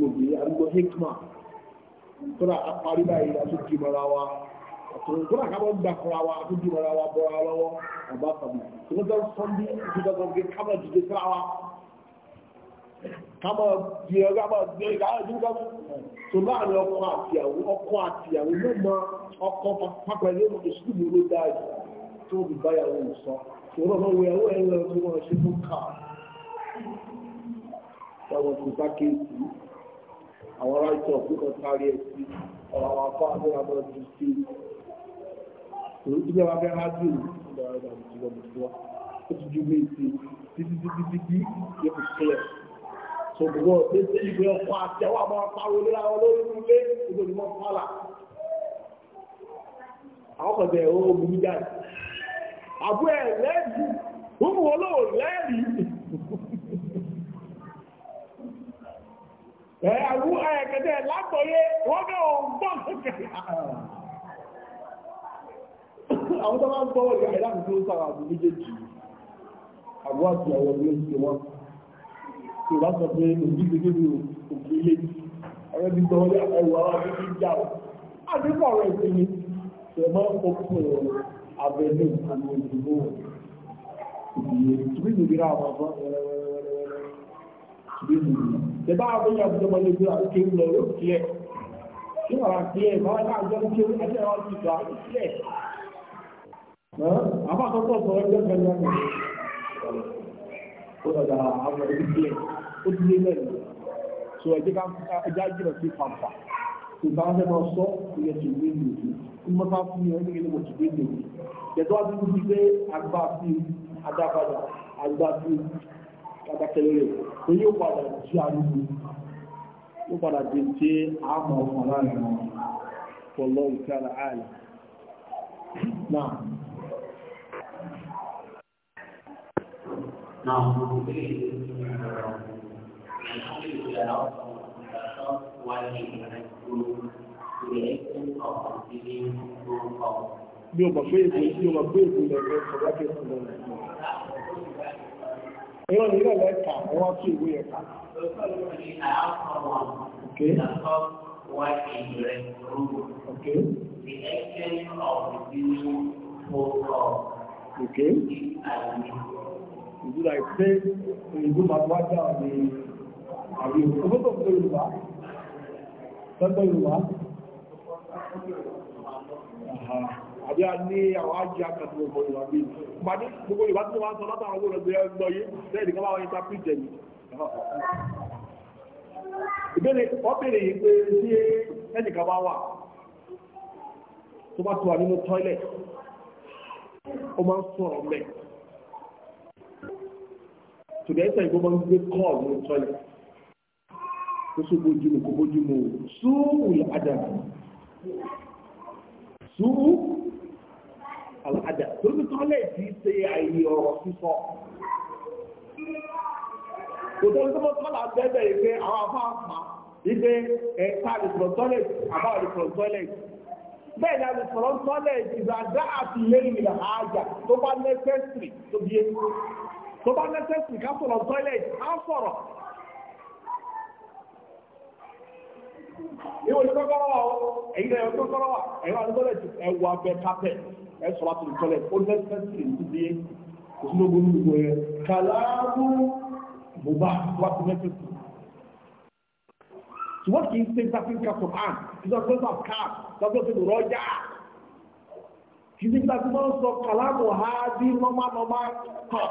S1: lòdì à ń lo hikma tóra àparí báyìí láti di mọ́ra wa tóra kábọ̀ gbà fúnra wa àti di mọ́ra wa bọ́ra lọ́wọ́ àbá tàbí tó ń sọ́n bí ìjọba gbé kábọ̀ dìde síra wa kábọ̀ di ẹgbẹ́ àbọ̀ di ẹgbẹ́ àbọ̀ dìde kábọ̀ tó láàrin ọkọ àtìyàwó ọkọ àtìyàwó ló mọ ọkọ pápá ilé mọ èsì ìlú ló dáa jù tó fi báyàwó sọ tòrọ mọ wẹ ẹwọ ẹwọ ẹwọ tí wọn ṣe fún káà táwọn kò sá kéèkì àwọn ráìtọ̀ bí kan sáré ẹ̀ sí ọ̀rọ̀ àwọn afọ́ abẹ́rẹ́ àbọ̀ ju sí òun tí wọ́n fẹ́ há jù lọ́wọ́ ẹ̀dá ìjọba ìjọba ó ti ju mí sí títí títí títí yóò fi kílẹ̀ ṣògbọ́n pé sí ìwé ọkọ̀ àtẹwà máa pariwo lé àwọn olórí ilé ìgbò ni wọ́n fọ́lá àwọn kọ̀dẹ̀ ó mú jáde àbú ẹ̀ lẹ́ẹ̀dì ó mú olóò lẹ́ẹ̀dì ẹ̀rú ẹ̀kẹ́dẹ̀ látọ̀yé wọ́n náà gbọ́n kẹ́kẹ́ àwọn tó bá ń gbọ́wọ́ ìyá ìlànà tó ń sára àbò méjèèjì àbúrò àti àwọn ilé ìṣe wọn tó bá sọ pé òbí gbégbé ní òkè ilé ọ̀rẹ́ bí gbọ́wọ́ ní ẹwù àwọn akéwì ìjà o àdéhùn ọ̀rẹ́ ìsinmi tẹ̀ mọ́ òkú abẹ́lé àti òdìbò ìdíyẹ Ìbá àwọn èèyàn tó mọ̀ lójú àwọn kéwù lọ yóò tiẹ̀. Ṣé wàá tiẹ̀ máa ń láàjọ ní kéwù àti àwọn ti gbà ó tiẹ̀? Àwọn àkọ́kọ́ sọ ẹgbẹ́ kan ní ọ̀nà. Ó dọ̀dà àwọn ẹbí tiẹ̀. Ó ti lé mẹ́rin. Sọ ẹ̀jẹ̀ ká ẹja jìnà sí fàǹfà. Ìgbà wọn fẹ́ máa sọ ìyẹ tó gbé ní òkú. Ìmọ̀ bá fún mi ẹni mo ti gbé ní òkú. Ìjẹ̀dọ́ àti kàtàkẹ́lẹ́ rẹ̀ pé yóò padà jí arúgbó yóò padà di tí a mọ̀ ọmọ láàrin wọn pọ̀lọ́ ìkàlà ààlẹ̀ náà
S2: Now, bí o mọ̀ pé èkó o mọ̀ pé èkó lẹ́gbẹ̀ẹ́ sọ̀rọ̀ kẹ́kọ̀ọ́ lọ́wọ́. Ìwọ́n ni ilẹ̀ ẹ̀ka, ẹwọ́n tí ìwé ẹ̀ka. Okay. Okay. The action of the new Okay. Ìjú láì pé ìlú Màgbájá
S1: ni àbí òkúrò tó Yorùbá. Tọ́gbọ́ Yorùbá. Àhà àbí a ní àwọn ajé akàtì ọmọ ìwà bí i pàdé gbogbo ìwà tí wọ́n sọ látàrà owó rẹ̀ lọ yé lẹ́yìn nìkan wáyé ta píjẹ ni ìbéèrè ọ́bẹ̀rẹ̀ yìí pé tí ẹnìkan bá wà tó bá tó wà nínú tọ́ilẹ̀ ó máa ń sọ̀rọ̀ mẹ́ tòdẹ́ ẹ̀sẹ̀ ìgbó máa ń gbé kọ́ọ̀ nínú tọ́ilẹ̀ ó sì bójúmu kò bójúmu sùúrù àdàbà
S2: sùúrù àlàjà
S1: torí tọ́lẹ̀ ti ṣe àyè ọ̀rọ̀ sísọ kò tó ń tó tọ́lá bẹ́ẹ̀ ìpé àwọn afáàfà ìpé ẹ̀ka àdìsọ̀rọ̀ tọ́lẹ̀ àbá àdìsọ̀rọ̀ tọ́lẹ̀ bẹ́ẹ̀ ni àdìsọ̀rọ̀ tọ́lẹ̀ ìgbàgbá àti lẹ́yìn ìlà àjà tó bá nẹ́sẹ̀sì tó bí tó bá nẹ́sẹ̀sì ká sọ̀rọ̀ tọ́lẹ̀ á sọ̀rọ̀ ìwòsí kọ́kọ́rọ́ wà ó ẹ̀yin ẹ̀yọ́ kọ́kọ́rọ́ ẹ sọ̀rọ̀ àti ìtọ́lẹ̀ ó lẹ́sẹ̀ sí ìdílé òsínlógún ní gbogbo ẹ̀ kàlámù bùbá wà sí mẹ́sẹ̀ sí. ṣùgbọ́n kì í ṣe ìtàkùnkà sọ̀kàn ìtàkùnkà sọ̀kàn ìtàkùnkà rọ́jà kì í ṣe ìtàkùnkà sọ̀kàlámù ha bí nọ́mà nọ́mà kọ̀ọ̀.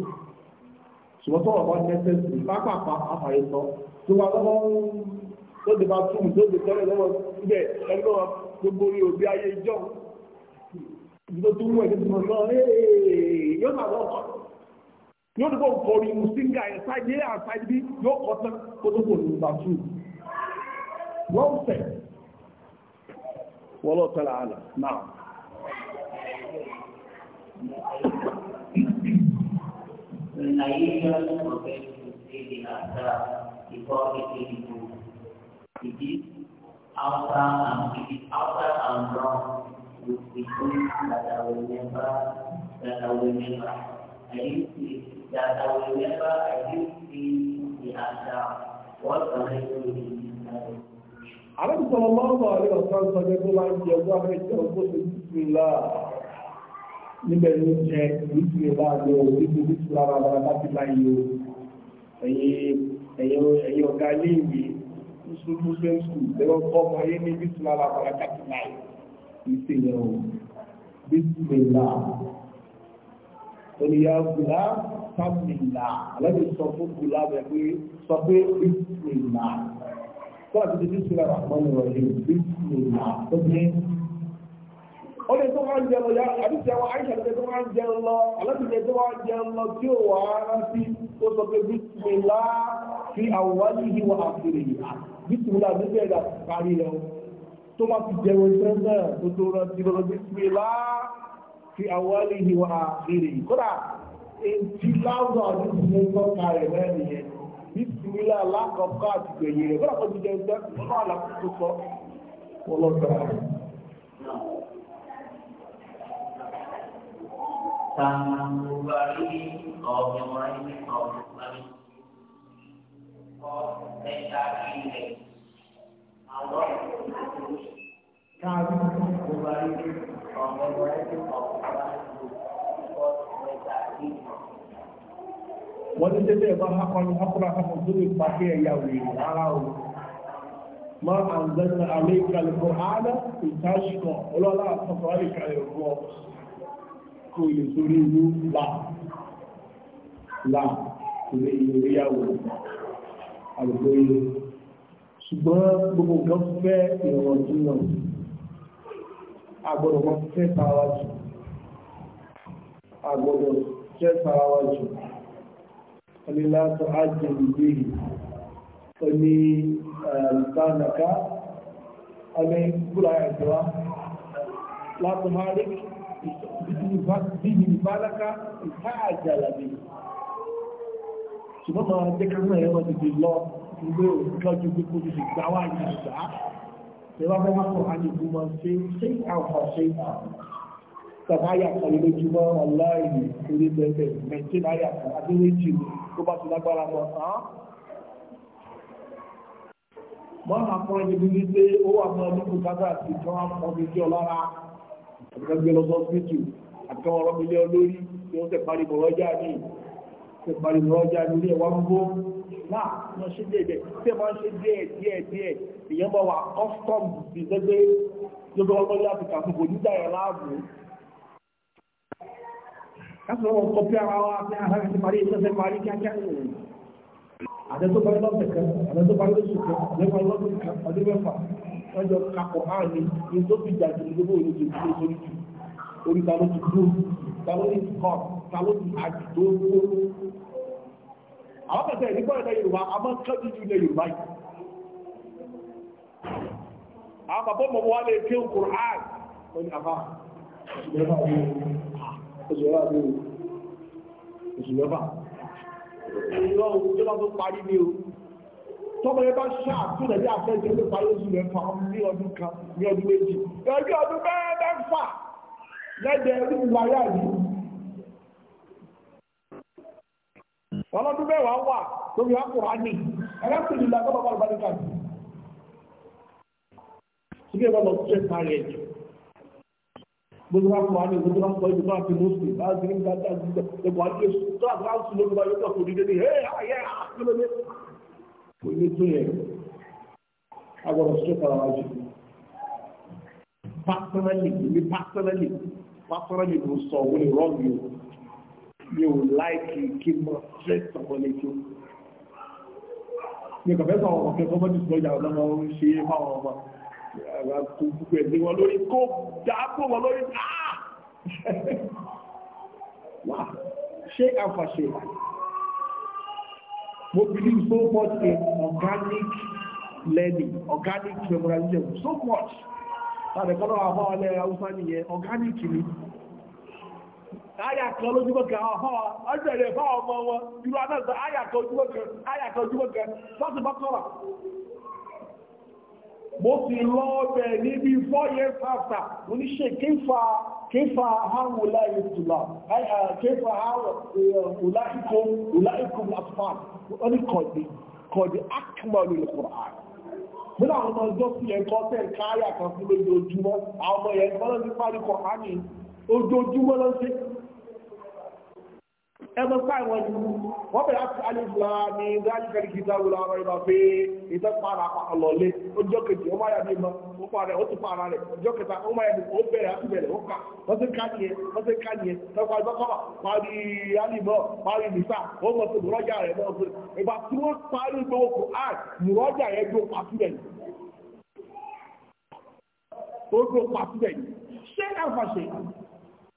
S1: ṣùgbọ́n tó wà tẹ́tẹ́ sí pápápá àfàyè tó wà lọ́wọ́ tó ti bá túmù tó ti tẹ́lẹ̀ lọ́wọ́ síbẹ̀ ẹni lọ́wọ́ gbogbo orí òbí ayé ìjọ ìdúró tó mú ẹ̀jẹ̀ tó mọ̀ yóò máa lọ́wọ́ yóò dúpọ̀ kọrí mùsíńgà ẹ̀ sáyé àsáyé bí yóò kọ́ tán kó tó kò ní bàtú wọ́n fẹ̀ wọ́n lọ́ọ́ tẹ́lẹ̀ àlà náà.
S2: menaikkan profesi di atas di politik ini. Jadi, apa yang apa yang roh bukti pun tidak tahu menyebar, tidak tahu menyebar. Jadi, tidak tahu menyebar, jadi di atas walaupun ini.
S1: Allah Subhanahu Wa Taala telah menjadikan kita berbakti kepada Allah. níbẹ̀ ló jẹ ìlú ìwà àjọ oríṣi oríṣi lára àwọn aláti láyé o ẹ̀yẹ ọ̀gá iléèwé muslim muslim school lẹ́wọ́ ọmọ ayé ní oríṣi lára àwọn aláti láyé ìṣe yẹn o bísímìlá oníyà gùlá sábìlá alẹ́bí sọ fún gùlá rẹ̀ pé sọ pé bísímìlá tó àti bísímìlá rà mọ́ ìrọ̀lẹ́ bísímìlá tó ní ó lè tó wá ń jẹun lọ àbí tí àwọn àìsàn lè tó wá ń jẹun lọ alábìlẹ̀ tó wá ń jẹun lọ tí ó wà á sí ó sọ pé bísímìlá fi àwòrán yìí wà àfèrè yìí bísímìlá ló bẹ̀rẹ̀ dà parí lọ tó bá ti jẹun iṣẹ́ náà tó tó rántí lọ bísímìlá fi àwòrán yìí wà àfèrè yìí kódà èyí láwùjọ àti ìṣẹ́ńtọ́ ka rẹ̀ náà nìyẹn bísímìlá alákọ̀ọ́kọ́ àti gbẹ̀yìn rẹ̀ kódà kó
S2: sanubari of the mind of the planet or mental healing. Sanubari of the mind of the planet or mental healing. wọ́n ní
S1: tẹ́tẹ́ ẹ̀bá akọni akọni akọni sórí ìpàdé ẹ̀yà wèrè rárá o ma àǹzẹ́nà àlẹ́ ìkàlẹ̀ fún àádọ́ ìtàṣìkọ̀ ọlọ́lá àtọ́kọ̀ àlẹ́ ìkàlẹ̀ fún ọ kò lè torí inú láà ilé ìgbéyàwó àgbóyé ṣùgbọ́n gbogbo nǹkan fẹ́ ìrọ̀jú náà agbọ́dọ̀ wọ́n fẹ́ tàwa jù agbọ́dọ̀ fẹ́ tàwa jù ẹni látọ̀ ájẹ́ ìgbé ẹni àlùbánàká ẹni kúrò àìjọwá látọ̀ máa rí bíbi ìbálaka ìhá àjàlàbí ṣùgbọ́n máa jẹ́ káwọn ẹ̀rọ tètè lọ ilé ìkọjú gbogbo ti ti gbà wá ní ìgbà ìwà bẹ́ẹ̀ máa kọ̀ hàn ìbú máa ṣe ṣé àwọn ṣe sàbáyà kan lójúmọ́ ọláìní orí bẹ́ẹ̀ mẹ́tí láyà adéwéjì ni tó bá ti lágbára lọ sàn án mọ́ àpọ́n ẹni bí wípé ó wà mọ́ ẹni kò kágbà sí kí wọ́n fọ́ lára àbíká gbé lọ sọ́sìtì àbíká wọn rọ́bí lé olórí tí wọ́n tẹ̀ parí mọ̀rọ́jà ní tẹ̀ parí mọ̀rọ́jà ní ilé ẹ̀wà ń bó náà wọ́n ṣe díẹ̀ díẹ̀ tí ẹ máa ń ṣe díẹ̀ díẹ̀ díẹ̀ èèyàn bá wà custom sí gbẹgbẹ́ gbogbo ọmọ ilé Áfíríkà fún kò ní dáyà láàbù kásìlọ́ wọn kọ́ bí ara wa ní àhárẹ̀ mẹ́fà wọ́n jọ kakọ̀ hàn ní ní tó fi jà jù lóko òní jù lóko sórí jù orí ta ló ti dúró ta ló ti kọ́ ta ló ti àjù tó dúró. àwọn kẹsẹ̀ ìdíkọ́ ẹ̀dá Yorùbá a máa ń kẹ́jú ju ilẹ̀ Yorùbá yìí. àwọn bàbá ọmọ wa lè ké okòrò hàn wọ́n ní àbá
S2: ìṣẹ̀lẹ̀ bá wọ́n ìṣẹ̀lẹ̀ bá wọ́n ìṣẹ̀lẹ̀ bá wọ́n.
S1: ìṣẹ̀lẹ̀ bá wọ́n tọ́mọ yẹn bá ṣáà tó lẹ́bí àfẹ́jẹ́ ló parí oṣù rẹ̀ fún ọmọ ní ọdún kan ní ọdún méjì ẹgbẹ́ ọdún mẹ́ẹ̀ẹ́dẹ́ fà lẹ́jẹ̀ ẹ̀rí ìwáyà yìí ọlọ́dún mẹ́wàá wà lórí akùnrin ẹlẹ́sìn ìlà gbọ́dọ̀ bá lọ́dún kan síbí ẹ̀rọ lọ sí ẹ̀ka rẹ̀ jù gbogbo akùnrin gbogbo akùnrin gbogbo àti mọ́sùlì bá a ti ń gbàgbà gbogbo ẹ̀kọ́ àti èso tó àgbà ń sùn lórí wa yóò kò ní tó yẹ agbọ́dọ̀ tó tara wa jù pásítọ́nálì ní pásítọ́nálì pásítọ́nálì ló sọ òun ní rọ́ọ̀mù yìí mi ò láìkì kí mọ stress ọ̀pọ̀ létí mi kàn fẹ́ sọ àwọn ọ̀kẹ́ sọ́mọ́dé sọ́jà ọ̀dọ́mọ ń ṣe é fáwọn ọmọ àwọn akókò ẹ̀ ní wọn lórí kó dáàbò wọn lórí náà ah! wà ṣé àfàṣe mo believe so much in organic learning organic memorization so much láti kọ́lọ́ àwọn ọlẹ́ haúsá nìyẹn organic ni ayàkọ̀ lójúmọ́kẹ̀ ọjọ́ ìrẹ̀fà ọmọ wọn irú anáà ayàkọ̀ ojúmọ́kẹ̀ sọ́tù bọ́kọ̀rọ̀ mo ti lọ ọbẹ̀ níbi four years after mo ní ṣe kéfà kéfà àwọn ọláìkùnlá kéfà àwọn ọláìkùn afán ó ní kọ̀dé kọ̀dé akímọ̀lù ìkùnrin nínú àwọn ọmọ ọjọ́ sí ẹ̀kọ́ tẹ̀ káyà kan fún lójoojúmọ́ àwọn ọmọ yẹn gbọ́dọ̀ nípa ní kọ̀hánì ojoojúmọ́ lọ́sẹ̀ ẹgbẹ́ fáìwọ̀jú wọ́n bẹ̀rẹ̀ láti alìsìláàmì ìdájíkàrí kìtà wùlọ àwọn ìbá pé ìtẹ́ pààrà àlọ́lé ọjọ́ kejì ó máa yàgbé mọ́ ó pààrẹ ó ti pààrà rẹ̀ ọjọ́ kẹta ó máa yàgbé ó bẹ̀rẹ̀ láti bẹ̀rẹ̀ ó kà wọ́n ti ká nìyẹn wọ́n ti ká nìyẹn tẹ́kọ̀ àgbẹ́kọ̀wà parí alìmọ́ parí nìsà ó mọ̀ sí mùrọ́jà rẹ̀ mọ́ sí ìgbà tí wọ́n parí gbogbo kò áì mùrọ́jà rẹ̀ gbó pàtúbẹ̀ yìí ó gbó pàtúbẹ̀ yìí ṣé àfàṣe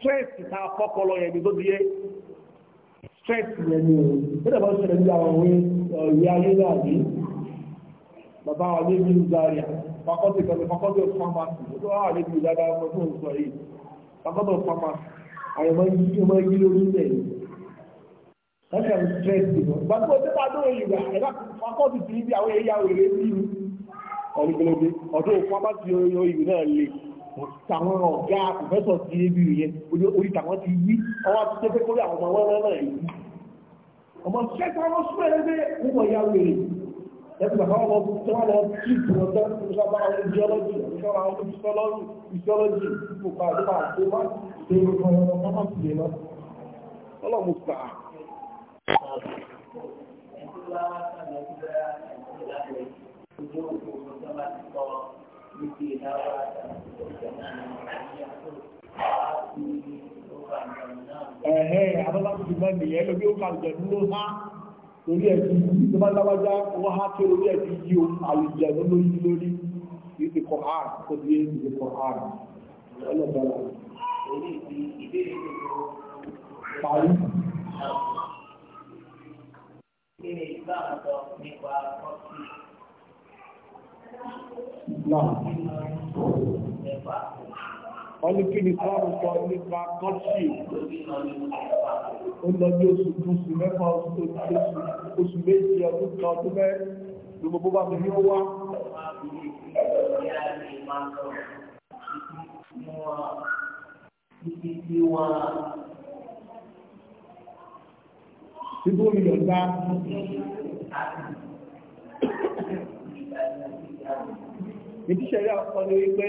S1: stress ta fọ́pọlọ yẹn ni tó di yé stress yẹn ni o ó dàbọ̀ ṣẹlẹ̀ bí àwọn òwe ọ̀rẹ́ ayé náà rí bàbá wa ní bíi zaria fakọ́tì kẹlẹ̀ fakọ́tì of pharmacy ó tó wà ní bíi dáadáa ọmọ tó ń sọ yìí fakọ́tì of pharmacy àyẹ̀mọ́ yí ọmọ yí lórí ilẹ̀ yìí lọ́sẹ̀ ń stress yìí lọ gbàgbọ́ tó bá lóye ìgbà ẹ̀dá fakọ́tì ti ibi àwọn ẹ̀yà òrèlé bí ọ̀rẹ́gbẹ̀lẹ́gbẹ̀ ọ̀dọ́ pharmacy yóò ìwé náà le tàwọn ọ̀gá pòfẹ́sọ̀ ti ebi yẹn orí tàwọn ti yí ọwọ́ ti tẹ́ kórí àwọn ọmọ wọn náà yìí ọmọ sẹ́kọ̀ọ́ wọn súnmọ́ ẹgbẹ́ púpọ̀ ya wèrè lẹ́sìn bàbá wọn tí wọ́n lọ sí ìpòrọ̀tọ́ ìṣọ́bà àwọn ìjọlọ́jì ìṣọ́lọ́jì ìṣọ́lọ́jì ìpòpà àdúgbà àti wá ṣe ọmọ ọmọ sì lè lọ ọlọ́mù pa
S2: Thank you. Ẹ̀hẹ́
S1: àbábájú ti mẹ́rin yẹ́ lórí ó kàrùjẹ̀ ló há lórí ẹ̀sìn yìí tó bá lábájá wọ́n há tí orí ẹ̀sìn yìí o àlùjẹ̀ lórí lórí ìdí kọ̀hán tó bí ìdí kọ̀hán ọlọ́bọ̀lá.
S2: Parí. Kí ni ìgbà àtọ̀ nípa ọ̀sìn?
S1: náà ọlọ́kìnì sọ́rọ̀ sọ nípa kọ́ṣì ó lọ ní oṣù oṣù mẹ́fà oṣù méjì ọdún kan ọdún mẹ́rin gbogbo bá fi ní ó wá
S2: Ibú mi lọ gbá
S1: ìdí ṣẹ̀rí àkọ́ ni wípé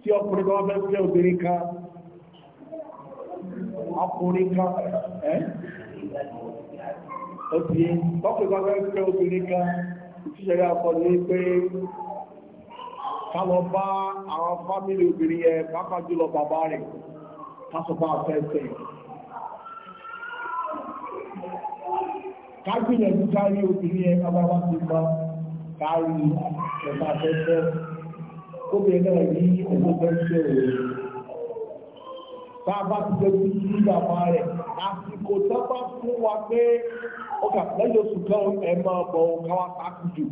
S1: tí ọkùnrin kan fẹ́ fẹ́ obìnrin kan ọkùnrin kan ẹ́ obìnrin ọkùnrin kan fẹ́ fẹ́ obìnrin kan ìdí ṣẹ̀rí àkọ́ ni wípé káwọn bá àwọn fámílì obìnrin yẹn pàápàá jùlọ bàbá rẹ̀ kásọpá afẹ́fẹ́ ká gbìyànjú kárí obìnrin yẹn kábàbá ti gbà káwí ẹ̀ka fẹ́fẹ́ kóbìnrin náà rí owó fẹ́fẹ́ rẹ̀. Bá a bá ti jẹ́ kí ní bàbá rẹ̀, àsìkò tó bá fún wa pé ó kà lẹ́yìn oṣù kan ẹ̀ máa bọ̀ káwá pàkìjù.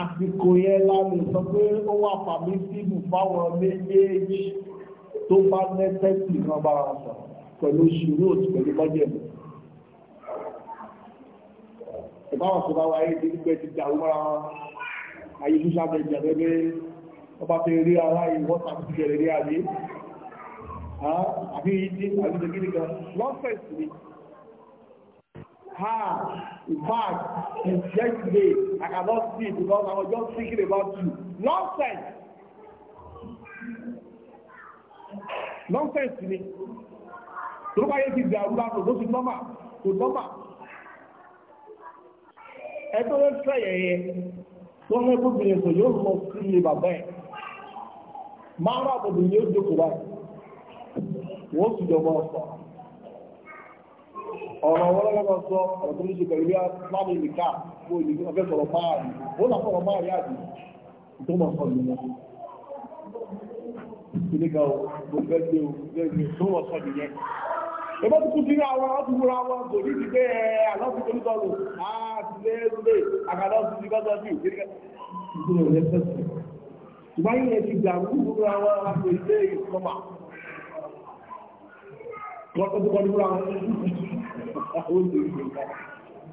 S1: Àsìkò yẹn la lè sọ pé ó wà fàmí síbù fáwọn méjèèjì tó bá nẹ́sẹ̀sì kan bára sọ̀rọ̀ pẹ̀lú ṣùgbọ́n pẹ̀lú bọ́jẹ̀mù ìbáwọn tó bá wà ayé ti gbẹ́ ti dàrú mọ́ra wọn ayé tó sábẹ̀ ìjàgbẹ́gbẹ́ wọ́n bá fẹ́ rí ara ìwọ́n ti bẹ̀rẹ̀ rí ayé àbí ìdí àbí ìdí kan lọ́fẹ̀ẹ́sì ni ha in fact in yesterday I cannot see because I was just thinking about you nonsense nonsense ni tó bá yẹ ti dàrú látò tó ti nọ́mà kò nọ́mà ẹgbẹ́ wọn tẹ́ ẹ̀yẹ wọ́n mẹ́ kó bìnrin kò yóò lọ sí ilé bàbá ẹ̀ máa rà bòbí yóò jókòó báyìí wọ́n sì jọba ọ̀sọ̀ ọ̀rọ̀ wọn lọ́wọ́ sọ ọ̀rọ̀ tó ń ṣe pẹ̀lú yá láti nìka bó ìlú ọ̀fẹ́ sọ̀rọ̀ máàrí wọ́n là sọ̀rọ̀ máàrí àbí tó mọ̀ sọ ẹgbẹ́ tuntun ti rí àwọn ọ̀túnwúra wọn kò ní ti gbé ẹ àlọ́sí tó ń sọ̀rọ̀ àá ti lé lé àkàlọ́ sí ti gbọ́dọ̀ sí ìgbéríkà ìgbóná rẹ̀ fẹ́sẹ̀. ṣùgbọ́n yìí ẹ ti gbà wúwúra wọn wá pé ilé ìkọ́mà lọ́tọ́ tó kọ́ni wúra wọn àwọn ìlú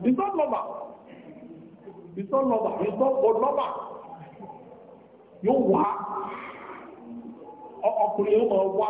S1: ìtọ́ lọ́bà ìtọ́ lọ́bà ìtọ́ ọlọ́bà yóò wá ọkùnrin yóò máa wá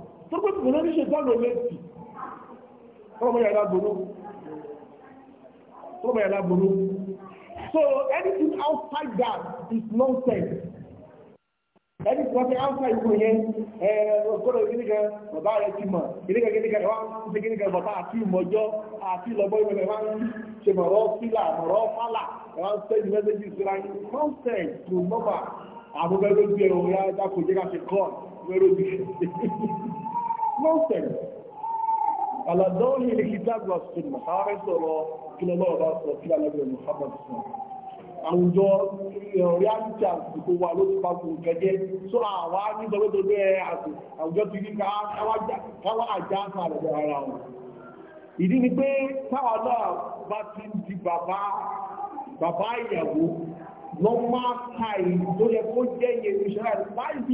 S1: tó pé kò ní ṣe gbọ́dọ̀ létí ọmọ yàrá gbòòrò ọmọ yàrá gbòòrò so anything outside that is nonsense ẹni tí wọ́n fi áńsà ìkú yẹn ọ̀gọ́dọ̀ gíníkan bàbá rẹ̀ ti mọ̀ gíníkan gíníkan wá ń ṣe gíníkan bàbá àti ìmọ̀jọ́ àti ìlọ́gbọ́ ìmọ̀lẹ̀ wá ń ṣe mọ̀rọ̀ fílà mọ̀rọ̀ fálà wá ń sẹ́yìn mẹ́sẹ̀jì síra ní kọ́ńtẹ̀ tó nọ́bà àbúgbẹ́gbẹ́ bí ẹ̀rọ ya dákòjẹ́ ká fi kọ́ mẹ́rọ̀ bí nonsense aladọ́ọ̀lì ilẹ̀ kìtàbù àti mọ̀sáré sọ̀rọ̀ kílọ́lọ́ ọ̀rọ̀ sọ̀rọ̀ kí alẹ́gbẹ̀rẹ̀ Muhammad sọ àwùjọ reality àsìkò wa ló ti pa kò kẹjẹ tó àwa ní gbogbogbò ẹ àti àwùjọ ti ní káwá àjá ìdí ni pé táwa náà bá ti ń di bàbá bàbá ìyàwó lọ́mọ́ àkàì tó yẹ kó jẹ́ ìyẹn ìṣẹ́lẹ̀ láì fi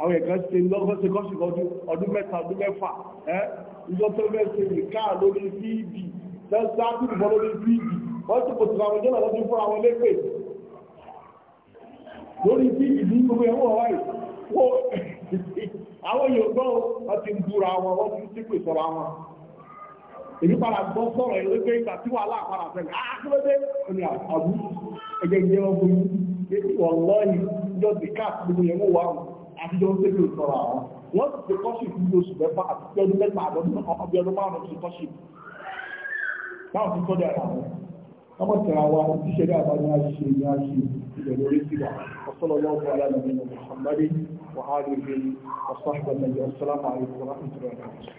S1: àwọn ẹ̀kan ṣe lọ́gbọ́n ṣe kọ́ṣùkọ́ ọdún mẹ́ta ọdún mẹ́fà ẹ́ ìjọ tó fẹ́ ṣe nìka lórí fíìdì lọ́sọ́ àtúnbọ̀ lórí fíìdì wọ́n ti pòtò àwọn ìjọba lọ́dún fún àwọn lépè lórí fíìdì ní gbogbo ẹ̀wọ̀n wáyé wó àwọn Yorùbá wọn ti ń búra wọn wọ́n ti ń sípè sọ̀rọ̀ wọn èyí padà gbọ́ sọ̀rọ̀ ẹ̀ lórí pé ìgbà tí wàhálà padà fẹ́lẹ̀ àkúrẹ́dẹ́ ah, ní àbú ẹgbẹ́ ìjẹ́ wọn fún yín wọ́n lọ́yìn yọ̀dí àtijọ́ ń tẹ́lẹ̀ ìtọ́ra àwọn wọ́n ti precaution fún oṣù mẹ́fà àti ọdún mẹ́fà àdọ́dún ọbí ọdún márùn-ún precaution báwọn ti tọ́jú ara wọn ọmọ tẹ̀ra wa ti ṣẹlẹ̀ àbáyé àṣìṣe ní àṣìṣe ilẹ̀ lórí sí wa ọ̀sọ́lọ́ lọ́wọ́ ara nàbẹ̀yẹ̀ mọ̀ṣọ́mọ́dé wàhálà ìgbé ọ̀sọ́ àgbàlẹ̀ ọ̀sọ́lá